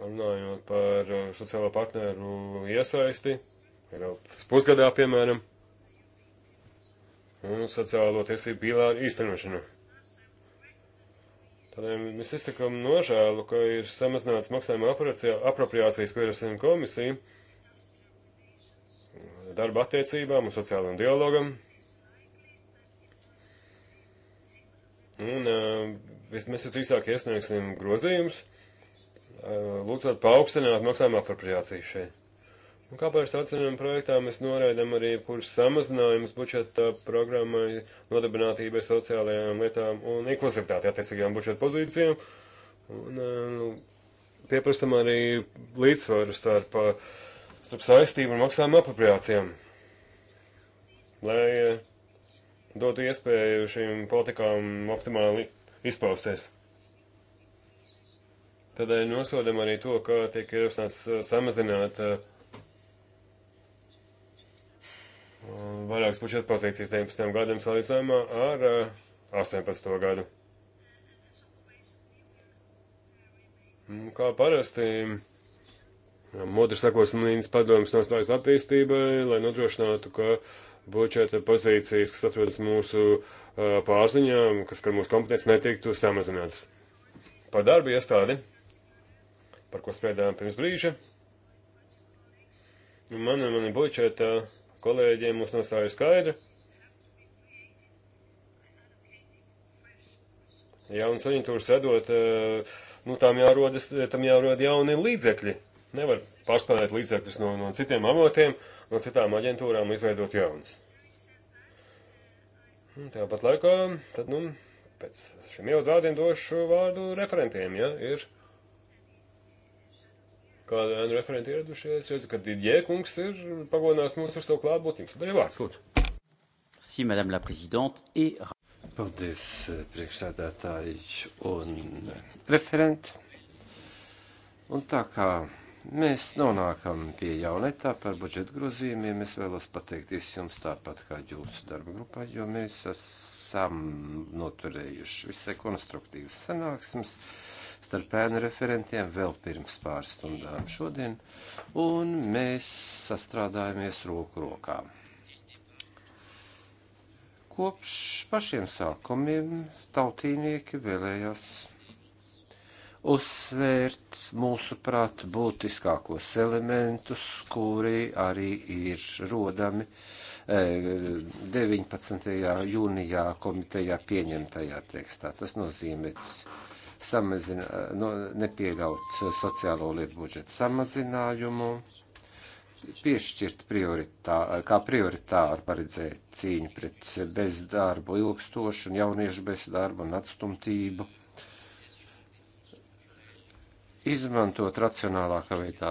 Runājot par uh, sociālo partneru iesaisti, Eiropas pusgadā, piemēram, un sociālo tiesību pīlāru īstenošanu. Tādēļ mēs izsakām nožēlu, ka ir samazināts maksājuma apropriācijas, ko ir ar komisiju darba attiecībām un sociālajam dialogam. Un eh, mēs visdrīzāk iesniegsim grozījumus, eh, lūdzot paaugstināt maksājuma apropriāciju šeit. Un kā par stacionāriem projektām mēs noraidām arī kurus samazinājumus budžeta programmai, nodarbinātībai, sociālajām lietām un inklusivitāti attiecīgajām budžeta pozīcijām. Un eh, nu, pieprasam arī līdzsvaru starp, eh, starp saistību un maksājumu apropriācijām, lai eh, dotu iespēju šīm politikām optimāli izpausties. Tādēļ nosodam arī to, kā tiek ierosināts samazināt uh, vairākas budžeta pozīcijas 19. gadam salīdzinājumā ar 18. Eh, gadu. Mm, kā parasti, modrs sakosnīgs padomus nostājas attīstībai, lai nodrošinātu, ka budžeta pozīcijas, kas atrodas mūsu eh, pārziņā, kas, ka mūsu kompetences netiktu samazinātas. Par darbu iestādi, par ko spriedām pirms brīža, man, man budžeta uh, kolēģiem mūsu nostāja ir skaidra. Jaunas aģentūras radot, eh, nu, tām jārodas, tam jārod jauni līdzekļi. Nevar pārspēlēt līdzekļus no, no citiem avotiem, no citām aģentūrām, izveidot jaunas. Tāpat laikā, tad, nu, pēc šiem jau vārdiem došu vārdu referentiem, ja, ir kāda ēnu referenti ieradušies. Redzu, ka Didjē kungs ir pagodinājis mūs ar savu klātbūtni. Tad ir vārds, lūdzu. Si, madame la présidente, et... Paldies, priekšsēdētāji un referenti. Un tā kā mēs nonākam pie jauna etapa ar budžeta grozījumiem, es vēlos pateikties jums tāpat kā jūsu darba grupā, jo mēs esam noturējuši visai konstruktīvas sanāksmes. Uh, starp ēnu referentiem vēl pirms pāris stundām šodien, un mēs sastrādājamies roku rokā. Kopš pašiem sākumiem tautīnieki vēlējās uzsvērt mūsuprāt būtiskākos elementus, kuri arī ir rodami 19. E, jūnijā komitejā pieņemtajā tekstā. Tas nozīmē samazina, no, nepieļaut uh, sociālo lietu budžetu samazinājumu, piešķirt prioritā, kā prioritāru paredzēt cīņu pret bezdarbu ilgstošu un jauniešu bezdarbu un atstumtību, izmantot racionālākā veidā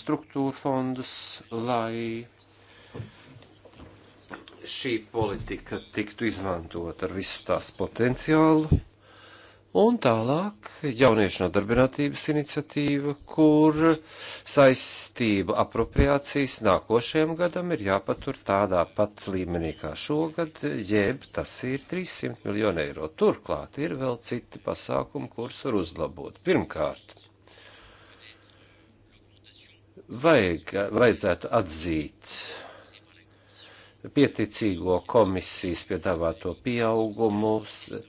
struktūra fondus, lai šī politika tiktu izmantota ar visu tās potenciālu Un tālāk jauniešu nodarbinātības iniciatīva, kur saistība apropriācijas nākošajam gadam ir jāpatur tādā pat līmenī kā šogad, jeb tas ir 300 miljoni eiro. Turklāt ir vēl citi pasākumi, kurus var uzlabot. Pirmkārt, vajag, vajadzētu atzīt pieticīgo komisijas piedāvāto pieaugumu e,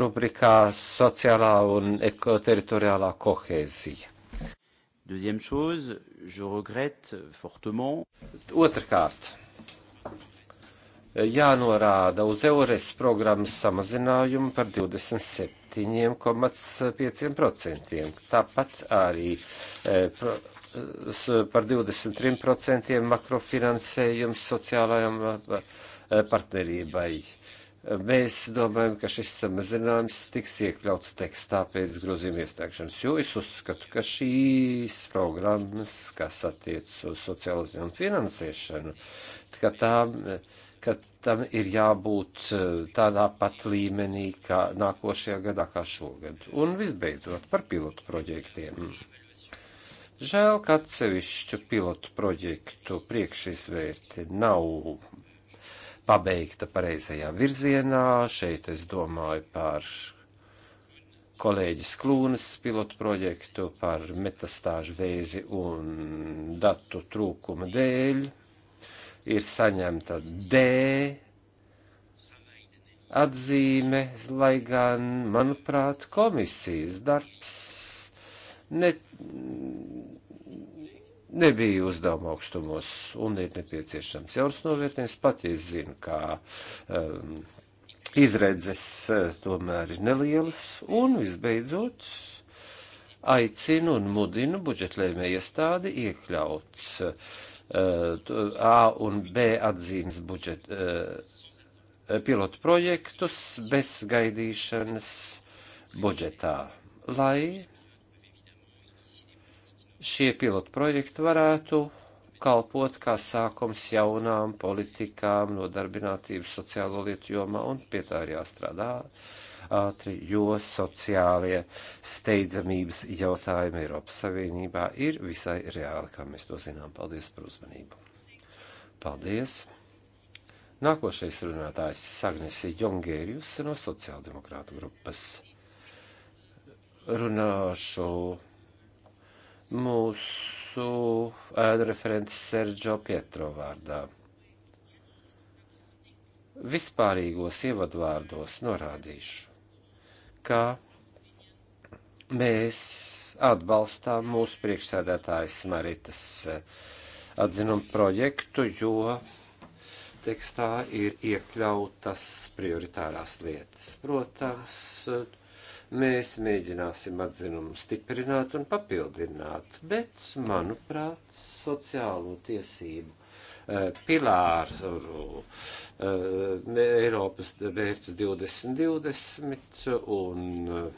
rubrikā sociālā un teritoriālā kohēzija. Deuxième chose, je regrette fortement. Otrkārt, jānorāda uz eures programmas samazinājumu par 27,5%. Tāpat arī e, pro, par 23% makrofinansējums sociālajām eh, partnerībai. Mēs domājam, ka šis samazinājums tiks iekļauts tekstā pēc grozījuma iesniegšanas, jo es uzskatu, ka šīs programmas, kas attiec uz sociālo uzņēmumu finansēšanu, ka tām, ka tam ir jābūt eh, tādā pat līmenī kā nākošajā gadā, kā šogad. Un visbeidzot par pilotu projektiem. Mm Žēl, ka atsevišķu pilotu projektu priekšizvērti nav pabeigta pareizajā virzienā. Šeit es domāju par kolēģis Klūnas pilotu projektu, par metastāžu vēzi un datu trūkuma dēļ. Ir saņemta D atzīme, lai gan, manuprāt, komisijas darbs ne, nebija uzdevuma augstumos un ir nepieciešams jauns novērtējums. Pat es zinu, kā um, izredzes uh, tomēr ir nelielas un visbeidzot aicinu un mudinu budžetlēmē iestādi iekļaut uh, A un B atzīmes budžeta uh, pilotu projektus bez gaidīšanas budžetā, lai šie pilotu projekti varētu kalpot kā sākums jaunām politikām, nodarbinātības sociālo lietu jomā, un pie tā ir jāstrādā ātri, jo sociālie steidzamības jautājumi Eiropas Savienībā ir visai reāli, kā mēs to zinām. Paldies par uzmanību. Paldies! Nākošais runātājs Sagnesi Jongērijus no sociāldemokrātu grupas. Runāšu mūsu ēdreferents Sergio Pietro vārdā. Vispārīgos ievadvārdos norādīšu, ka mēs atbalstām mūsu priekšsēdētājas Maritas eh, atzinumu projektu, jo tekstā ir iekļautas prioritārās lietas. Protams, Mēs mēģināsim atzinumu stiprināt un papildināt, bet, manuprāt, sociālo tiesību eh, pilāru eh, Eiropas mērķus 2020 un eh,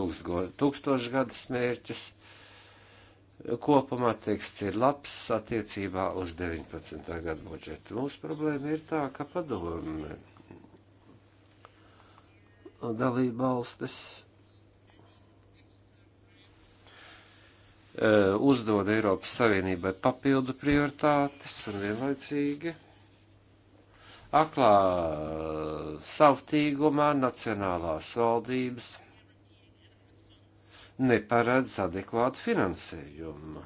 tūkstošgadas mērķus. Kopumā teksts ir labs attiecībā uz 19. gadu budžetu. Mūsu problēma ir tā, ka padome dalība valstis e, uzdod Eiropas Savienībai papildu prioritātes un vienlaicīgi aklā savtīgumā nacionālās valdības neparedz adekvātu finansējumu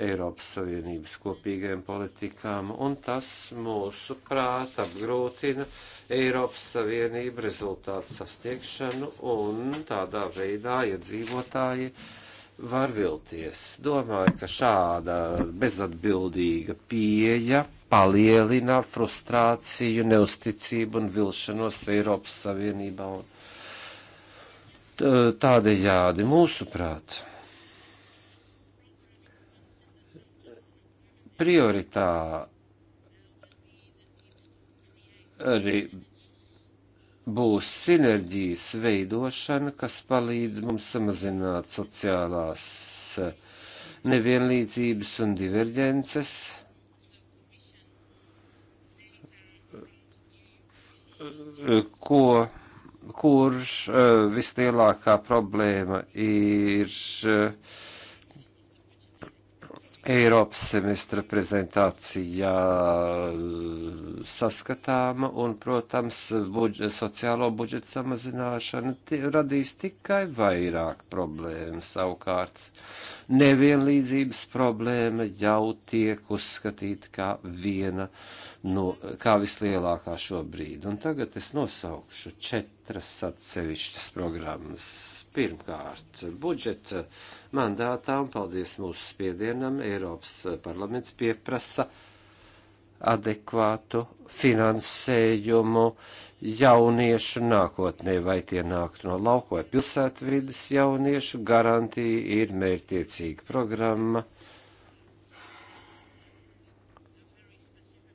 Eiropas Savienības kopīgajām politikām, un tas mūsu prāt apgrūtina uh, Eiropas Savienību rezultātu sasniegšanu un tādā veidā iedzīvotāji ja var vilties. Domāju, ka šāda bezatbildīga pieeja palielina frustrāciju, neusticību un vilšanos Eiropas Savienībā. Tādējādi mūsuprāt. prioritā arī būs sinerģijas veidošana, kas palīdz mums samazināt sociālās eh, nevienlīdzības un diverģences. Ko, kur eh, vislielākā problēma ir uh, Eiropas semestra prezentācijā eh, saskatāma un, protams, budžet, sociālo budžetu samazināšana radīs tikai vairāk problēmu. Savukārt, nevienlīdzības problēma jau tiek uzskatīta kā viena no no, nu, kā vislielākā šobrīd. Un tagad es nosaukšu četras atsevišķas programmas. Pirmkārt, budžeta mandātā, un paldies mūsu spiedienam, Eiropas parlaments pieprasa adekvātu finansējumu jauniešu nākotnē, vai tie nāktu no lauko vai pilsētvidas jauniešu, garantija ir mērķtiecīga programma,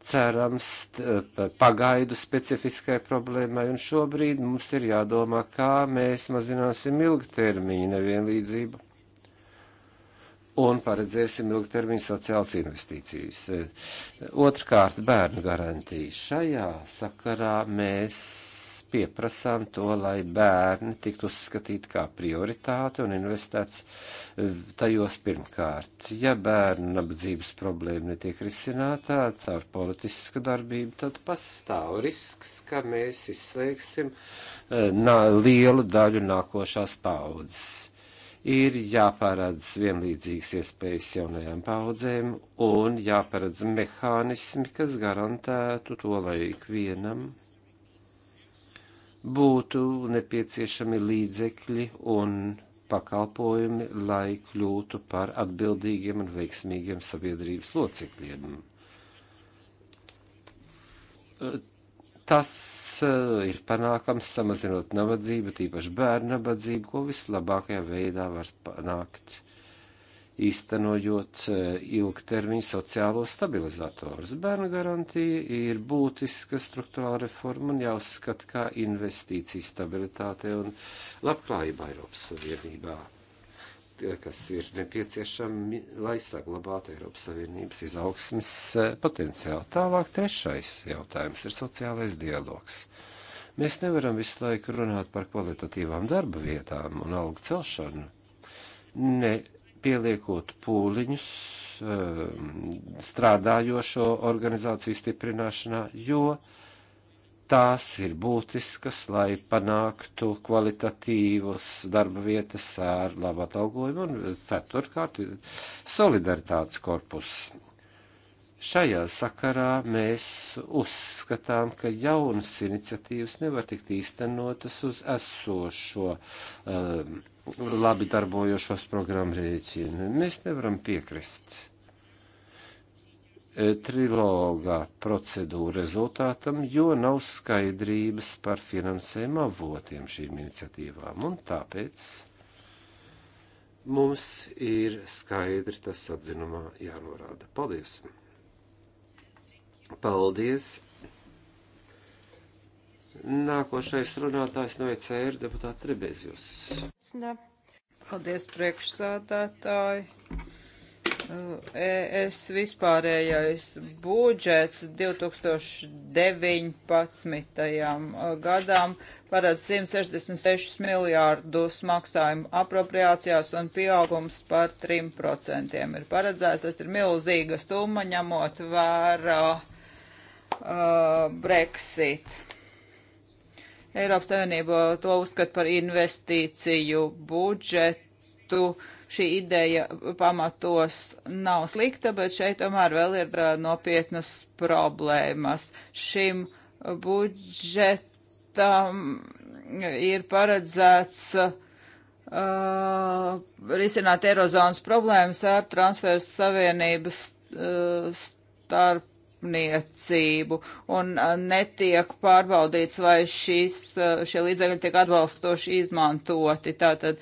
cerams e, pagaidu specifiskai problēmai, un šobrīd mums ir jādomā, kā mēs mazināsim ilgtermiņu nevienlīdzību un paredzēsim ilgtermiņu sociālas investīcijas. E, otrkārt, bērnu garantija. Šajā sakarā mēs pieprasām to, lai bērni tiktu uzskatīti kā prioritāte un investēts eh, tajos pirmkārt. Ja bērnu nabadzības problēma netiek risinātā caur politisku darbību, tad pastāv risks, ka mēs izslēgsim eh, nā, lielu daļu nākošās paudzes ir jāparādz vienlīdzīgas iespējas jaunajām paudzēm un jāparādz mehānismi, kas garantētu to, lai ik vienam būtu nepieciešami līdzekļi un pakalpojumi, lai kļūtu par atbildīgiem un veiksmīgiem sabiedrības locekļiem. Tas eh, ir panākams samazinot nabadzību, tīpaši bērnu nabadzību, ko vislabākajā veidā var panākt uh, īstenojot eh, ilgtermiņu sociālo stabilizatorus. Bērna garantija ir būtiska struktūrāla reforma un jāuzskata kā investīcija stabilitāte un labklājība Eiropas Savienībā, eh, kas ir nepieciešama, lai saglabātu Eiropas Savienības izaugsmes eh, potenciālu. Tālāk trešais jautājums ir sociālais dialogs. Mēs nevaram visu laiku runāt par kvalitatīvām darba vietām un algu celšanu, ne pieliekot pūliņus ehm, strādājošo organizāciju stiprināšanā, jo tās ir būtiskas, lai panāktu kvalitatīvas darba vietas ar labu atalgojumu un eh, ceturkārt solidaritātes korpus. Šajā sakarā mēs uzskatām, ka jaunas iniciatīvas nevar tikt īstenotas uz esošo um, labi darbojošos programmu rēķinu. Mēs nevaram piekrist e, trilogā procedūra rezultātam, jo nav skaidrības par finansējuma avotiem šīm iniciatīvām. Un tāpēc mums ir skaidri tas atzinumā jānorāda. Paldies! Paldies Nākošais runātājs no ECR deputāta Trebezjus. Paldies, priekšsādātāji. Uh, ES vispārējais budžets 2019. gadām paredz 166 miljārdus maksājumu apropriācijās un pieaugums par 3% ir paredzēts. Tas ir milzīga summa ņemot vērā uh, Brexit Eiropas Savienība to uzskata par investīciju budžetu. Šī ideja pamatos nav slikta, bet šeit tomēr vēl ir nopietnas problēmas. Šim budžetam ir paredzēts uh, risināt Eirozonas problēmas ar transfers savienības uh, starp starpniecību un netiek pārbaudīts, vai šīs, šie līdzekļi tiek atbalstoši izmantoti. Tātad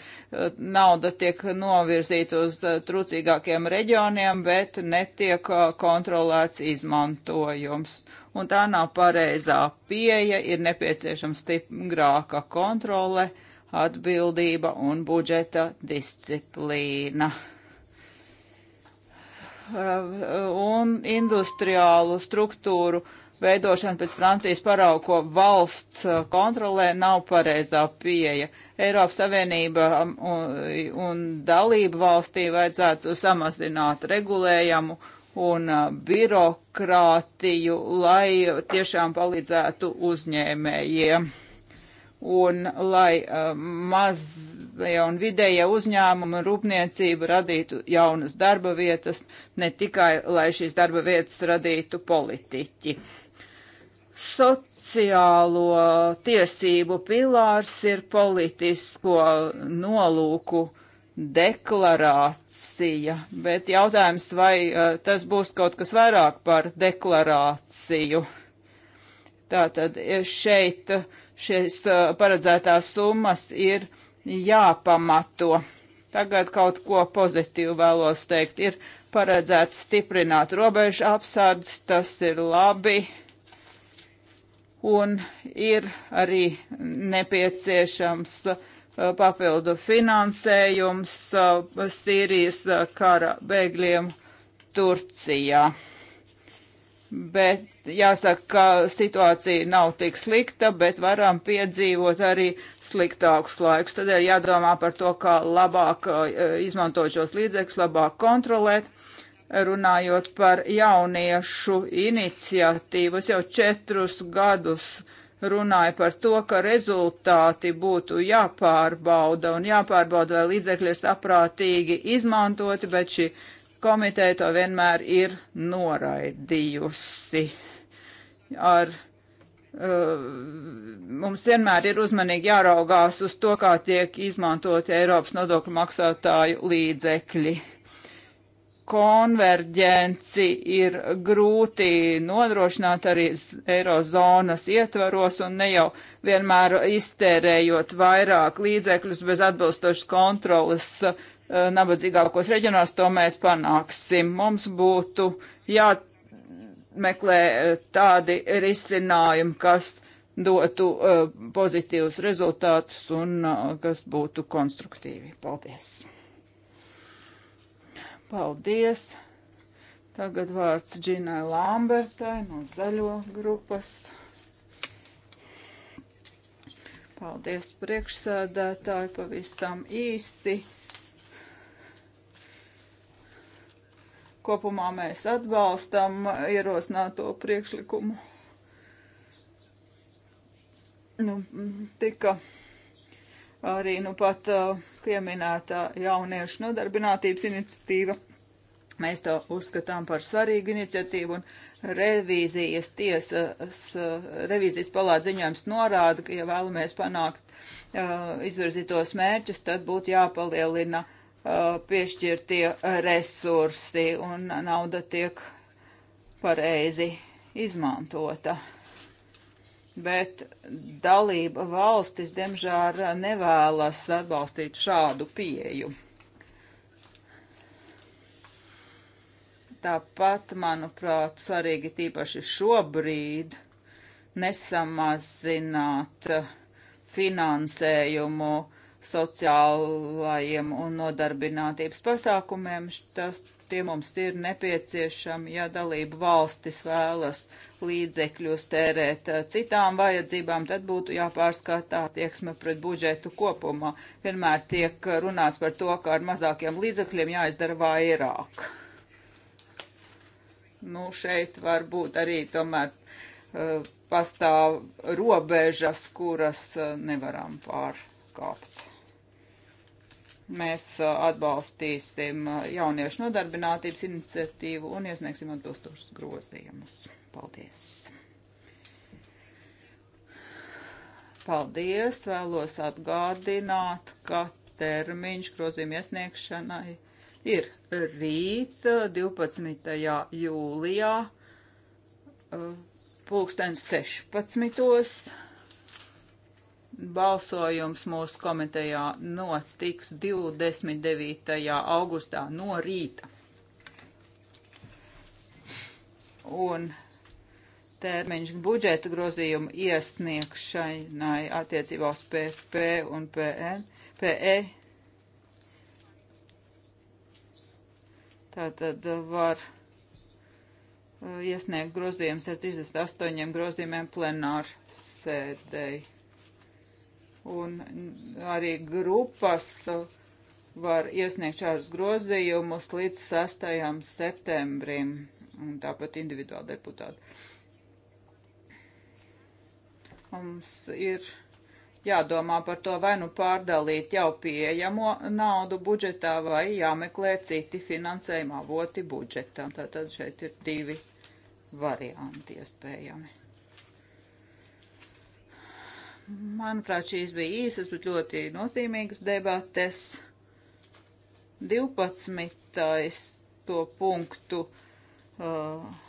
nauda tiek novirzīta uz trūcīgākiem reģioniem, bet netiek kontrolēts izmantojums. Un tā nav pareizā pieeja, ir nepieciešama stiprāka kontrole, atbildība un budžeta disciplīna. Uh, un industriālu struktūru veidošana pēc Francijas paraugu, ko valsts uh, kontrolē, nav pareizā pieeja. Eiropas Savienība um, un, un dalību valstī vajadzētu samazināt regulējumu un uh, birokrātiju, lai tiešām palīdzētu uzņēmējiem un lai uh, mazie un vidējie uzņēmumi un rūpniecība radītu jaunas darba vietas, ne tikai lai šīs darba vietas radītu politiķi. Sociālo tiesību pilārs ir politisko nolūku deklarācija, bet jautājums, vai uh, tas būs kaut kas vairāk par deklarāciju. Tātad šeit uh, šīs paredzētās summas ir jāpamato. Tagad kaut ko pozitīvu vēlos teikt. Ir paredzēts stiprināt robežu apsardzes, tas ir labi. Un ir arī nepieciešams papildu finansējums Sīrijas kara bēgļiem Turcijā bet jāsaka, ka situācija nav tik slikta, bet varam piedzīvot arī sliktākus laikus. Tad ir jādomā par to, kā labāk uh, izmantot šos līdzekļus, labāk kontrolēt. Runājot par jauniešu iniciatīvu, es jau četrus gadus runāju par to, ka rezultāti būtu jāpārbauda un jāpārbauda, vai līdzekļi ir saprātīgi izmantoti, bet šī komiteja to vienmēr ir noraidījusi. Ar, uh, mums vienmēr ir uzmanīgi jāraugās uz to, kā tiek izmantot Eiropas nodokļu maksātāju līdzekļi. Konverģenci ir grūti nodrošināt arī eirozonas ietvaros un ne jau vienmēr iztērējot vairāk līdzekļus bez atbilstošas kontrolas uh, Eh, nabadzīgākos reģionos, to mēs panāksim. Mums būtu jāmeklē eh, tādi risinājumi, kas dotu uh, pozitīvus rezultātus un uh, kas būtu konstruktīvi. Paldies! Paldies! Tagad vārds Džinai Lambertai no zaļo grupas. Paldies priekšsēdētāji pavisam īsi. Kopumā mēs atbalstam ierosināto priekšlikumu. Nu, tika arī nu pat uh, pieminēta jauniešu nodarbinātības iniciatīva. Mēs to uzskatām par svarīgu iniciatīvu, un revīzijas tiesas, uh, revīzijas palāta ziņojums norāda, ka, ja vēlamies panākt uh, izvirzītos mērķus, tad būtu jāpalielina uh, Uh, piešķirtie resursi un nauda tiek pareizi izmantota. Bet dalība valstis, diemžēl, nevēlas atbalstīt šādu pieju. Tāpat, manuprāt, svarīgi tīpaši šobrīd nesamazināt finansējumu uh, sociālajiem un nodarbinātības pasākumiem. Tas, tie mums ir nepieciešami, ja dalību valstis vēlas līdzekļus tērēt eh, citām vajadzībām, tad būtu jāpārskatā attieksme pret budžetu kopumā. Vienmēr tiek runāts par to, ka ar mazākiem līdzekļiem jāizdara vairāk. Nu, šeit var būt arī tomēr uh, pastāv robežas, kuras uh, nevaram pārkāpt. Mēs uh, atbalstīsim uh, jauniešu nodarbinātības iniciatīvu un iesniegsim atbilstošus grozījumus. Paldies! Paldies! Vēlos atgādināt, ka termiņš grozījuma iesniegšanai ir rīt 12. Uh, jūlijā pulksten 16. Balsojums mūsu komitejā notiks 29. augustā no rīta. Un termiņš budžeta grozījumu iesniegšanai attiecībā uz PP un PN, PE. Tātad var uh, iesniegt grozījums ar 38 grozījumiem plenāru sēdēji un arī grupas var iesniegt šādus grozījumus līdz 6. septembrim, un tāpat individuāli deputāti. Mums ir jādomā par to, vai nu pārdalīt jau pieejamo naudu budžetā, vai jāmeklē citi finansējuma avoti budžetam. Tātad šeit ir divi varianti iespējami. Manuprāt, šīs bija īsas, bet ļoti nozīmīgas debates. 12. to punktu uh,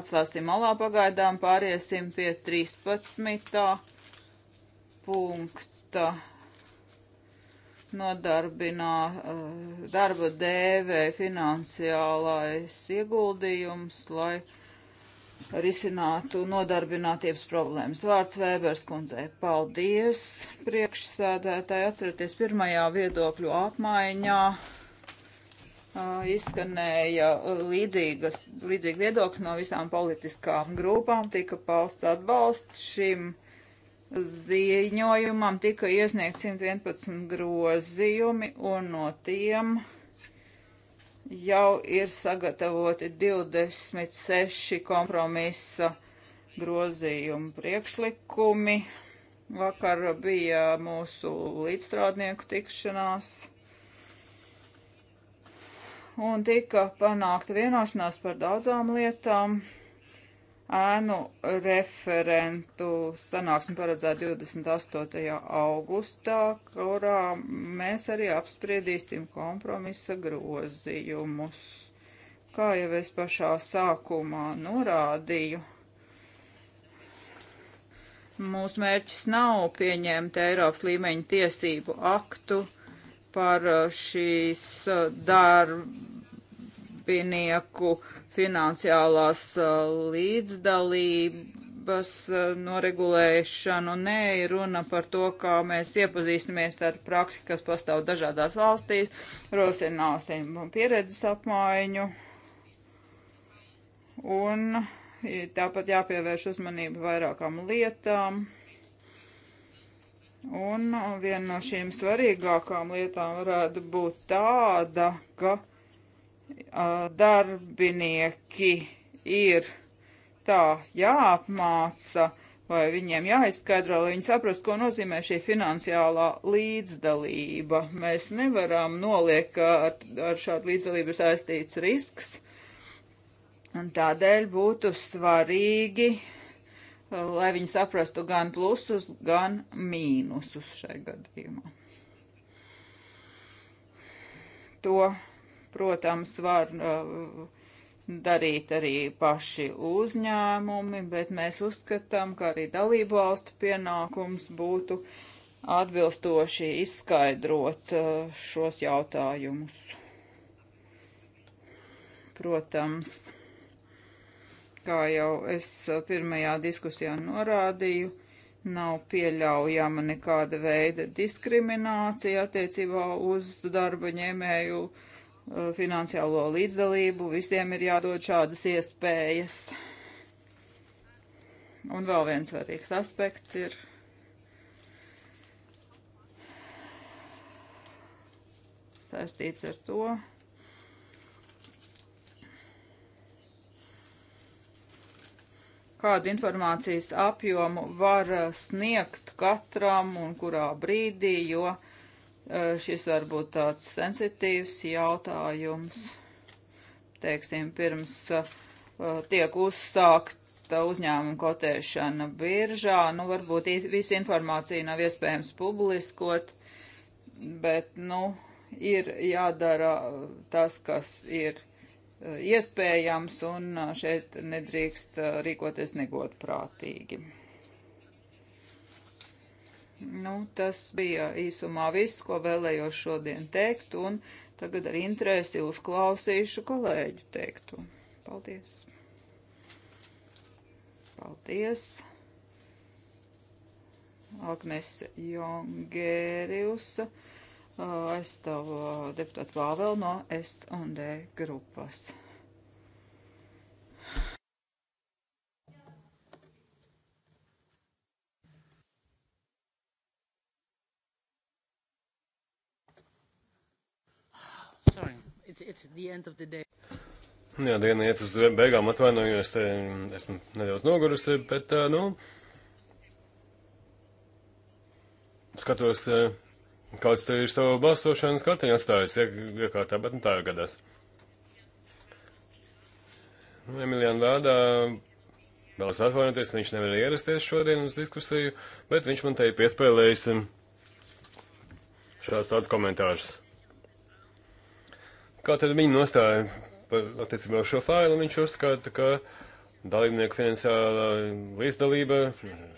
atstāsim malā pagaidām, pāriesim pie 13. punkta nodarbinā uh, darba dēvē finansiālais ieguldījums, lai risinātu nodarbinātības problēmas. Vārds Vēbers kundzei. Paldies, priekšsēdētāji. Atcerieties, pirmajā viedokļu apmaiņā izskanēja līdzīgas, līdzīgi viedokļi no visām politiskām grupām, tika pausts atbalsts šim ziņojumam, tika iesniegt 111 grozījumi un no tiem jau ir sagatavoti 26 kompromisa grozījumu priekšlikumi. Vakar bija mūsu līdzstrādnieku tikšanās. Un tika panākta vienošanās par daudzām lietām. Ēnu referentu sanāksmi paredzēt 28. augustā, kurā mēs arī apspriedīsim kompromisa grozījumus. Kā jau es pašā sākumā norādīju, mūsu mērķis nav pieņemt Eiropas līmeņa tiesību aktu par šīs eh, darba starpnieku finansiālās uh, līdzdalības uh, noregulēšanu. Nē, runa par to, kā mēs iepazīstamies ar praksi, kas pastāv dažādās valstīs, rosināsim pieredzes apmaiņu. Un tāpat jāpievērš uzmanība vairākām lietām. Un viena no šīm svarīgākām lietām varētu būt tāda, ka darbinieki ir tā jāapmāca vai viņiem jāizskaidro, lai viņi saprastu, ko nozīmē šī finansiālā līdzdalība. Mēs nevaram noliekt, ka ar, ar šādu līdzdalību ir saistīts risks, un tādēļ būtu svarīgi, lai viņi saprastu gan plusus, gan mīnusus šai gadījumā. To protams, var uh, darīt arī paši uzņēmumi, bet mēs uzskatām, ka arī dalību valstu pienākums būtu atbilstoši izskaidrot uh, šos jautājumus. Protams, kā jau es pirmajā diskusijā norādīju, nav pieļaujama nekāda veida diskriminācija attiecībā uz darba ņēmēju uh, Uh, finansiālo līdzdalību, visiem ir jādod šādas iespējas. Un vēl viens svarīgs aspekts ir. saistīts ar to, kādu informācijas apjomu var uh, sniegt katram un kurā brīdī, jo uh, Eh, šis var būt tāds sensitīvs jautājums, teiksim, pirms eh, tiek uzsākta uzņēmuma kotēšana biržā. Nu, varbūt visu informāciju nav iespējams publiskot, bet, nu, ir jādara eh, tas, kas ir iespējams, un šeit nedrīkst rīkoties negodprātīgi. Nu, tas bija īsumā viss, ko vēlējos šodien teikt, un tagad ar interesi uzklausīšu kolēģu teiktu. Paldies! Paldies! Agnese Jongēriusa aizstāv deputātu Pāvēlu no S&D grupas. it's, it's the end of the day. Jā, diena iet uz beigām, atvainojos, te esmu nedaudz nogurusi, bet, nu, skatos, kāds te ir savu balsošanas kartiņu atstājis iekārtā, bet nu tā ir gadās. Nu, Emiljāna Vārdā vēlas atvainoties, viņš nevar ierasties šodien uz diskusiju, bet viņš man te ir piespēlējis šāds tāds komentārs. Kā tad viņa nostāja par attiecībā uz šo failu? Viņš uzskata, ka dalībnieku finansiālā līdzdalība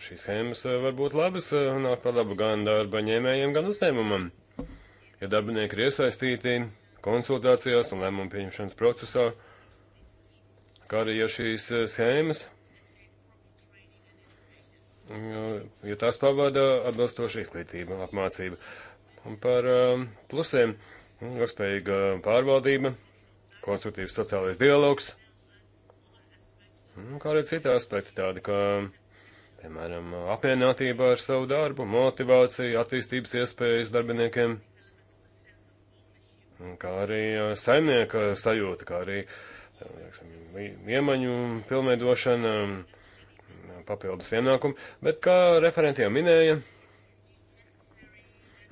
šīs schēmas eh, var būt labas eh, un nāk par labu gan darba ņēmējiem, gan uzņēmumam. Ja darbinieki ir iesaistīti konsultācijās un lēmumu pieņemšanas procesā, kā arī ja šīs eh, schēmas, ja tās pavada atbilstoši izglītība, apmācība. Un par um, plusiem. Uh, Mm, ilgspējīga pārvaldība, konstruktīvs sociālais dialogs, mm, kā arī citi aspekti tādi, kā, piemēram, apvienotība ar savu darbu, motivācija, attīstības iespējas darbiniekiem, mm, kā arī saimnieka sajūta, kā arī teiksim, iemaņu pilnveidošana, papildus ienākumu, bet kā referentiem minēja,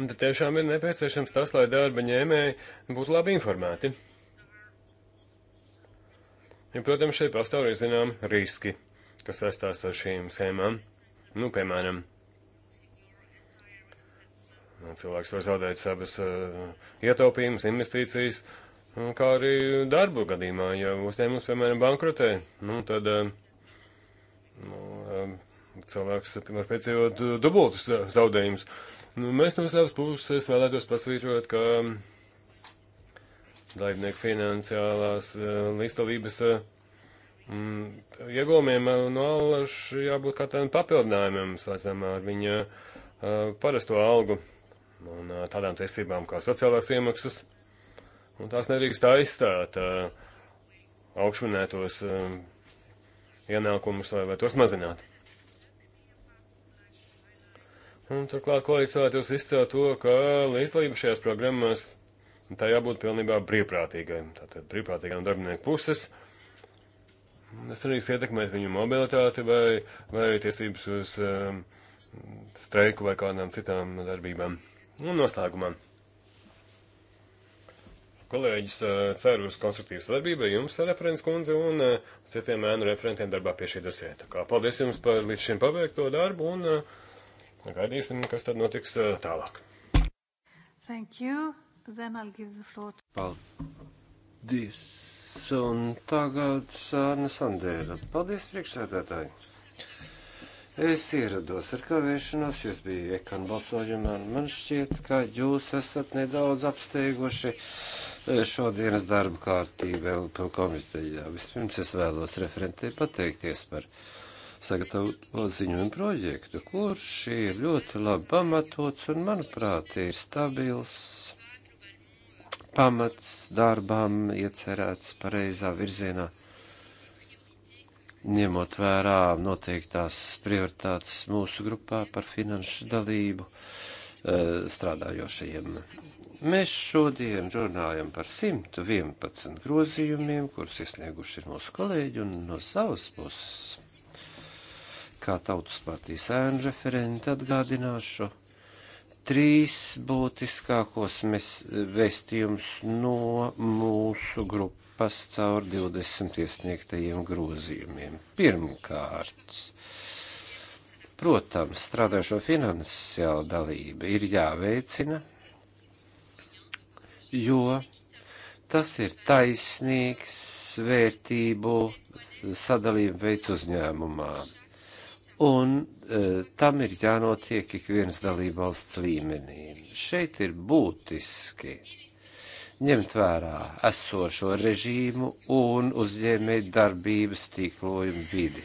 Un tad tiešām ir nepieciešams tas, lai darba ņēmēji būtu labi informēti. Ja, protams, šeit pastāv arī zinām riski, kas saistās ar šīm schēmām. Nu, piemēram, cilvēks var zaudēt savas uh, ietaupījumus, investīcijas, nu, kā arī darbu gadījumā, ja uzņēmums, piemēram, bankrotē, nu, tad uh, nu, uh, cilvēks var piedzīvot dubultus zaudējumus. Uh, Nu, mēs no savas puses vēlētos pasvītrot, ka dalībnieku finansiālās eh, līdzdalības eh, mm, iegūmiem eh, no alaša jābūt kā tādam papildinājumam, slēdzam ar viņa parasto algu un tādām tiesībām kā sociālās iemaksas. Un tās nedrīkst aizstāt augšminētos ienākumus vai, vai tos mazināt. Un turklāt, ko es vēlētos izcelt to, ka līdzdalība šajās programmās tā jābūt pilnībā brīvprātīgai. Tātad brīvprātīgai no darbinieku puses. Tas arī ietekmēt viņu mobilitāti vai, vai arī tiesības uz um, streiku vai kādām citām darbībām. Un noslēgumā. Kolēģis uh, ceru uz konstruktīvu sadarbību jums, referents kundze, un uh, citiem ēnu referentiem darbā pie šī dosē. Tā kā paldies jums par līdz šim paveikto darbu un uh, Gaidīsim, kas tad notiks eh, tālāk. Thank you. Then I'll give the floor to... Paldies. Un tagad Sārna Sandēra. Paldies, priekšsēdētāji. Es ierados ar kavēšanos, jūs bija ekan balsojumā, un man šķiet, ka jūs esat nedaudz apsteiguši eh, šodienas darba kārtību LP komitejā. Vispirms es vēlos referentē pateikties par sagatavo ziņojumu projektu, kurš ir ļoti labi pamatots un, manuprāt, ir stabils pamats darbam, iecerēts pareizā virzienā, ņemot vērā noteiktās prioritātes mūsu grupā par finanšu dalību eh, strādājošajiem. Mēs šodien runājam par 111 grozījumiem, kurus iesnieguši ir mūsu kolēģi, un no savas puses kā tautas partijas ēnu referenti atgādināšu trīs būtiskākos vēstījumus no mūsu grupas caur 20 iesniegtajiem grozījumiem. Pirmkārt, protams, strādājošo finansiāla dalība ir jāveicina, jo tas ir taisnīgs vērtību sadalījuma veids uzņēmumā un e, tam ir jānotiek ik vienas dalībvalsts līmenī. Šeit ir būtiski ņemt vērā esošo režīmu un uzņēmēt darbības tīklojumu vidi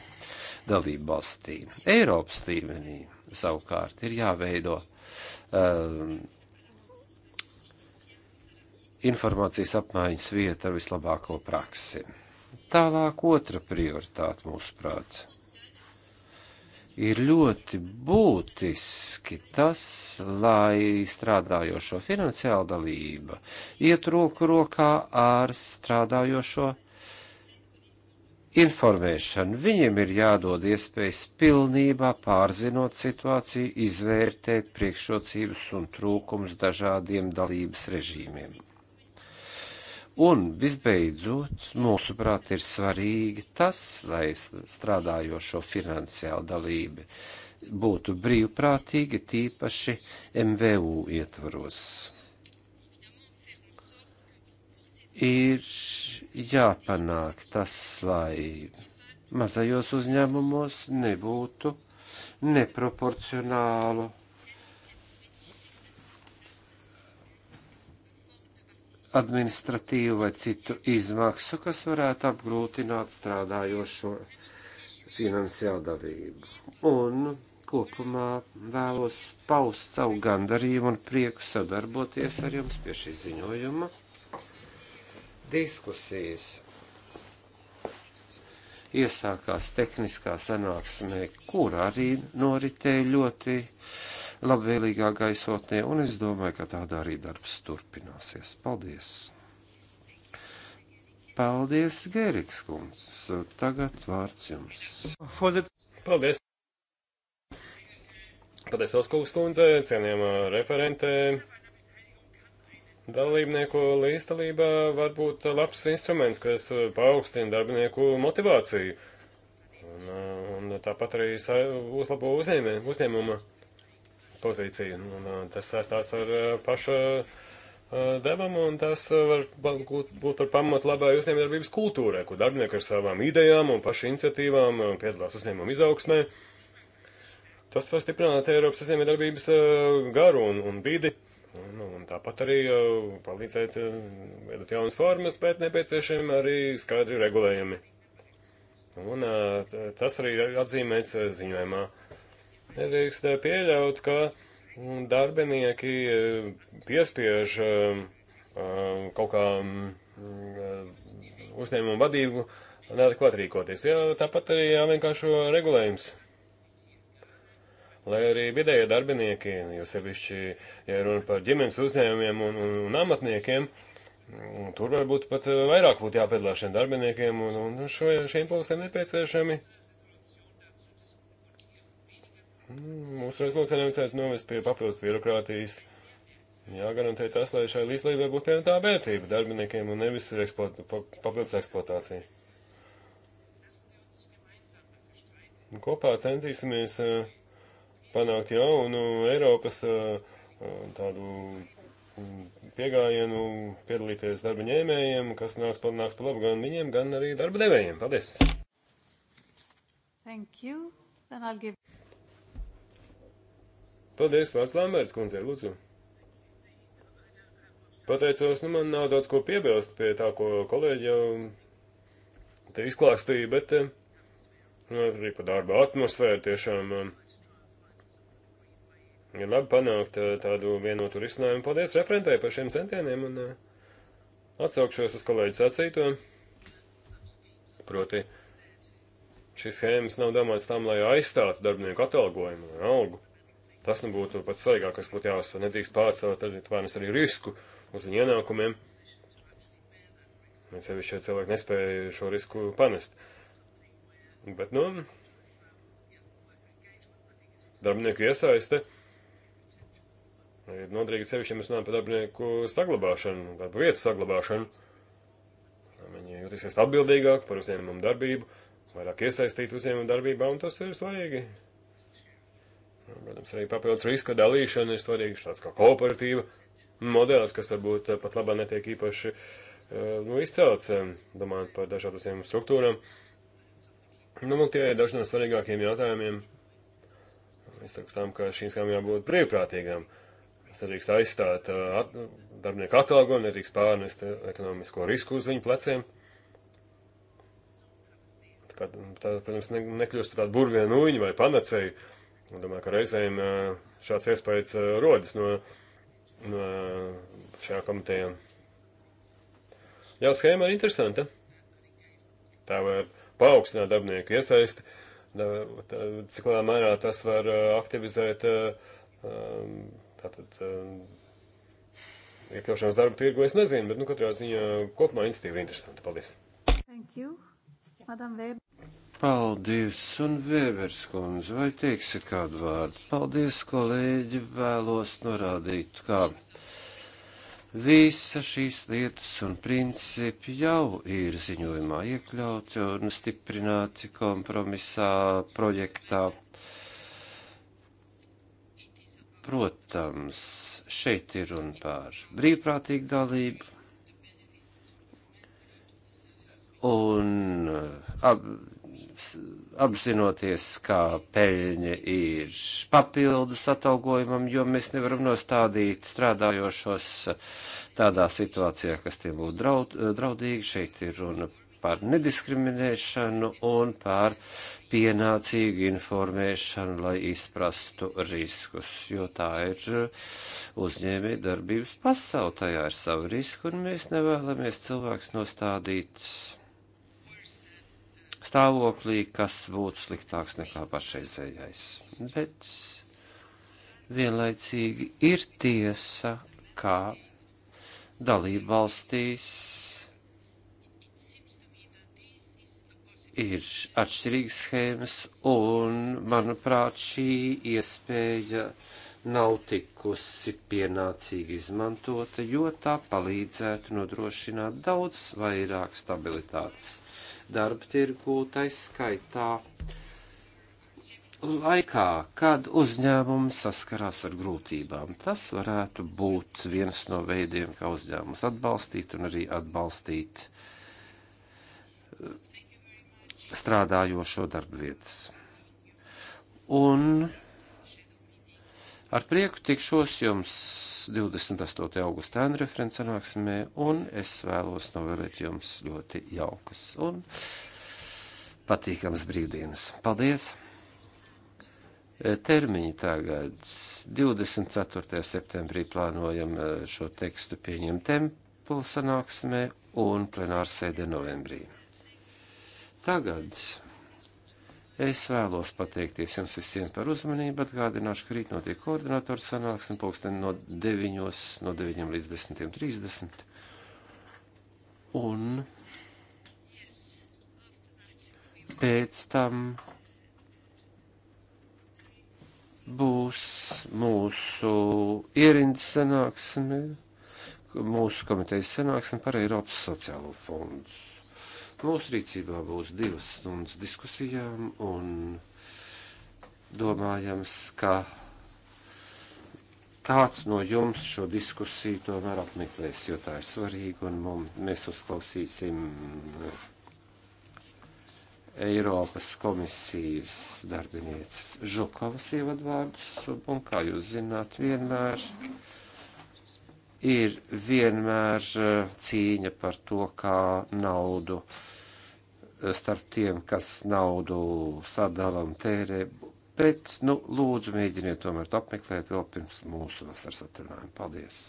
dalībvalstī. Eiropas līmenī savukārt ir jāveido um, informācijas apmaiņas vieta ar vislabāko praksi. Tālāk otra prioritāte mūsuprāt ir ļoti būtiski tas, lai strādājošo finansiāla dalība iet roku rokā ar strādājošo informēšanu. Viņiem ir jādod iespējas pilnībā pārzinot situāciju, izvērtēt priekšrocības un trūkums dažādiem dalības režīmiem. Un, visbeidzot, mūsuprāt, ir svarīgi tas, lai strādājošo finansiālu dalību būtu brīvprātīgi, tīpaši MVU ietvaros. Ir jāpanāk tas, lai mazajos uzņēmumos nebūtu neproporcionālu administratīvu vai citu izmaksu, kas varētu apgrūtināt strādājošo finansiālu dalību. Un kopumā vēlos paust savu gandarījumu un prieku sadarboties ar jums pie šī ziņojuma. Diskusijas iesākās tehniskā sanāksmē, kur arī noritēja ļoti uh, labvēlīgā gaisotnē, un es domāju, ka tādā arī darbs turpināsies. Paldies! Paldies, Gēriks kungs! Tagad vārds jums. Paldies! Paldies, Oskūks kundze, cienījamā referentē. Dalībnieku līdzdalība var būt labs instruments, kas paaugstina darbinieku motivāciju. Un, uh, un tāpat arī uzlabo uzņēmē, uzņēmuma pozīciju. Un, uh, tas saistās ar uh, pašu uh, devumu, un tas var būt par pamatu labai uzņēmējdarbības kultūrai, kur darbinieki ar savām idejām un pašu iniciatīvām piedalās uzņēmumu izaugsmē. Tas var stiprināt Eiropas uzņēmējdarbības garu un, un bīdi. Un, un tāpat arī palīdzēt veidot jaunas formas, bet nepieciešami arī skaidri regulējumi. Un tas arī atzīmēts ziņojumā. Nedrīkst eh, pieļaut, ka mm, darbinieki eh, piespiež eh, kaut kā mm, uzņēmumu vadību neadekvāti rīkoties. Jā, tāpat arī jāvienkāršo regulējums. Lai arī vidējie darbinieki, jo sevišķi, ja runa par ģimenes uzņēmumiem un, un, un amatniekiem, mm, tur varbūt pat vairāk būtu jāpiedalās šiem darbiniekiem, un, un šo, šiem impulsiem nepieciešami Mūsu rezolūcija nevajadzētu novest pie papildus birokrātijas. Jāgarantē tas, lai šai līdzlībai būtu pievienotā vērtība darbiniekiem un nevis eksploat, papildus eksploatācija. Kopā centīsimies eh, panākt jaunu Eiropas eh, eh, tādu mm, piegājienu, piedalīties darba ņēmējiem, kas nāks par nāks par labu gan viņiem, gan arī darba devējiem. Paldies! Thank you. Then I'll give... Paldies, Vārts Lamberts kundzei, lūdzu. Pateicos, nu man nav daudz ko piebilst pie tā, ko kolēģi jau te izklāstīja, bet eh, nu, arī par darba atmosfēru tiešām eh, ir labi panākt eh, tādu vienotu risinājumu. Paldies referentē par šiem centieniem un atsaukšos uz kolēģi sacīto. Proti, šīs schēmas nav domāts tam, lai aizstātu darbinieku atalgojumu un algu. Tas nu būtu pats svarīgākais, būtu jāuzsver. Nedrīkst pārcelt vai nes arī risku uz viņu ienākumiem. Mēs sevi šie cilvēki nespēja šo risku panest. Bet, nu, darbinieku iesaiste ir noderīga sevišķi, ja mēs runājam par darbinieku saglabāšanu, darba vietu saglabāšanu. Viņi jutīsies atbildīgāk par uzņēmumu darbību, vairāk iesaistīt uzņēmumu darbībā, un tas ir svarīgi. Nu, protams, arī papildus riska dalīšana ir svarīga, tāds kā kooperatīva modelis, kas varbūt eh, pat labā netiek īpaši eh, nu, izcelts, eh, domājot par dažādu uzņēmumu struktūrām. Nu, lūk, tie ir daži no svarīgākiem jautājumiem. Es saku tam, ka šīm schēmām jābūt brīvprātīgām. Es nedrīkst aizstāt at, darbinieku atalgojumu, nedrīkst pārnest ekonomisko risku uz viņu pleciem. Tā, kā, tā protams, ne, nekļūst par tādu burvienu uiņu vai panacēju. Uh, Un domāju, ka reizēm šāds iespējas rodas no, no šajā komitejā. Jau schēma ir interesanta. Tā var paaugstināt darbinieku iesaisti, cik lielā mērā tas var aktivizēt tātad iekļaušanās darba tirgu, es nezinu, bet, nu, katrā ziņā kopumā institīva ir interesanta. Paldies. Thank you, Madam Weber. Paldies, un Vēvers kundze, vai teiksit kādu vārdu? Paldies, kolēģi, vēlos norādīt, kā visa šīs lietas un principi jau ir ziņojumā iekļauti un stiprināti kompromisā projektā. Protams, šeit ir runa par brīvprātīgu dalību. Un ab, apzinoties, kā peļņa ir papildus atalgojumam, jo mēs nevaram nostādīt strādājošos tādā situācijā, kas tiem būtu draud, draudīgi. Šeit ir runa par nediskriminēšanu un par pienācīgu informēšanu, lai izprastu riskus, jo tā ir uzņēmē darbības pasauli, tajā ir savu risku, un mēs nevēlamies cilvēks nostādīt stāvoklī, kas būtu sliktāks nekā pašreizējais. Bet vienlaicīgi ir tiesa, kā dalība valstīs ir atšķirīgas schēmas, un, manuprāt, šī iespēja nav tikusi pienācīgi izmantota, jo tā palīdzētu nodrošināt daudz vairāk stabilitātes darba tirgū, taiskaitā laikā, kad uzņēmumi saskarās ar grūtībām. Tas varētu būt viens no veidiem, kā uzņēmumus atbalstīt un arī atbalstīt eh, strādājošo darbvietas. Un ar prieku tikšos jums 28. augustā referents sanāksmē, un es vēlos novēlēt jums ļoti jaukas un patīkamas brīvdienas. Paldies! E, termiņi tagad 24. septembrī plānojam e, šo tekstu pieņemt templu sanāksmē un plenārsēdē novembrī. Tagad Es vēlos pateikties jums visiem par uzmanību, atgādināšu, ka rīt notiek koordinatoru sanāksme pulksteni no 9, no 9 līdz 10.30. Un pēc tam būs mūsu ierindas sanāksme, mūsu komitejas sanāksme par Eiropas sociālo fondu. Mūsu rīcībā būs divas stundas diskusijām un domājams, ka kāds no jums šo diskusiju tomēr apmeklēs, jo tā ir svarīga un mums, mēs uzklausīsim Eiropas komisijas darbinieces Žukavas ievadvārdus, un kā jūs zināt, vienmēr ir vienmēr eh, cīņa par to, kā naudu uh, starp tiem, kas naudu sadala un tērē, bet, nu, lūdzu, mēģiniet tomēr to apmeklēt vēl pirms mūsu vasaras atrunājuma. Paldies!